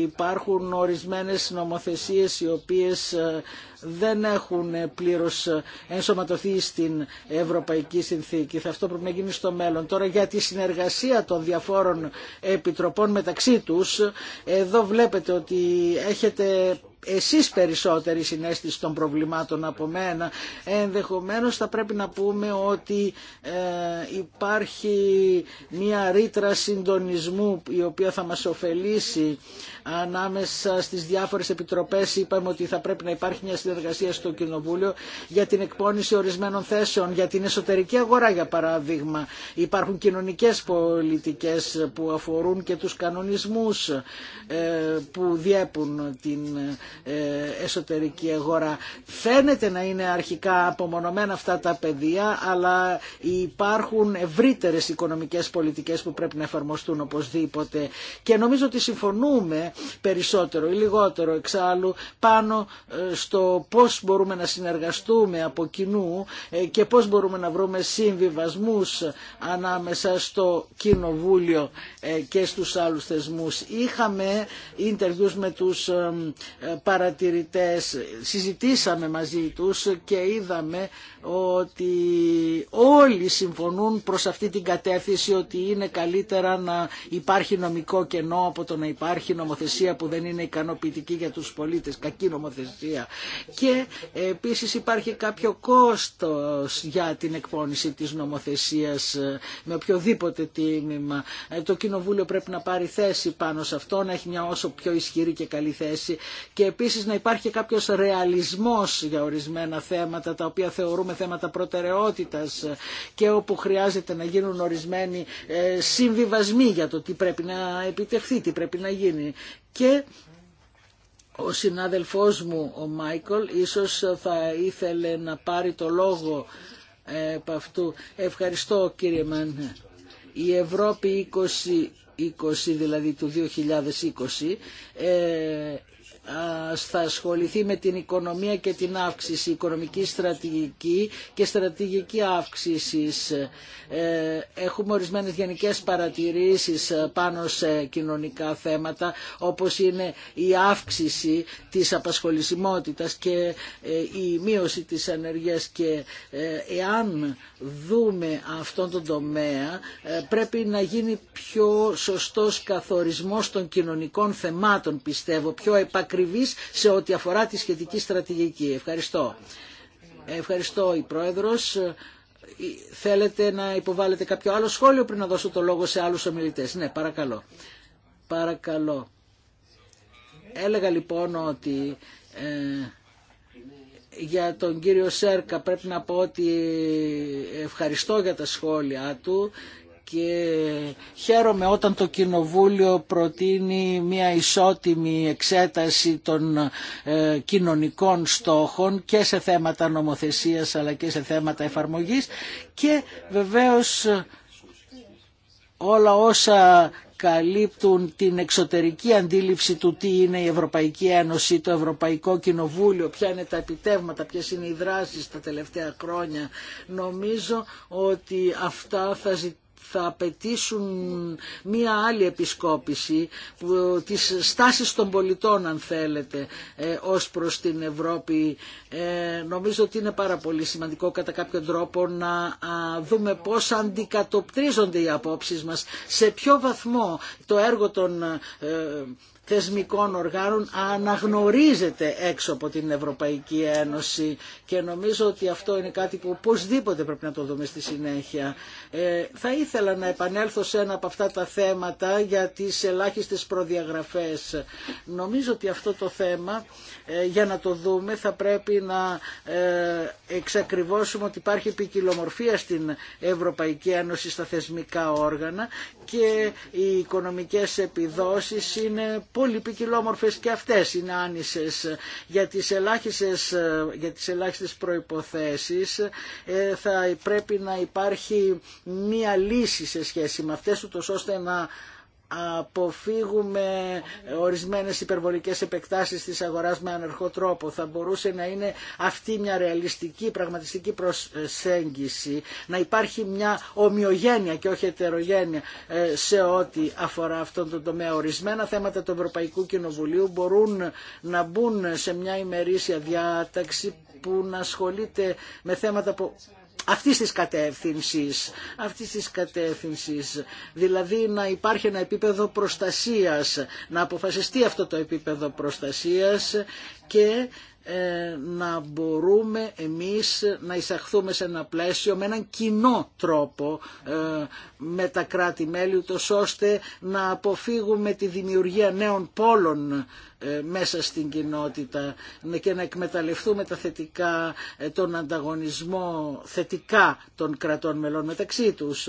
υπάρχουν ορισμένες νομοθεσίες οι οποίες ε, δεν έχουν πλήρως ενσωματωθεί στην Ευρωπαϊκή Συνθήκη. Θα αυτό πρέπει να γίνει στο μέλλον. Τώρα για τη συνεργασία των διαφόρων επιτροπών μεταξύ τους, εδώ βλέπετε ότι έχετε εσείς περισσότερη συνέστηση των προβλημάτων από μένα. Ενδεχομένως θα πρέπει να πούμε ότι ε, υπάρχει μια ρήτρα συντονισμού η οποία θα μας ωφελήσει ανάμεσα στις διάφορες επιτροπές. Είπαμε ότι θα πρέπει να υπάρχει μια συνεργασία στο Κοινοβούλιο για την εκπόνηση ορισμένων θέσεων, για την εσωτερική αγορά για παράδειγμα. Υπάρχουν κοινωνικές πολιτικές που αφορούν και τους κανονισμούς ε, που διέπουν την ε, εσωτερική αγορά. Φαίνεται να είναι αρχικά απομονωμένα αυτά τα πεδία, αλλά υπάρχουν ευρύτερες οικονομικές πολιτικές που πρέπει να εφαρμοστούν οπωσδήποτε. Και νομίζω ότι συμφωνούμε περισσότερο ή λιγότερο εξάλλου πάνω ε, στο πώς μπορούμε να συνεργαστούμε από κοινού ε, και πώς μπορούμε να βρούμε συμβιβασμούς ανάμεσα στο Κοινοβούλιο και στους άλλου θεσμούς. Είχαμε interviews με τους παρατηρητές, συζητήσαμε μαζί τους και είδαμε ότι όλοι συμφωνούν προς αυτή την κατεύθυνση ότι είναι καλύτερα να υπάρχει νομικό κενό από το να υπάρχει νομοθεσία που δεν είναι ικανοποιητική για τους πολίτες, κακή νομοθεσία. Και επίσης υπάρχει κάποιο κόστος για την εκπόνηση της νομοθεσίας με οποιοδήποτε τίμημα. Ε, το Κοινοβούλιο πρέπει να πάρει θέση πάνω σε αυτό, να έχει μια όσο πιο ισχυρή και καλή θέση και επίσης να υπάρχει κάποιος ρεαλισμός για ορισμένα θέματα τα οποία θεωρούμε με θέματα προτεραιότητας και όπου χρειάζεται να γίνουν ορισμένοι ε, συμβιβασμοί για το τι πρέπει να επιτευχθεί, τι πρέπει να γίνει. Και ο συνάδελφός μου, ο Μάικολ, ίσως θα ήθελε να πάρει το λόγο ε, από αυτού. Ευχαριστώ κύριε Μαν. Η Ευρώπη 2020, δηλαδή του 2020, θα ασχοληθεί με την οικονομία και την αύξηση, οικονομική στρατηγική και στρατηγική αύξηση. Ε, έχουμε ορισμένες γενικές παρατηρήσεις ε, πάνω σε κοινωνικά θέματα όπως είναι η αύξηση της απασχολησιμότητας και ε, η μείωση της ενέργειας και εάν δούμε αυτόν τον τομέα πρέπει να γίνει πιο σωστός καθορισμός των κοινωνικών θεμάτων πιστεύω, πιο επακριβή σε ό,τι αφορά τη σχετική στρατηγική. Ευχαριστώ. Ευχαριστώ η Πρόεδρος. Ε, θέλετε να υποβάλλετε κάποιο άλλο σχόλιο πριν να δώσω το λόγο σε άλλους ομιλητές. Ναι, παρακαλώ. Παρακαλώ. Έλεγα λοιπόν ότι ε, για τον κύριο Σέρκα πρέπει να πω ότι ευχαριστώ για τα σχόλια του και χαίρομαι όταν το Κοινοβούλιο προτείνει μια ισότιμη εξέταση των ε, κοινωνικών στόχων και σε θέματα νομοθεσίας αλλά και σε θέματα εφαρμογής και βεβαίως ε, όλα όσα καλύπτουν την εξωτερική αντίληψη του τι είναι η Ευρωπαϊκή Ένωση, το Ευρωπαϊκό Κοινοβούλιο, ποια είναι τα επιτεύγματα, ποιε είναι οι δράσεις τα τελευταία χρόνια. Νομίζω ότι αυτά θα ζητήσουν θα απαιτήσουν μία άλλη επισκόπηση της στάσης των πολιτών αν θέλετε ε, ως προς την Ευρώπη. Ε, νομίζω ότι είναι πάρα πολύ σημαντικό κατά κάποιο τρόπο να δούμε πώς αντικατοπτρίζονται οι απόψεις μας, σε ποιο βαθμό το έργο των ε, θεσμικών οργάνων αναγνωρίζεται έξω από την Ευρωπαϊκή Ένωση και νομίζω ότι αυτό είναι κάτι που οπωσδήποτε πρέπει να το δούμε στη συνέχεια. Ε, θα ήθελα να επανέλθω σε ένα από αυτά τα θέματα για τις ελάχιστες προδιαγραφές. Νομίζω ότι αυτό το θέμα ε, για να το δούμε θα πρέπει να ε, εξακριβώσουμε ότι υπάρχει ποικιλομορφία στην Ευρωπαϊκή Ένωση στα θεσμικά όργανα και οι οικονομικές επιδόσεις είναι πολύ ποικιλόμορφες και αυτές είναι άνισες για τις ελάχιστες, για τις ελάχιστες προϋποθέσεις ε, θα πρέπει να υπάρχει μία λύση σε σχέση με αυτές ούτως ώστε να αποφύγουμε ορισμένες υπερβολικές επεκτάσεις της αγοράς με ανερχό τρόπο. Θα μπορούσε να είναι αυτή μια ρεαλιστική, πραγματιστική προσέγγιση, να υπάρχει μια ομοιογένεια και όχι ετερογένεια ε, σε ό,τι αφορά αυτόν τον τομέα. Ορισμένα θέματα του Ευρωπαϊκού Κοινοβουλίου μπορούν να μπουν σε μια ημερήσια διάταξη που να ασχολείται με θέματα που αυτή τη κατεύθυνση. αυτή της κατεύθυνσης. Δηλαδή να υπάρχει ένα επίπεδο προστασίας, να αποφασιστεί αυτό το επίπεδο προστασίας και ε, να μπορούμε εμείς να εισαχθούμε σε ένα πλαίσιο με έναν κοινό τρόπο ε, με τα κράτη-μέλη ώστε να αποφύγουμε τη δημιουργία νέων πόλων ε, μέσα στην κοινότητα και να εκμεταλλευτούμε τα θετικά, τον ανταγωνισμό θετικά των κρατών μελών μεταξύ τους.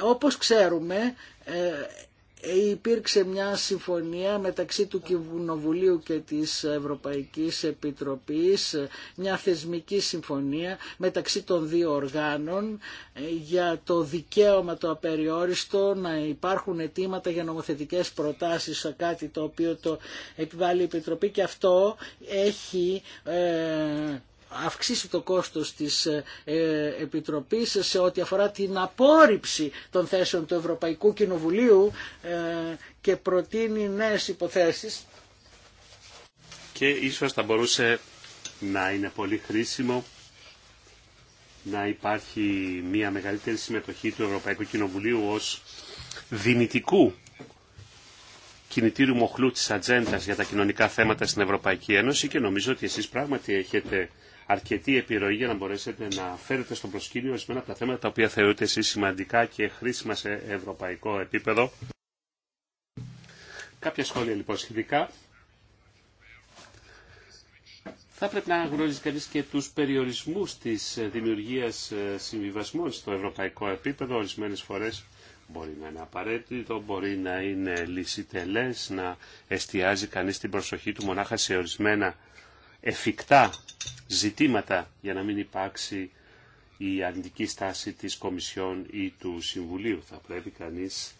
Όπως ξέρουμε υπήρξε μια συμφωνία μεταξύ του Κοινοβουλίου και της Ευρωπαϊκής Επιτροπής, μια θεσμική συμφωνία μεταξύ των δύο οργάνων ε, για το δικαίωμα το απεριόριστο να υπάρχουν αιτήματα για νομοθετικές προτάσεις σε κάτι το οποίο το επιβάλλει η Επιτροπή και αυτό έχει ε, αυξήσει το κόστος της ε, ε, Επιτροπής σε ό,τι αφορά την απόρριψη των θέσεων του Ευρωπαϊκού Κοινοβουλίου ε, και προτείνει νέες υποθέσεις. Και ίσως θα μπορούσε να είναι πολύ χρήσιμο να υπάρχει μια μεγαλύτερη συμμετοχή του Ευρωπαϊκού Κοινοβουλίου ως δυνητικού κινητήριου μοχλού της ατζέντα για τα κοινωνικά θέματα στην Ευρωπαϊκή Ένωση και νομίζω ότι εσείς πράγματι έχετε αρκετή επιρροή για να μπορέσετε να φέρετε στο προσκήνιο ορισμένα από τα θέματα τα οποία θεωρείτε εσείς σημαντικά και χρήσιμα σε ευρωπαϊκό επίπεδο. Κάποια σχόλια λοιπόν σχετικά. Θα πρέπει να γνωρίζει κανείς και τους περιορισμούς της δημιουργίας ε, συμβιβασμών στο ευρωπαϊκό επίπεδο. Ορισμένες φορές μπορεί να είναι απαραίτητο, μπορεί να είναι λυσιτελές, να εστιάζει κανείς την προσοχή του μονάχα σε ορισμένα εφικτά ζητήματα για να μην υπάρξει η αρνητική στάση της Κομισιόν ή του Συμβουλίου. Θα πρέπει κανείς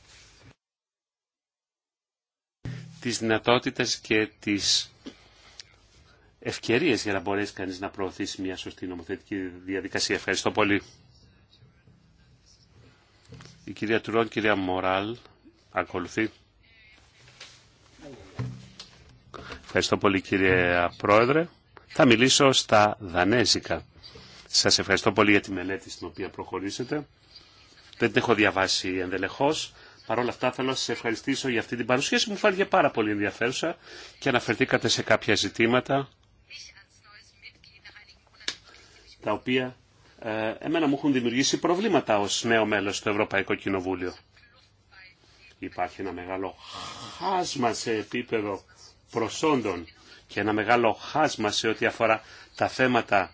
τις δυνατότητες και τις ευκαιρίες για να μπορέσει κανείς να προωθήσει μια σωστή νομοθετική διαδικασία. Ευχαριστώ πολύ. Η κυρία Τουρόν, κυρία Μοράλ, ακολουθεί. Ευχαριστώ πολύ κύριε Πρόεδρε. Θα μιλήσω στα Δανέζικα. Σας ευχαριστώ πολύ για τη μελέτη στην οποία προχωρήσετε. Δεν την έχω διαβάσει ενδελεχώς. Παρ' όλα αυτά θέλω να σας ευχαριστήσω για αυτή την παρουσίαση που μου φάνηκε πάρα πολύ ενδιαφέρουσα και αναφερθήκατε σε κάποια ζητήματα τα οποία ε, εμένα μου έχουν δημιουργήσει προβλήματα ως νέο μέλος στο Ευρωπαϊκό Κοινοβούλιο. Υπάρχει ένα μεγάλο χάσμα σε επίπεδο προσόντων και ένα μεγάλο χάσμα σε ό,τι αφορά τα θέματα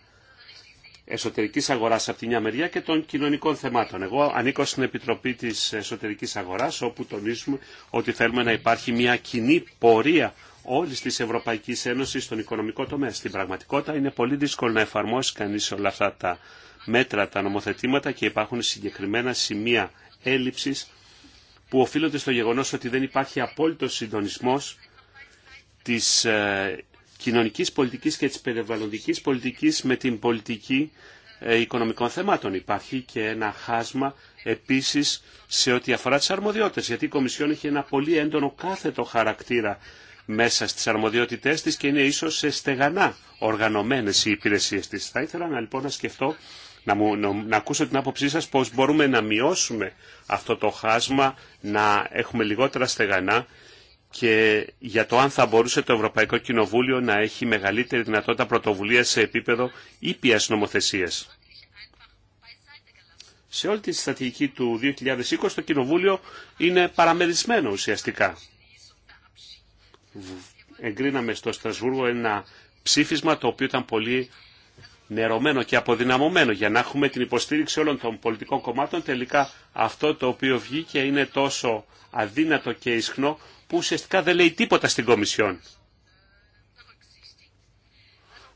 εσωτερικής αγοράς από τη μια μεριά και των κοινωνικών θεμάτων. Εγώ ανήκω στην Επιτροπή της Εσωτερικής Αγοράς όπου τονίζουμε ότι θέλουμε να υπάρχει μια κοινή πορεία όλης της Ευρωπαϊκής Ένωσης στον οικονομικό τομέα. Στην πραγματικότητα είναι πολύ δύσκολο να εφαρμόσει κανείς όλα αυτά τα μέτρα, τα νομοθετήματα και υπάρχουν συγκεκριμένα σημεία έλλειψη που οφείλονται στο γεγονό ότι δεν υπάρχει απόλυτο συντονισμό της ε, κοινωνικής πολιτικής και της περιβαλλοντικής πολιτικής με την πολιτική ε, οικονομικών θεμάτων. Υπάρχει και ένα χάσμα επίσης σε ό,τι αφορά τις αρμοδιότητες, γιατί η Κομισιόν έχει ένα πολύ έντονο κάθετο χαρακτήρα μέσα στις αρμοδιότητές της και είναι ίσως σε στεγανά οργανωμένες οι υπηρεσίες της. Θα ήθελα να, λοιπόν να σκεφτώ, να, να, να ακούσω την άποψή σας πώς μπορούμε να μειώσουμε αυτό το χάσμα, να έχουμε λιγότερα στεγανά και για το αν θα μπορούσε το Ευρωπαϊκό Κοινοβούλιο να έχει μεγαλύτερη δυνατότητα πρωτοβουλία σε επίπεδο ήπια νομοθεσία. Σε όλη τη στρατηγική του 2020 το Κοινοβούλιο είναι παραμερισμένο ουσιαστικά. Εγκρίναμε στο Στρασβούργο ένα ψήφισμα το οποίο ήταν πολύ νερωμένο και αποδυναμωμένο για να έχουμε την υποστήριξη όλων των πολιτικών κομμάτων τελικά αυτό το οποίο βγήκε είναι τόσο αδύνατο και ισχνό που ουσιαστικά δεν λέει τίποτα στην Κομισιόν.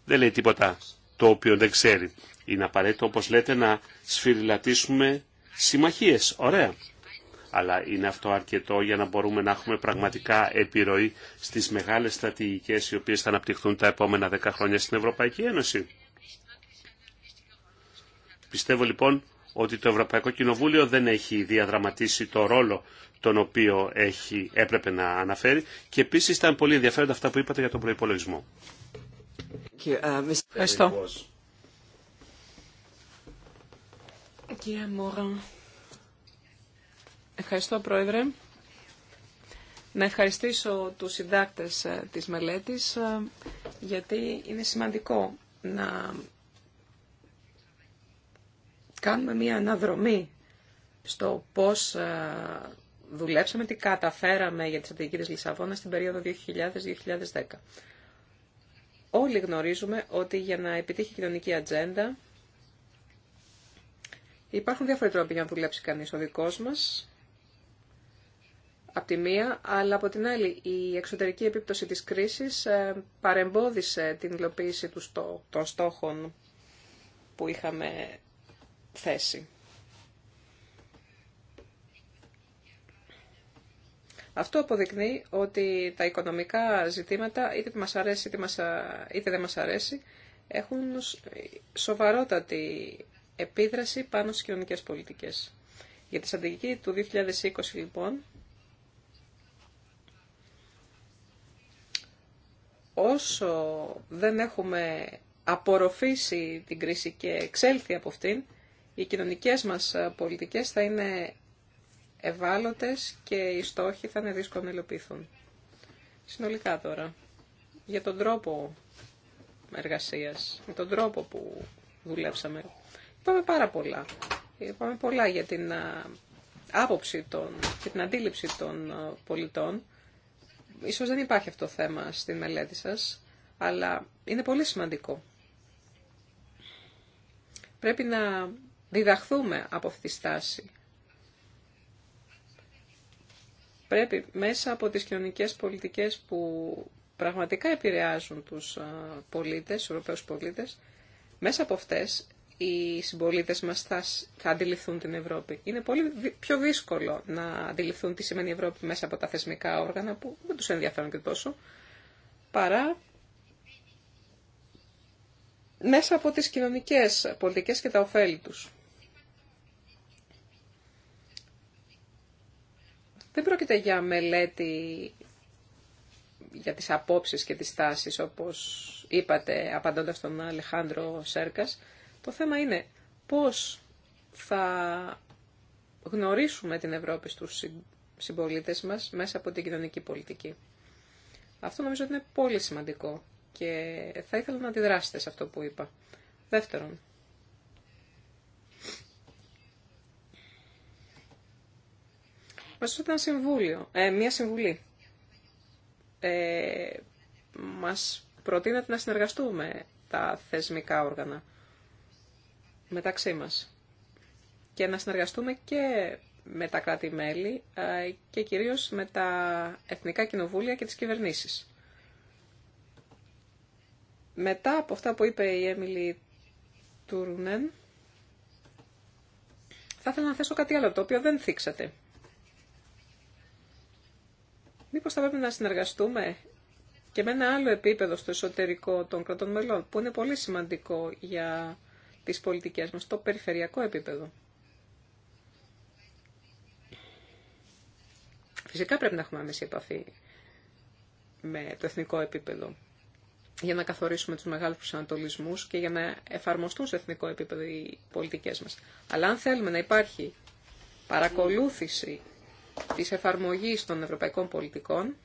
Δεν λέει τίποτα το οποίο δεν ξέρει. Είναι απαραίτητο όπως λέτε να σφυριλατήσουμε συμμαχίες. Ωραία. Αλλά είναι αυτό αρκετό για να μπορούμε να έχουμε πραγματικά επιρροή στις μεγάλες στρατηγικές οι οποίες θα αναπτυχθούν τα επόμενα δέκα χρόνια στην Ευρωπαϊκή Ένωση. Πιστεύω λοιπόν ότι το Ευρωπαϊκό Κοινοβούλιο δεν έχει διαδραματίσει το ρόλο τον οποίο έχει, έπρεπε να αναφέρει και επίσης ήταν πολύ ενδιαφέροντα αυτά που είπατε για τον προϋπολογισμό. Uh, ευχαριστώ. ευχαριστώ Πρόεδρε. Να ευχαριστήσω τους συντάκτες ε, της μελέτης ε, γιατί είναι σημαντικό να κάνουμε μία αναδρομή στο πώς ε, δουλέψαμε, τι καταφέραμε για τη στρατηγική της Λισαβόνα στην περίοδο 2000-2010. Όλοι γνωρίζουμε ότι για να επιτύχει η κοινωνική ατζέντα υπάρχουν διάφοροι τρόποι για να δουλέψει κανείς ο δικός μας, από τη μία, αλλά από την άλλη η εξωτερική επίπτωση της κρίσης ε, παρεμπόδισε την υλοποίηση των στόχων που είχαμε θέση. Αυτό αποδεικνύει ότι τα οικονομικά ζητήματα, είτε μας αρέσει είτε, δεν μας αρέσει, έχουν σοβαρότατη επίδραση πάνω στις κοινωνικές πολιτικές. Για τη στρατηγική του 2020, λοιπόν, όσο δεν έχουμε απορροφήσει την κρίση και εξέλθει από αυτήν, οι κοινωνικές μας ε, πολιτικές θα είναι ευάλωτες και οι στόχοι θα είναι δύσκολο να υλοποιηθούν. Συνολικά τώρα, για τον τρόπο εργασίας, για τον τρόπο που δουλέψαμε, είπαμε πάρα πολλά. Είπαμε πολλά για την ε, άποψη των, και την αντίληψη των ε, πολιτών. Ίσως δεν υπάρχει αυτό το θέμα στη μελέτη σας, αλλά είναι πολύ σημαντικό. Πρέπει να διδαχθούμε από αυτή τη στάση. Πρέπει μέσα από τις κοινωνικές πολιτικές που πραγματικά επηρεάζουν τους πολίτες, τους Ευρωπαίους πολίτες, μέσα από αυτές οι συμπολίτε μας θα, θα αντιληφθούν την Ευρώπη. Είναι πολύ πιο δύσκολο να αντιληφθούν τι σημαίνει η Ευρώπη μέσα από τα θεσμικά όργανα που δεν τους ενδιαφέρουν και τόσο, παρά μέσα από τις κοινωνικές πολιτικές και τα ωφέλη τους. Δεν πρόκειται για μελέτη για τις απόψεις και τις τάσεις, όπως είπατε, απαντώντας τον Αλεχάνδρο Σέρκας. Το θέμα είναι πώς θα γνωρίσουμε την Ευρώπη στους συμπολίτε μας μέσα από την κοινωνική πολιτική. Αυτό νομίζω ότι είναι πολύ σημαντικό και θα ήθελα να αντιδράσετε σε αυτό που είπα. Δεύτερον, Μας έδωσε συμβούλιο, ε, μια συμβουλή. Ε, μας προτείνεται να συνεργαστούμε τα θεσμικά όργανα μεταξύ μας και να συνεργαστούμε και με τα κράτη-μέλη ε, και κυρίως με τα εθνικά κοινοβούλια και τις κυβερνήσεις. Μετά από αυτά που είπε η Έμιλη Τουρουνέν, θα ήθελα να θέσω κάτι άλλο, το οποίο δεν θίξατε. Μήπως θα πρέπει να συνεργαστούμε και με ένα άλλο επίπεδο στο εσωτερικό των κρατών μελών, που είναι πολύ σημαντικό για τις πολιτικές μας, το περιφερειακό επίπεδο. Φυσικά πρέπει να έχουμε άμεση επαφή με το εθνικό επίπεδο για να καθορίσουμε τους μεγάλους προσανατολισμούς και για να εφαρμοστούν σε εθνικό επίπεδο οι πολιτικές μας. Αλλά αν θέλουμε να υπάρχει παρακολούθηση της εφαρμογής των ευρωπαϊκών πολιτικών,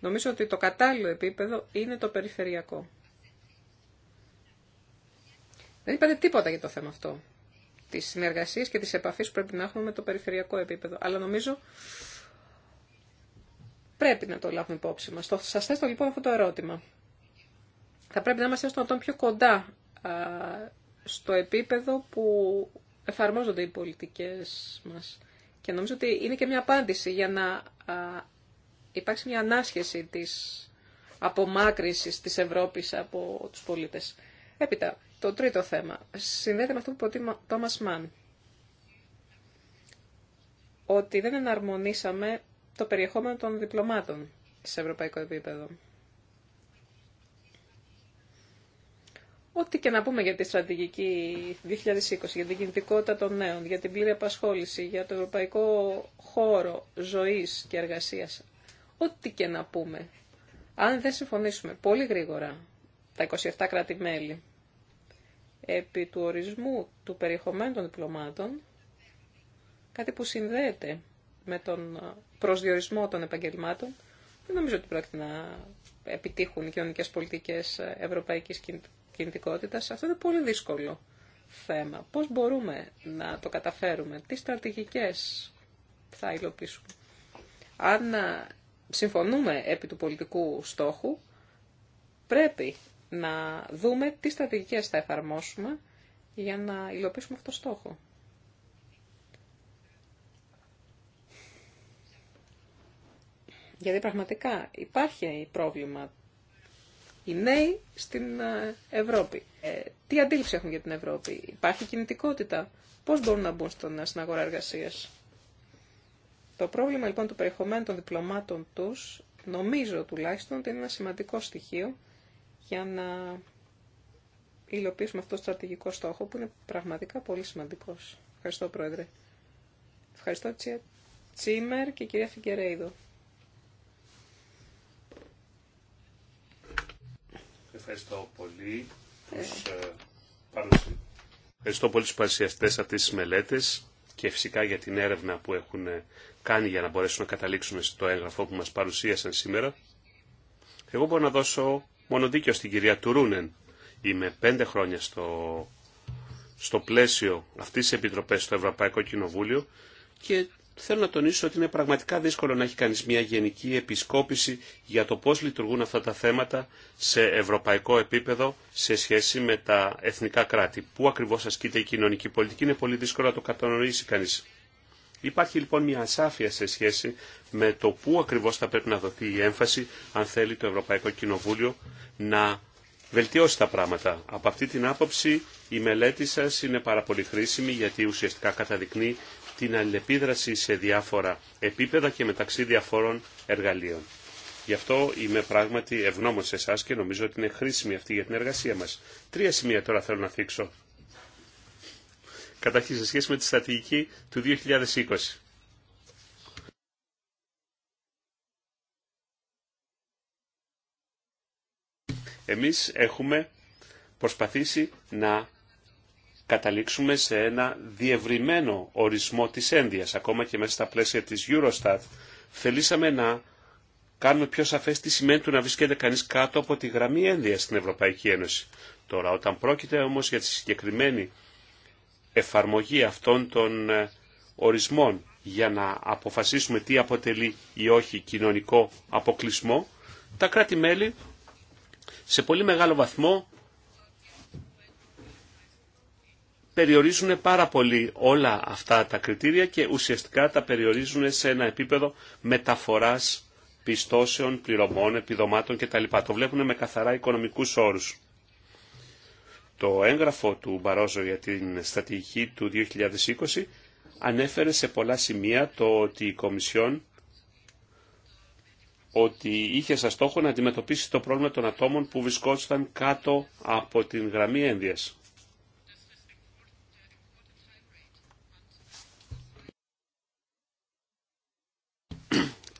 νομίζω ότι το κατάλληλο επίπεδο είναι το περιφερειακό. Δεν είπατε τίποτα για το θέμα αυτό. της συνεργασίας και της επαφής που πρέπει να έχουμε με το περιφερειακό επίπεδο. Αλλά νομίζω πρέπει να το λάβουμε υπόψη μα. Σας θέσω λοιπόν αυτό το ερώτημα. Θα πρέπει να είμαστε στον πιο κοντά στο επίπεδο που εφαρμόζονται οι πολιτικές μας. Και νομίζω ότι είναι και μια απάντηση για να υπάρξει μια ανάσχεση της απομάκρυσης της Ευρώπης από τους πολίτες. Έπειτα, το τρίτο θέμα συνδέεται με αυτό που είπε ο Τόμας Μαν. Ότι δεν εναρμονίσαμε το περιεχόμενο των διπλωμάτων σε ευρωπαϊκό επίπεδο. Ό,τι και να πούμε για τη στρατηγική 2020, για την κινητικότητα των νέων, για την πλήρη απασχόληση, για το ευρωπαϊκό χώρο ζωής και εργασίας, ό,τι και να πούμε, αν δεν συμφωνήσουμε πολύ γρήγορα τα 27 κράτη-μέλη επί του ορισμού του περιεχομένου των διπλωμάτων, κάτι που συνδέεται με τον προσδιορισμό των επαγγελμάτων, δεν νομίζω ότι πρέπει να επιτύχουν οι κοινωνικές πολιτικές ευρωπαϊκής κινητικότητας κινητικότητας, αυτό είναι πολύ δύσκολο θέμα. Πώς μπορούμε να το καταφέρουμε, τι στρατηγικές θα υλοποιήσουμε. Αν ε, συμφωνούμε επί του πολιτικού στόχου, πρέπει να δούμε τι στρατηγικές θα εφαρμόσουμε για να υλοποιήσουμε αυτό το στόχο. Γιατί πραγματικά υπάρχει πρόβλημα οι νέοι στην ε, Ευρώπη. Ε, τι αντίληψη έχουν για την Ευρώπη, υπάρχει κινητικότητα, πώς μπορούν να μπουν στον, ε, στην αγορά εργασίας. Το πρόβλημα λοιπόν του περιεχομένου των διπλωμάτων τους, νομίζω τουλάχιστον ότι είναι ένα σημαντικό στοιχείο για να υλοποιήσουμε αυτό το στρατηγικό στόχο που είναι πραγματικά πολύ σημαντικός. Ευχαριστώ Πρόεδρε. Ευχαριστώ Τσίμερ και κυρία Φιγκερέιδο. Ε, Ευχαριστώ πολύ τους παρουσιαστές. Ευχαριστώ πολύ τους αυτής της μελέτης και φυσικά για την έρευνα που έχουν ε, κάνει για να μπορέσουν να καταλήξουν στο έγγραφο που μας παρουσίασαν σήμερα. Εγώ μπορώ να δώσω μόνο δίκιο στην κυρία Τουρούνεν. Είμαι πέντε χρόνια στο, στο πλαίσιο αυτής της Επιτροπής στο Ευρωπαϊκό Κοινοβούλιο και Θέλω να τονίσω ότι είναι πραγματικά δύσκολο να έχει κανεί μια γενική επισκόπηση για το πώ λειτουργούν αυτά τα θέματα σε ευρωπαϊκό επίπεδο σε σχέση με τα εθνικά κράτη. Πού ακριβώ ασκείται η κοινωνική πολιτική είναι πολύ δύσκολο να το κατανοήσει κανεί. Υπάρχει λοιπόν μια ασάφεια σε σχέση με το πού ακριβώ θα πρέπει να δοθεί η έμφαση αν θέλει το Ευρωπαϊκό Κοινοβούλιο να βελτιώσει τα πράγματα. Από αυτή την άποψη η μελέτη σα είναι πάρα πολύ χρήσιμη γιατί ουσιαστικά καταδεικνύει την αλληλεπίδραση σε διάφορα επίπεδα και μεταξύ διαφόρων εργαλείων. Γι' αυτό είμαι πράγματι ευγνώμων σε εσά και νομίζω ότι είναι χρήσιμη αυτή για την εργασία μα. Τρία σημεία τώρα θέλω να θίξω. Καταρχήν σε σχέση με τη στρατηγική του 2020. Εμείς έχουμε προσπαθήσει να καταλήξουμε σε ένα διευρυμένο ορισμό της ένδειας. ακόμα και μέσα στα πλαίσια της Eurostat, θελήσαμε να κάνουμε πιο σαφές τι σημαίνει του να βρίσκεται κανείς κάτω από τη γραμμή ένδειας στην Ευρωπαϊκή Ένωση. Τώρα, όταν πρόκειται όμως για τη συγκεκριμένη εφαρμογή αυτών των ε, ορισμών για να αποφασίσουμε τι αποτελεί ή όχι κοινωνικό αποκλεισμό, τα κράτη-μέλη σε πολύ μεγάλο βαθμό περιορίζουν πάρα πολύ όλα αυτά τα κριτήρια και ουσιαστικά τα περιορίζουν σε ένα επίπεδο μεταφοράς πιστώσεων, πληρωμών, επιδομάτων κτλ. Το βλέπουν με καθαρά οικονομικούς όρους. Το έγγραφο του Μπαρόζο για την στρατηγική του 2020 ανέφερε σε πολλά σημεία το ότι η Κομισιόν ότι είχε σαν στόχο να αντιμετωπίσει το πρόβλημα των ατόμων που βρισκόταν κάτω από την γραμμή ένδυας.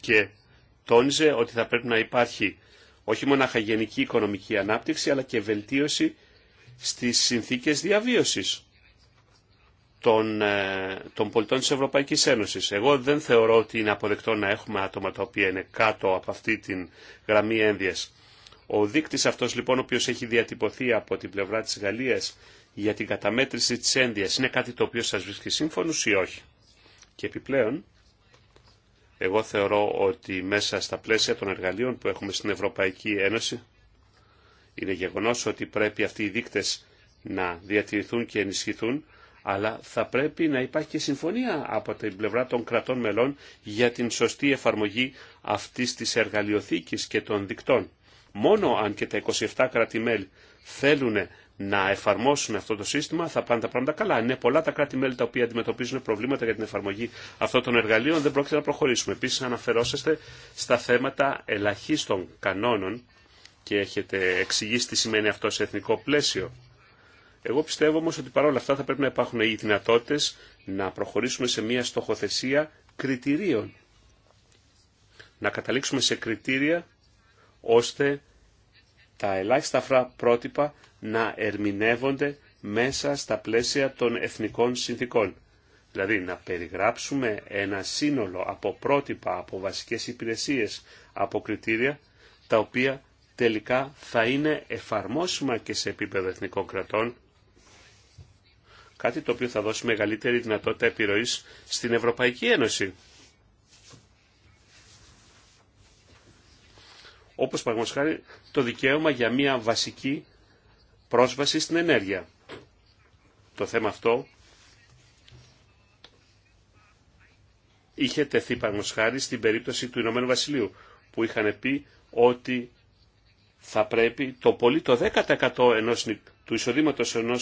και τόνιζε ότι θα πρέπει να υπάρχει όχι μόνο γενική οικονομική ανάπτυξη αλλά και βελτίωση στις συνθήκες διαβίωσης των, ε, των πολιτών της Ευρωπαϊκής Ένωσης. Εγώ δεν θεωρώ ότι είναι αποδεκτό να έχουμε άτομα τα οποία είναι κάτω από αυτή την γραμμή ένδυας. Ο δείκτης αυτός λοιπόν ο οποίος έχει διατυπωθεί από την πλευρά της Γαλλίας για την καταμέτρηση της ένδυας είναι κάτι το οποίο σας βρίσκει σύμφωνος ή όχι. Και επιπλέον εγώ θεωρώ ότι μέσα στα πλαίσια των εργαλείων που έχουμε στην Ευρωπαϊκή Ένωση είναι γεγονός ότι πρέπει αυτοί οι δείκτες να διατηρηθούν και ενισχυθούν, αλλά θα πρέπει να υπάρχει και συμφωνία από την πλευρά των κρατών μελών για την σωστή εφαρμογή αυτής της εργαλειοθήκης και των δικτών. Μόνο αν και τα 27 κράτη-μέλη θέλουν να εφαρμόσουν αυτό το σύστημα θα πάνε τα πράγματα καλά. Είναι πολλά τα κράτη-μέλη τα οποία αντιμετωπίζουν προβλήματα για την εφαρμογή αυτών των εργαλείων, δεν πρόκειται να προχωρήσουμε. Επίση, αναφερόσαστε στα θέματα ελαχίστων κανόνων και έχετε εξηγήσει τι σημαίνει αυτό σε εθνικό πλαίσιο. Εγώ πιστεύω όμω ότι παρόλα αυτά θα πρέπει να υπάρχουν οι δυνατότητε να προχωρήσουμε σε μια στοχοθεσία κριτηρίων. Να καταλήξουμε σε κριτήρια ώστε τα ελάχιστα πρότυπα να ερμηνεύονται μέσα στα πλαίσια των εθνικών συνθήκων. Δηλαδή να περιγράψουμε ένα σύνολο από πρότυπα, από βασικές υπηρεσίες, από κριτήρια, τα οποία τελικά θα είναι εφαρμόσιμα και σε επίπεδο εθνικών κρατών, κάτι το οποίο θα δώσει μεγαλύτερη δυνατότητα επιρροής στην Ευρωπαϊκή Ένωση. όπως παραγωγικά το δικαίωμα για μια βασική πρόσβαση στην ενέργεια. Το θέμα αυτό είχε τεθεί παραγωγικά στην περίπτωση του Ηνωμένου Βασιλείου που είχαν πει ότι θα πρέπει το πολύ το 10% ενός, του εισοδήματο ενό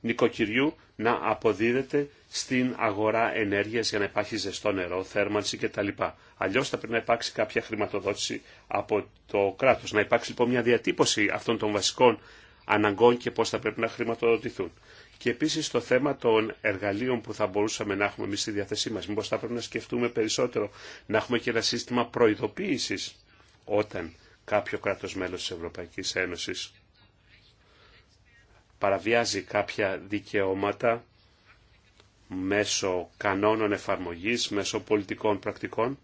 νοικοκυριού να αποδίδεται στην αγορά ενέργειας για να υπάρχει ζεστό νερό, θέρμανση κτλ. Αλλιώς θα πρέπει να υπάρξει κάποια χρηματοδότηση από το κράτος. Να υπάρξει λοιπόν μια διατύπωση αυτών των βασικών αναγκών και πώς θα πρέπει να χρηματοδοτηθούν. Και επίσης το θέμα των εργαλείων που θα μπορούσαμε να έχουμε εμείς στη διάθεσή μας. Μήπως θα πρέπει να σκεφτούμε περισσότερο να έχουμε και ένα σύστημα προειδοποίησης όταν κάποιο κράτος μέλος της Ευρωπαϊκής Ένωσης παραβιάζει κάποια δικαιώματα μέσω κανόνων εφαρμογής, μέσω πολιτικών πρακτικών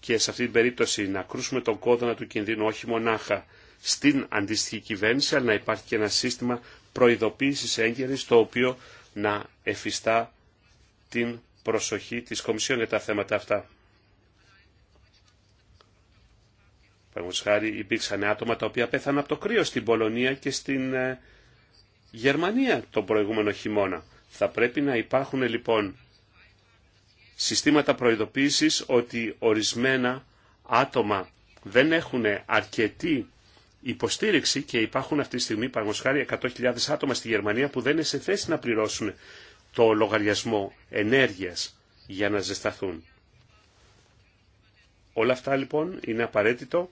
και σε αυτή την περίπτωση να κρούσουμε τον κόδωνα του κινδύνου όχι μονάχα στην αντίστοιχη κυβέρνηση, αλλά να υπάρχει και ένα σύστημα προειδοποίησης έγκαιρης το οποίο να εφιστά την προσοχή της Κομισιόν για τα θέματα αυτά. Παραδείγματος χάρη υπήρξαν άτομα τα οποία πέθαναν από το κρύο στην Πολωνία και στην ε, Γερμανία τον προηγούμενο χειμώνα. Θα πρέπει να υπάρχουν λοιπόν συστήματα προειδοποίησης ότι ορισμένα άτομα δεν έχουν αρκετή υποστήριξη και υπάρχουν αυτή τη στιγμή παραγωγικά 100.000 άτομα στη Γερμανία που δεν είναι σε θέση να πληρώσουν το λογαριασμό ενέργειας για να ζεσταθούν. Όλα αυτά λοιπόν είναι απαραίτητο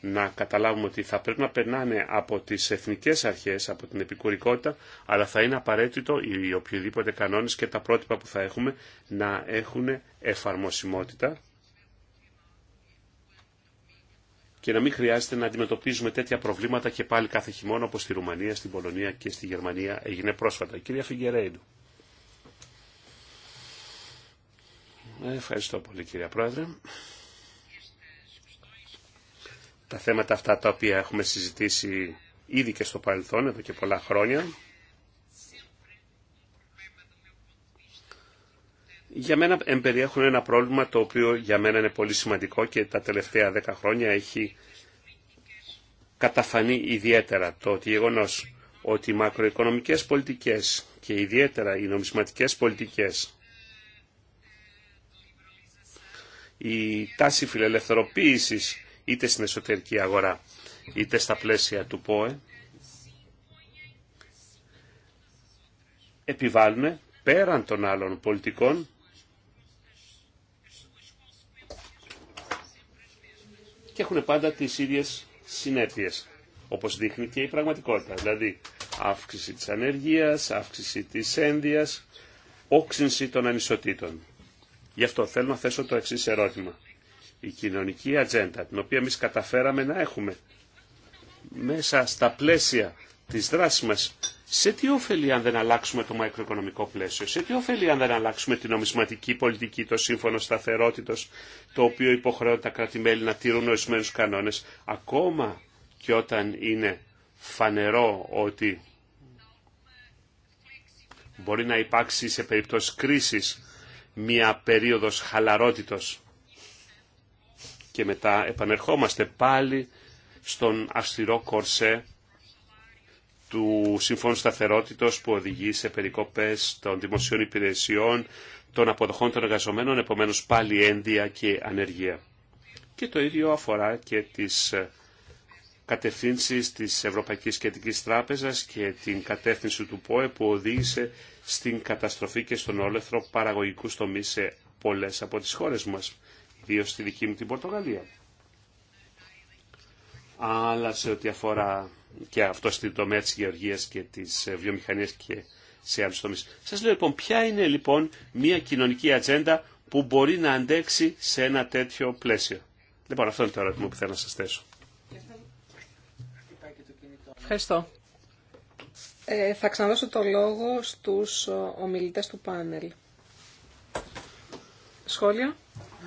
να καταλάβουμε ότι θα πρέπει να περνάνε από τις εθνικές αρχές, από την επικουρικότητα, αλλά θα είναι απαραίτητο οι οποιοδήποτε κανόνες και τα πρότυπα που θα έχουμε να έχουν εφαρμοσιμότητα και να μην χρειάζεται να αντιμετωπίζουμε τέτοια προβλήματα και πάλι κάθε χειμώνα όπως στη Ρουμανία, στην Πολωνία και στη Γερμανία έγινε πρόσφατα. Κυρία Φιγκερέιντου. Ε, ευχαριστώ πολύ κυρία Πρόεδρε τα θέματα αυτά τα οποία έχουμε συζητήσει ήδη και στο παρελθόν, εδώ και πολλά χρόνια. Για μένα εμπεριέχουν ένα πρόβλημα το οποίο για μένα είναι πολύ σημαντικό και τα τελευταία δέκα χρόνια έχει καταφανεί ιδιαίτερα το γεγονό ότι οι μακροοικονομικές πολιτικές και ιδιαίτερα οι νομισματικές πολιτικές η τάση φιλελευθερωποίησης είτε στην εσωτερική αγορά είτε στα πλαίσια του ΠΟΕ επιβάλλουν πέραν των άλλων πολιτικών και έχουν πάντα τις ίδιες συνέπειες, όπως δείχνει και η πραγματικότητα. Δηλαδή, αύξηση της ανεργίας, αύξηση της ένδυας, όξυνση των ανισοτήτων. Γι' αυτό θέλω να θέσω το εξής ερώτημα η κοινωνική ατζέντα, την οποία εμεί καταφέραμε να έχουμε μέσα στα πλαίσια της δράσης μας, σε τι ωφελεί αν δεν αλλάξουμε το μακροοικονομικό πλαίσιο, σε τι ωφελεί αν δεν αλλάξουμε την νομισματική πολιτική, το σύμφωνο σταθερότητος, το οποίο υποχρεώνει τα κράτη-μέλη να τηρούν ορισμένου κανόνες, ακόμα και όταν είναι φανερό ότι μπορεί να υπάρξει σε περίπτωση κρίσης μία περίοδος χαλαρότητος και μετά επανερχόμαστε πάλι στον αυστηρό κορσέ του Συμφώνου Σταθερότητος που οδηγεί σε περικοπές των δημοσίων υπηρεσιών, των αποδοχών των εργαζομένων, επομένως πάλι ένδια και ανεργία. Και το ίδιο αφορά και τις ε, κατευθύνσεις της Ευρωπαϊκής Κεντρικής Τράπεζας και την κατεύθυνση του ΠΟΕ που οδήγησε στην καταστροφή και στον όλεθρο παραγωγικού τομεί σε πολλές από τις χώρες μας δύο στη δική μου την Πορτογαλία. Αλλά σε ό,τι αφορά και αυτό στην τομέα της γεωργίας και της ε, βιομηχανίας και σε άλλους τομείς. Σας λέω λοιπόν ποια είναι λοιπόν μια κοινωνική ατζέντα που μπορεί να αντέξει σε ένα τέτοιο πλαίσιο. Λοιπόν αυτό είναι το ερώτημα που θέλω να σας θέσω. Ευχαριστώ. Ε, θα ξαναδώσω το λόγο στους ε, ομιλητές του πάνελ. Σχόλια. Ε,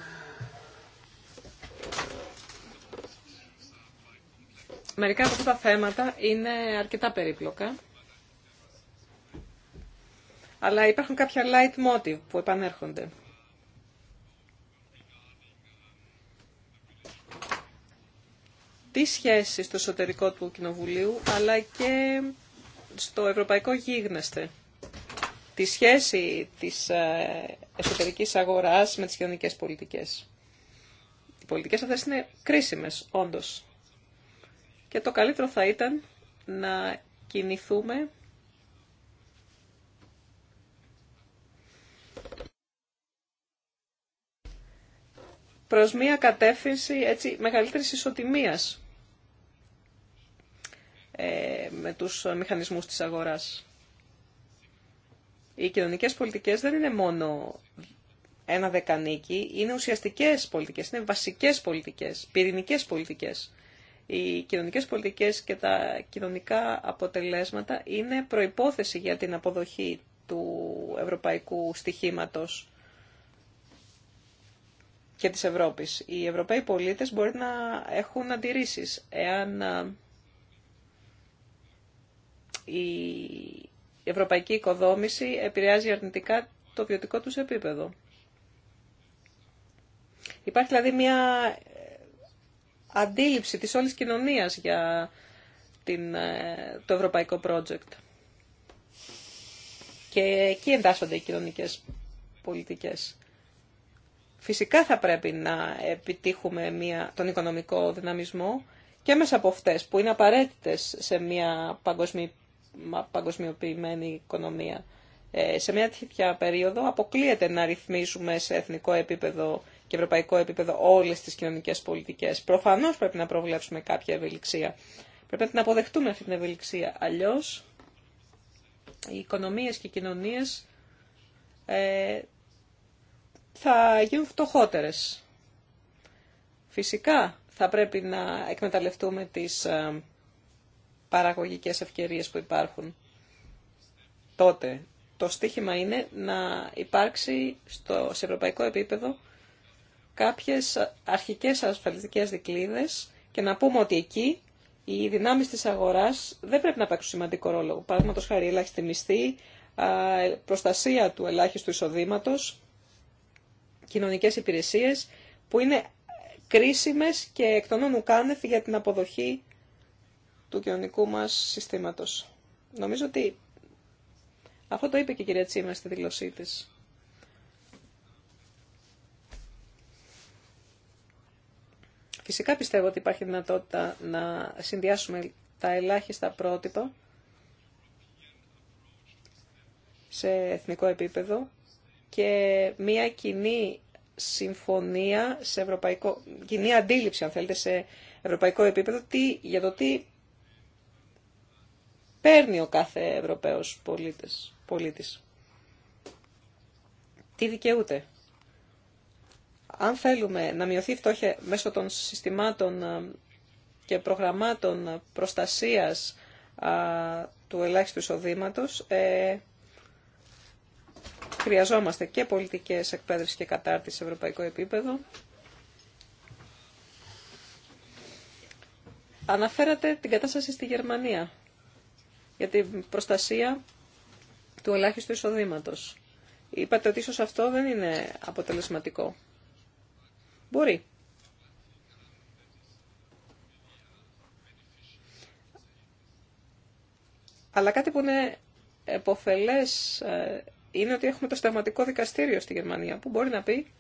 Μερικά από αυτά τα θέματα είναι αρκετά περίπλοκα. Αλλά υπάρχουν κάποια light motive που επανέρχονται. Τι σχέση στο εσωτερικό του Κοινοβουλίου, αλλά και στο ευρωπαϊκό γίγνεσθε. Τη σχέση της ε, εσωτερικής αγοράς με τις κοινωνικές πολιτικές. Οι πολιτικές αυτές είναι κρίσιμες, όντως και το καλύτερο θα ήταν να κινηθούμε προς μία κατεύθυνση έτσι, μεγαλύτερης ισοτιμίας ε, με τους μηχανισμούς της αγοράς. Οι κοινωνικές πολιτικές δεν είναι μόνο ένα δεκανίκι, είναι ουσιαστικές πολιτικές, είναι βασικές πολιτικές, πυρηνικές πολιτικές οι κοινωνικές πολιτικές και τα κοινωνικά αποτελέσματα είναι προϋπόθεση για την αποδοχή του ευρωπαϊκού στοιχήματος και της Ευρώπης. Οι Ευρωπαίοι πολίτες μπορεί να έχουν αντιρρήσεις εάν ε, η ευρωπαϊκή οικοδόμηση επηρεάζει αρνητικά το βιωτικό τους επίπεδο. Υπάρχει δηλαδή μια αντίληψη της όλης κοινωνίας για την, ε, το ευρωπαϊκό project. Και εκεί εντάσσονται οι κοινωνικές πολιτικές. Φυσικά θα πρέπει να επιτύχουμε μια, τον οικονομικό δυναμισμό και μέσα από αυτές που είναι απαραίτητες σε μια παγκοσμιοποιημένη οικονομία. Ε, σε μια τέτοια περίοδο αποκλείεται να ρυθμίσουμε σε εθνικό επίπεδο και ευρωπαϊκό επίπεδο όλε τι κοινωνικέ πολιτικέ. Προφανώ πρέπει να προβλέψουμε κάποια ευελιξία. Πρέπει να την αποδεχτούμε αυτή την ευελιξία. Αλλιώ οι οικονομίε και οι κοινωνίε ε, θα γίνουν φτωχότερε. Φυσικά θα πρέπει να εκμεταλλευτούμε τις ε, παραγωγικές ευκαιρίες που υπάρχουν. Τότε το στίχημα είναι να υπάρξει στο, σε ευρωπαϊκό επίπεδο κάποιες αρχικές ασφαλιστικές δικλίδες και να πούμε ότι εκεί οι δυνάμεις της αγοράς δεν πρέπει να παίξουν σημαντικό ρόλο. Παραδείγματος χάρη ελάχιστη μισθή, προστασία του ελάχιστου εισοδήματος, κοινωνικές υπηρεσίες που είναι κρίσιμες και εκ των όνου κάνευ για την αποδοχή του κοινωνικού μας συστήματος. Νομίζω ότι αυτό το είπε και η κυρία Τσίμα στη δήλωσή της. Φυσικά πιστεύω ότι υπάρχει δυνατότητα να συνδυάσουμε τα ελάχιστα πρότυπα σε εθνικό επίπεδο και μία κοινή συμφωνία σε ευρωπαϊκό, κοινή αντίληψη αν θέλετε σε ευρωπαϊκό επίπεδο τι, για το τι παίρνει ο κάθε Ευρωπαίος πολίτης, πολίτης. Τι δικαιούται αν θέλουμε να μειωθεί η φτώχεια μέσω των συστημάτων ε, και προγραμμάτων προστασίας του ελάχιστου εισοδήματο. Ε, χρειαζόμαστε και πολιτικές εκπαίδευση και κατάρτιση σε ευρωπαϊκό επίπεδο. Αναφέρατε την κατάσταση στη Γερμανία για την προστασία του ελάχιστου εισοδήματος. Είπατε ότι ίσως αυτό δεν είναι αποτελεσματικό. Μπορεί. Αλλά κάτι που είναι εποφελές ε, είναι ότι έχουμε το σταγματικό δικαστήριο στη Γερμανία που μπορεί να πει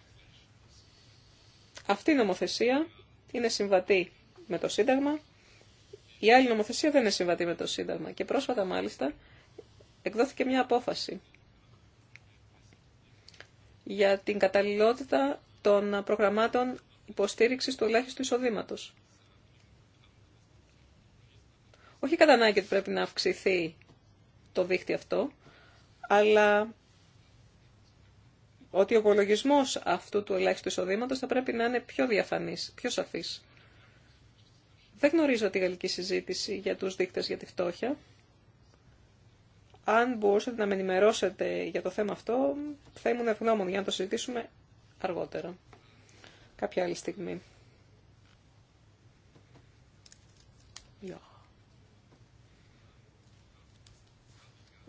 αυτή η νομοθεσία είναι συμβατή με το Σύνταγμα, η άλλη νομοθεσία δεν είναι συμβατή με το Σύνταγμα. Και πρόσφατα μάλιστα εκδόθηκε μια απόφαση για την καταλληλότητα των προγραμμάτων υποστήριξης του ελάχιστου εισοδήματο. Όχι κατά ανάγκη ότι πρέπει να αυξηθεί το δίχτυ αυτό, αλλά ότι ο υπολογισμός αυτού του ελάχιστου εισοδήματο θα πρέπει να είναι πιο διαφανής, πιο σαφής. Δεν γνωρίζω τη γαλλική συζήτηση για τους δείκτες για τη φτώχεια. Αν μπορούσατε να με ενημερώσετε για το θέμα αυτό, θα ήμουν ευγνώμων για να το συζητήσουμε αργότερα, κάποια άλλη στιγμή.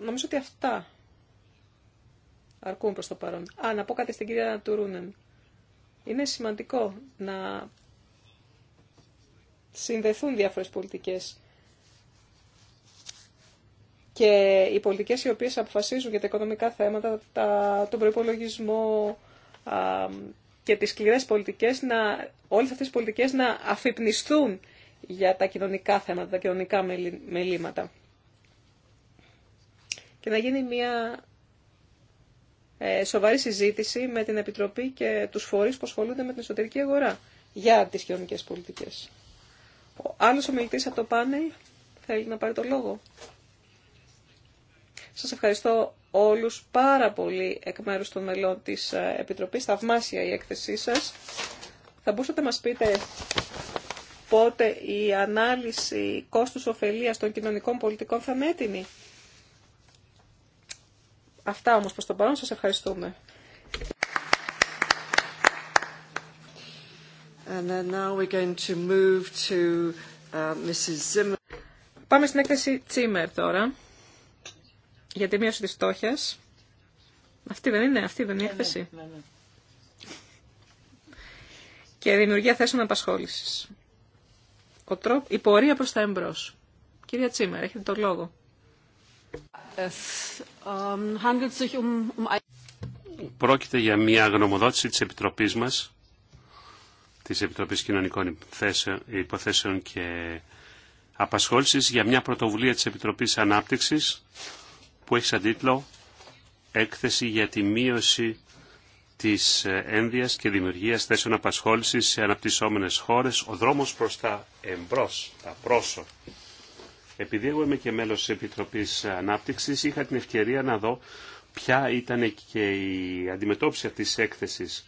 Νομίζω ότι αυτά αρκούν προς το παρόν. Α, να πω κάτι στην κυρία Τουρούνεν. Είναι σημαντικό να συνδεθούν διάφορες πολιτικές και οι πολιτικές οι οποίες αποφασίζουν για τα οικονομικά θέματα, τα, τον προϋπολογισμό, και τις σκληρές πολιτικές, να, όλες αυτές τις πολιτικές να αφυπνιστούν για τα κοινωνικά θέματα, τα κοινωνικά μελήματα. Και να γίνει μια ε, σοβαρή συζήτηση με την Επιτροπή και τους φορείς που ασχολούνται με την εσωτερική αγορά για τις κοινωνικές πολιτικές. Ο άλλος ομιλητής από το πάνελ θέλει να πάρει το λόγο. Σας ευχαριστώ όλους πάρα πολύ εκ μέρους των μελών της ε, Επιτροπής. Θαυμάσια η έκθεσή σας. Θα μπορούσατε να μας πείτε πότε η ανάλυση κόστους ωφελίας των κοινωνικών πολιτικών θα είναι έτοιμη. Αυτά όμως προς τον παρόν. Σας ευχαριστούμε. Πάμε στην έκθεση Τσίμερ τώρα για τη μείωση της στόχιας. Αυτή δεν είναι, αυτή δεν είναι η ναι, ναι, έκθεση. Ναι, και δημιουργία θέσεων απασχόλησης. Ο η πορεία προς τα εμπρός. Κυρία Τσίμερ, έχετε το λόγο. Ähm, um, um Πρόκειται για μια γνωμοδότηση της Επιτροπής μας, της Επιτροπής Κοινωνικών Υποθέσεων και Απασχόλησης, για μια πρωτοβουλία της Επιτροπής Ανάπτυξης, που έχει σαν τίτλο «Έκθεση για τη μείωση της ένδυας και δημιουργίας θέσεων απασχόλησης σε αναπτυσσόμενες χώρες, ο δρόμος προς τα εμπρός, τα πρόσω». Επειδή εγώ είμαι και μέλος της Επιτροπής Ανάπτυξης, είχα την ευκαιρία να δω ποια ήταν και η αντιμετώπιση αυτής της έκθεσης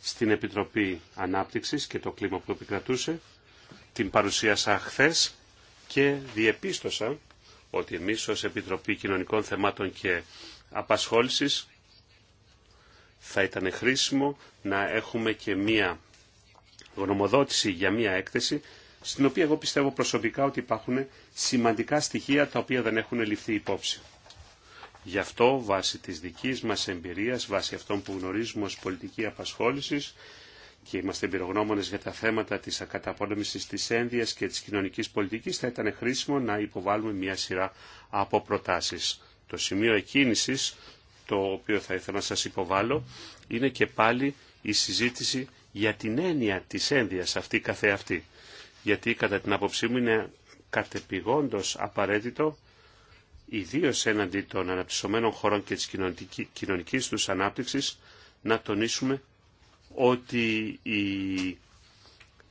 στην Επιτροπή Ανάπτυξης και το κλίμα που επικρατούσε. Την παρουσίασα χθε και διεπίστωσα ότι εμείς ως Επιτροπή Κοινωνικών Θεμάτων και Απασχόλησης θα ήταν χρήσιμο να έχουμε και μία γνωμοδότηση για μία έκθεση στην οποία εγώ πιστεύω προσωπικά ότι υπάρχουν σημαντικά στοιχεία τα οποία δεν έχουν ληφθεί υπόψη. Γι' αυτό, βάσει της δικής μας εμπειρίας, βάσει αυτών που γνωρίζουμε ως πολιτική απασχόλησης, και είμαστε εμπειρογνώμονες για τα θέματα της ακαταπόλεμησης της ένδυας και της κοινωνικής πολιτικής, θα ήταν χρήσιμο να υποβάλουμε μια σειρά από προτάσεις. Το σημείο εκκίνησης, το οποίο θα ήθελα να σας υποβάλω, είναι και πάλι η συζήτηση για την έννοια της ένδυας αυτή καθεαυτή. Γιατί κατά την άποψή μου είναι κατεπηγόντως απαραίτητο ιδίω έναντι των αναπτυσσομένων χωρών και της κοινωνικής του ανάπτυξης, να τονίσουμε ότι η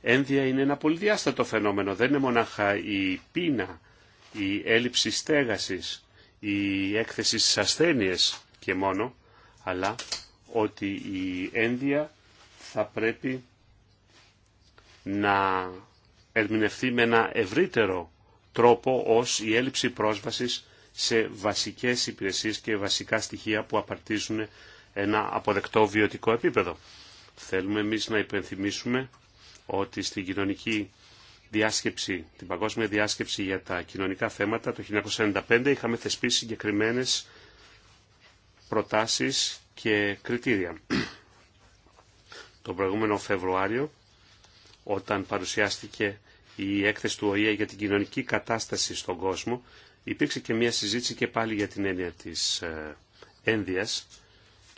ένδια είναι ένα πολυδιάστατο φαινόμενο. Δεν είναι μονάχα η πείνα, η έλλειψη στέγασης, η έκθεση στις ασθένειες και μόνο, αλλά ότι η ένδια θα πρέπει να ερμηνευτεί με ένα ευρύτερο τρόπο ως η έλλειψη πρόσβασης σε βασικές υπηρεσίες και βασικά στοιχεία που απαρτίζουν ένα αποδεκτό βιωτικό επίπεδο. Θέλουμε εμείς να υπενθυμίσουμε ότι στην κοινωνική διάσκεψη, την παγκόσμια διάσκεψη για τα κοινωνικά θέματα το 1995 είχαμε θεσπίσει συγκεκριμένε προτάσεις και κριτήρια. Το προηγούμενο Φεβρουάριο όταν παρουσιάστηκε η έκθεση του ΟΗΕ για την κοινωνική κατάσταση στον κόσμο υπήρξε και μια συζήτηση και πάλι για την έννοια της ε, ένδυας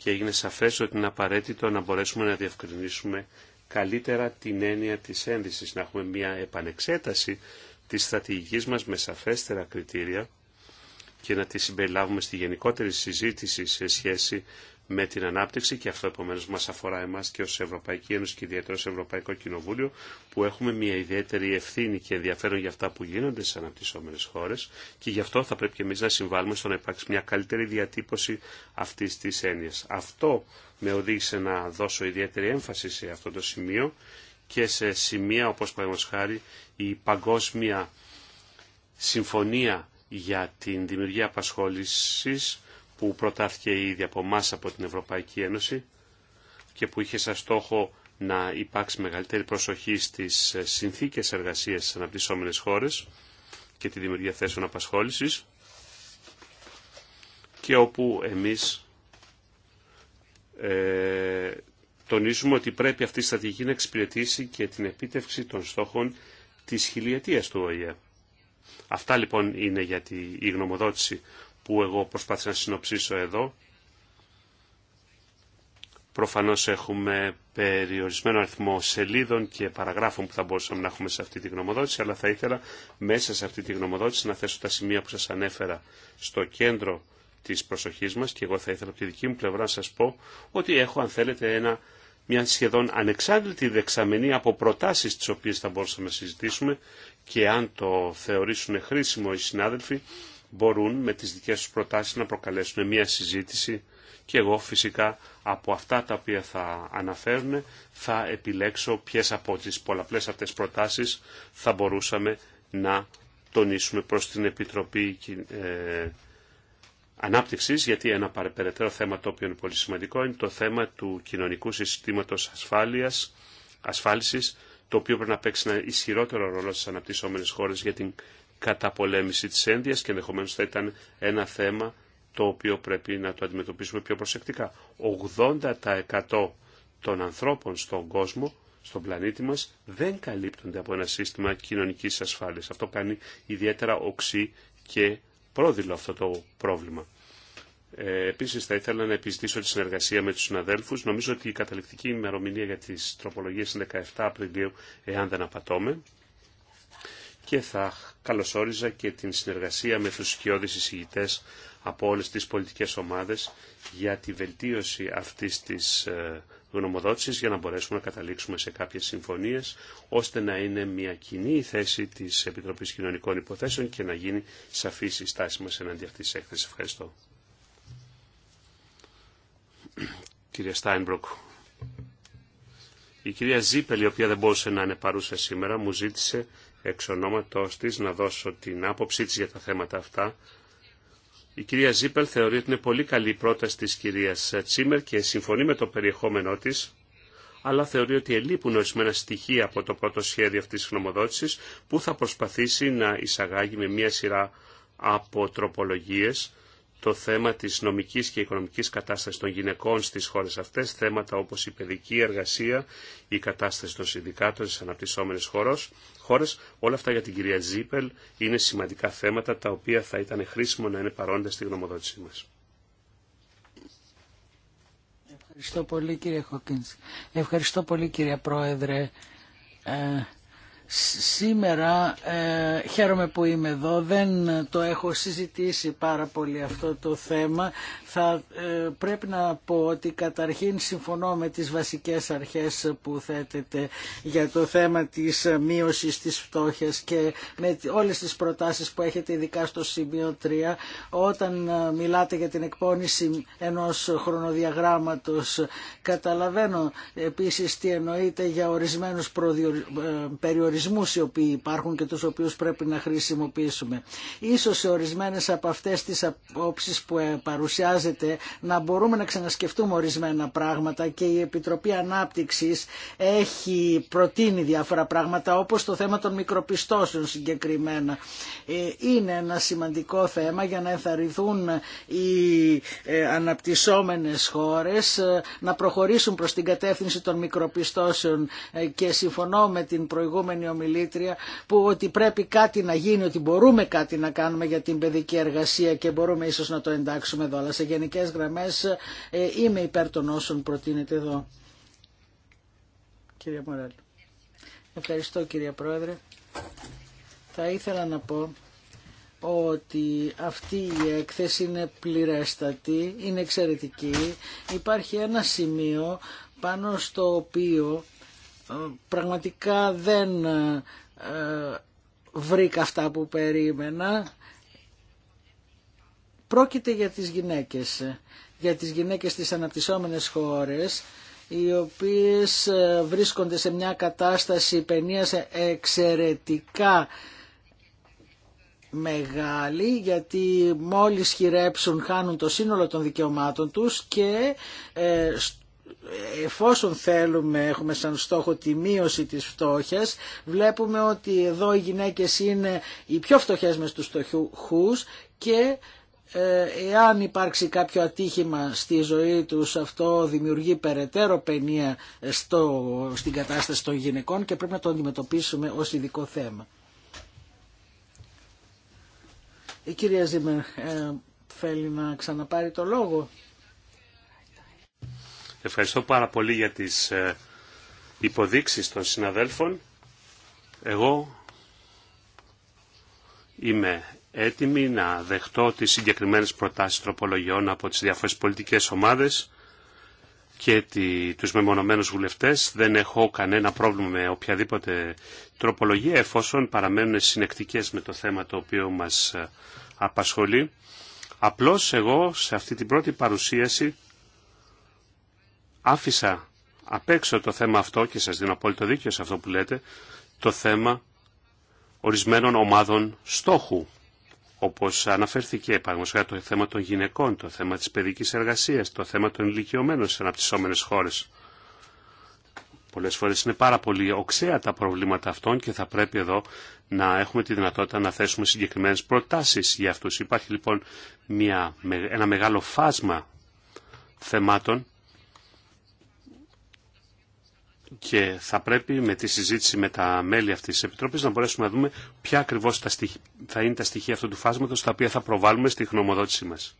και έγινε σαφές ότι είναι απαραίτητο να μπορέσουμε να διευκρινίσουμε καλύτερα την έννοια της ένδυσης, να έχουμε μια επανεξέταση της στρατηγικής μας με σαφέστερα κριτήρια και να τη συμπεριλάβουμε στη γενικότερη συζήτηση σε σχέση με την ανάπτυξη και αυτό επομένω μα αφορά εμά και ω Ευρωπαϊκή Ένωση και ιδιαίτερα ω Ευρωπαϊκό Κοινοβούλιο, που έχουμε μια ιδιαίτερη ευθύνη και ενδιαφέρον για αυτά που γίνονται στι αναπτυσσόμενε χώρε και γι' αυτό θα πρέπει και εμεί να συμβάλλουμε στο να υπάρξει μια καλύτερη διατύπωση αυτή τη έννοια. Αυτό με οδήγησε να δώσω ιδιαίτερη έμφαση σε αυτό το σημείο και σε σημεία όπως παραδείγματος χάρη η Παγκόσμια Συμφωνία για την Δημιουργία Απασχόλησης που προτάθηκε ήδη από εμά από την Ευρωπαϊκή Ένωση και που είχε σαν στόχο να υπάρξει μεγαλύτερη προσοχή στις ε, συνθήκες εργασίας στις αναπτυσσόμενες χώρες και τη δημιουργία θέσεων απασχόλησης και όπου εμείς ε, τονίζουμε ότι πρέπει αυτή η στρατηγική να εξυπηρετήσει και την επίτευξη των στόχων της χιλιετίας του ΟΗΕ. Αυτά λοιπόν είναι για τη, η γνωμοδότηση που εγώ προσπάθησα να συνοψίσω εδώ. Προφανώς έχουμε περιορισμένο αριθμό σελίδων και παραγράφων που θα μπορούσαμε να έχουμε σε αυτή τη γνωμοδότηση, αλλά θα ήθελα μέσα σε αυτή τη γνωμοδότηση να θέσω τα σημεία που σας ανέφερα στο κέντρο της προσοχής μας και εγώ θα ήθελα από τη δική μου πλευρά να σας πω ότι έχω αν θέλετε ένα, μια σχεδόν ανεξάρτητη δεξαμενή από προτάσεις τις οποίες θα μπορούσαμε να συζητήσουμε και αν το θεωρήσουν χρήσιμο οι συνάδελφοι μπορούν με τις δικές τους προτάσεις να προκαλέσουν μια συζήτηση και εγώ φυσικά από αυτά τα οποία θα αναφέρουν θα επιλέξω ποιες από τις πολλαπλές αυτές προτάσεις θα μπορούσαμε να τονίσουμε προς την Επιτροπή ε, Ανάπτυξης, γιατί ένα παρεπεραιτέρω θέμα το οποίο είναι πολύ σημαντικό είναι το θέμα του κοινωνικού συστήματος ασφάλειας, ασφάλισης, το οποίο πρέπει να παίξει ένα ισχυρότερο ρόλο στις αναπτυσσόμενες χώρες για την καταπολέμηση της ένδυας και ενδεχομένως θα ήταν ένα θέμα το οποίο πρέπει να το αντιμετωπίσουμε πιο προσεκτικά. 80% των ανθρώπων στον κόσμο, στον πλανήτη μας, δεν καλύπτονται από ένα σύστημα κοινωνικής ασφάλειας. Αυτό κάνει ιδιαίτερα οξύ και πρόδειλο αυτό το πρόβλημα. Ε, επίσης θα ήθελα να επιστήσω τη συνεργασία με τους συναδέλφους. Νομίζω ότι η καταληκτική ημερομηνία για τις τροπολογίες είναι 17 Απριλίου, εάν δεν απατώμε και θα καλωσόριζα και την συνεργασία με τους σκιώδεις εισηγητές από όλες τις πολιτικές ομάδες για τη βελτίωση αυτής της ε, γνωμοδότησης για να μπορέσουμε να καταλήξουμε σε κάποιες συμφωνίες ώστε να είναι μια κοινή θέση της Επιτροπής Κοινωνικών Υποθέσεων και να γίνει σαφής η στάση μας εναντί αυτής της έκθεσης. Ευχαριστώ. Στάινμπροκ, η κυρία Ζήπελ, η οποία δεν μπορούσε να είναι παρούσα σήμερα, μου ζήτησε εξ ονόματος της να δώσω την άποψή της για τα θέματα αυτά. Η κυρία Ζίπελ θεωρεί ότι είναι πολύ καλή η πρόταση της κυρίας Τσίμερ και συμφωνεί με το περιεχόμενό της, αλλά θεωρεί ότι ελείπουν ορισμένα στοιχεία από το πρώτο σχέδιο αυτής της γνωμοδότησης που θα προσπαθήσει να εισαγάγει με μία σειρά από τροπολογίες το θέμα της νομικής και οικονομικής κατάστασης των γυναικών στις χώρες αυτές, θέματα όπως η παιδική εργασία, η κατάσταση των συνδικάτων στις αναπτυσσόμενες χώρες, όλα αυτά για την κυρία Ζίπελ είναι σημαντικά θέματα τα οποία θα ήταν χρήσιμο να είναι παρόντα στη γνωμοδότησή μας. Ευχαριστώ πολύ κύριε Χόκκινς. Ευχαριστώ πολύ κύριε Πρόεδρε. Ε, Σήμερα ε, χαίρομαι που είμαι εδώ, δεν το έχω συζητήσει πάρα πολύ αυτό το θέμα θα ε, πρέπει να πω ότι καταρχήν συμφωνώ με τις βασικές αρχές που θέτεται για το θέμα της μείωσης της φτώχειας και με όλες τις προτάσεις που έχετε ειδικά στο σημείο 3 όταν ε, μιλάτε για την εκπόνηση ενός χρονοδιαγράμματος καταλαβαίνω επίσης τι εννοείται για ορισμένους προδιο... Ε, περιορισμούς οι οποίοι υπάρχουν και τους οποίους πρέπει να χρησιμοποιήσουμε. Ίσως σε ορισμένες από αυτές τις απόψεις που παρουσιάζει χρειάζεται να μπορούμε να ξανασκεφτούμε ορισμένα πράγματα και η Επιτροπή Ανάπτυξης έχει προτείνει διάφορα πράγματα όπως το θέμα των μικροπιστώσεων συγκεκριμένα. Ε, είναι ένα σημαντικό θέμα για να ενθαρρυνθούν οι ε, αναπτυσσόμενες χώρες ε, να προχωρήσουν προς την κατεύθυνση των μικροπιστώσεων και συμφωνώ με την προηγούμενη ομιλήτρια που ότι πρέπει κάτι να γίνει, ότι μπορούμε κάτι να κάνουμε για την παιδική εργασία και μπορούμε ίσως να το εντάξουμε εδώ. σε γενικές γραμμές ε, είμαι υπέρ των όσων προτείνεται εδώ. Κυρία Μοράλη. Ευχαριστώ κυρία Πρόεδρε. Θα ήθελα να πω ότι αυτή η έκθεση είναι πληρέστατη, είναι εξαιρετική. Υπάρχει ένα σημείο πάνω στο οποίο ε, πραγματικά δεν ε, βρήκα αυτά που περίμενα Πρόκειται για τις γυναίκες, για τις γυναίκες στις αναπτυσσόμενες χώρες, οι οποίες ε, βρίσκονται σε μια κατάσταση παινίας εξαιρετικά μεγάλη γιατί μόλις χειρέψουν χάνουν το σύνολο των δικαιωμάτων τους και ε, εφόσον θέλουμε, έχουμε σαν στόχο τη μείωση της φτώχειας, βλέπουμε ότι εδώ οι γυναίκες είναι οι πιο φτωχές μες τους φτωχούς και ε, εάν υπάρξει κάποιο ατύχημα στη ζωή τους αυτό δημιουργεί περαιτέρω παινία στο, στην κατάσταση των γυναικών και πρέπει να το αντιμετωπίσουμε ως ειδικό θέμα. Η κυρία Ζήμερ ε, θέλει να ξαναπάρει το λόγο. Ευχαριστώ πάρα πολύ για τις ε, υποδείξεις των συναδέλφων. Εγώ είμαι έτοιμοι να δεχτώ τις συγκεκριμένες προτάσεις τροπολογιών από τις διάφορες πολιτικές ομάδες και τη, τους μεμονωμένους βουλευτές. Δεν έχω κανένα πρόβλημα με οποιαδήποτε τροπολογία εφόσον παραμένουν συνεκτικές με το θέμα το οποίο μας ε, απασχολεί. Απλώς εγώ σε αυτή την πρώτη παρουσίαση άφησα απ' έξω το θέμα αυτό και σας δίνω απόλυτο δίκιο σε αυτό που λέτε, το θέμα ορισμένων ομάδων στόχου όπως αναφέρθηκε επαγγελματικά το θέμα των γυναικών, το θέμα της παιδικής εργασίας, το θέμα των ηλικιωμένων σε αναπτυσσόμενες χώρες. Πολλές φορές είναι πάρα πολύ οξέα τα προβλήματα αυτών και θα πρέπει εδώ να έχουμε τη δυνατότητα να θέσουμε συγκεκριμένες προτάσεις για αυτούς. Υπάρχει λοιπόν μια, ένα μεγάλο φάσμα θεμάτων και θα πρέπει με τη συζήτηση με τα μέλη αυτής της Επιτροπής να μπορέσουμε να δούμε ποια ακριβώς θα είναι τα στοιχεία αυτού του φάσματος τα οποία θα προβάλλουμε στη χνομοδότησή μας.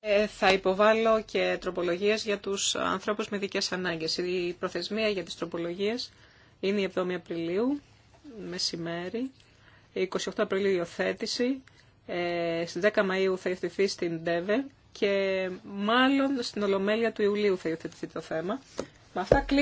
Ε, θα υποβάλω και τροπολογίες για τους ανθρώπους με δικές ανάγκες. Η προθεσμία για τις τροπολογίες είναι η 7η Απριλίου, μεσημέρι, 28 Απριλίου η οθέτηση, ε, στις 10 Μαΐου θα ευθυθεί στην ΤΕΒΕ και μάλλον στην Ολομέλεια του Ιουλίου θα υιοθετηθεί το θέμα.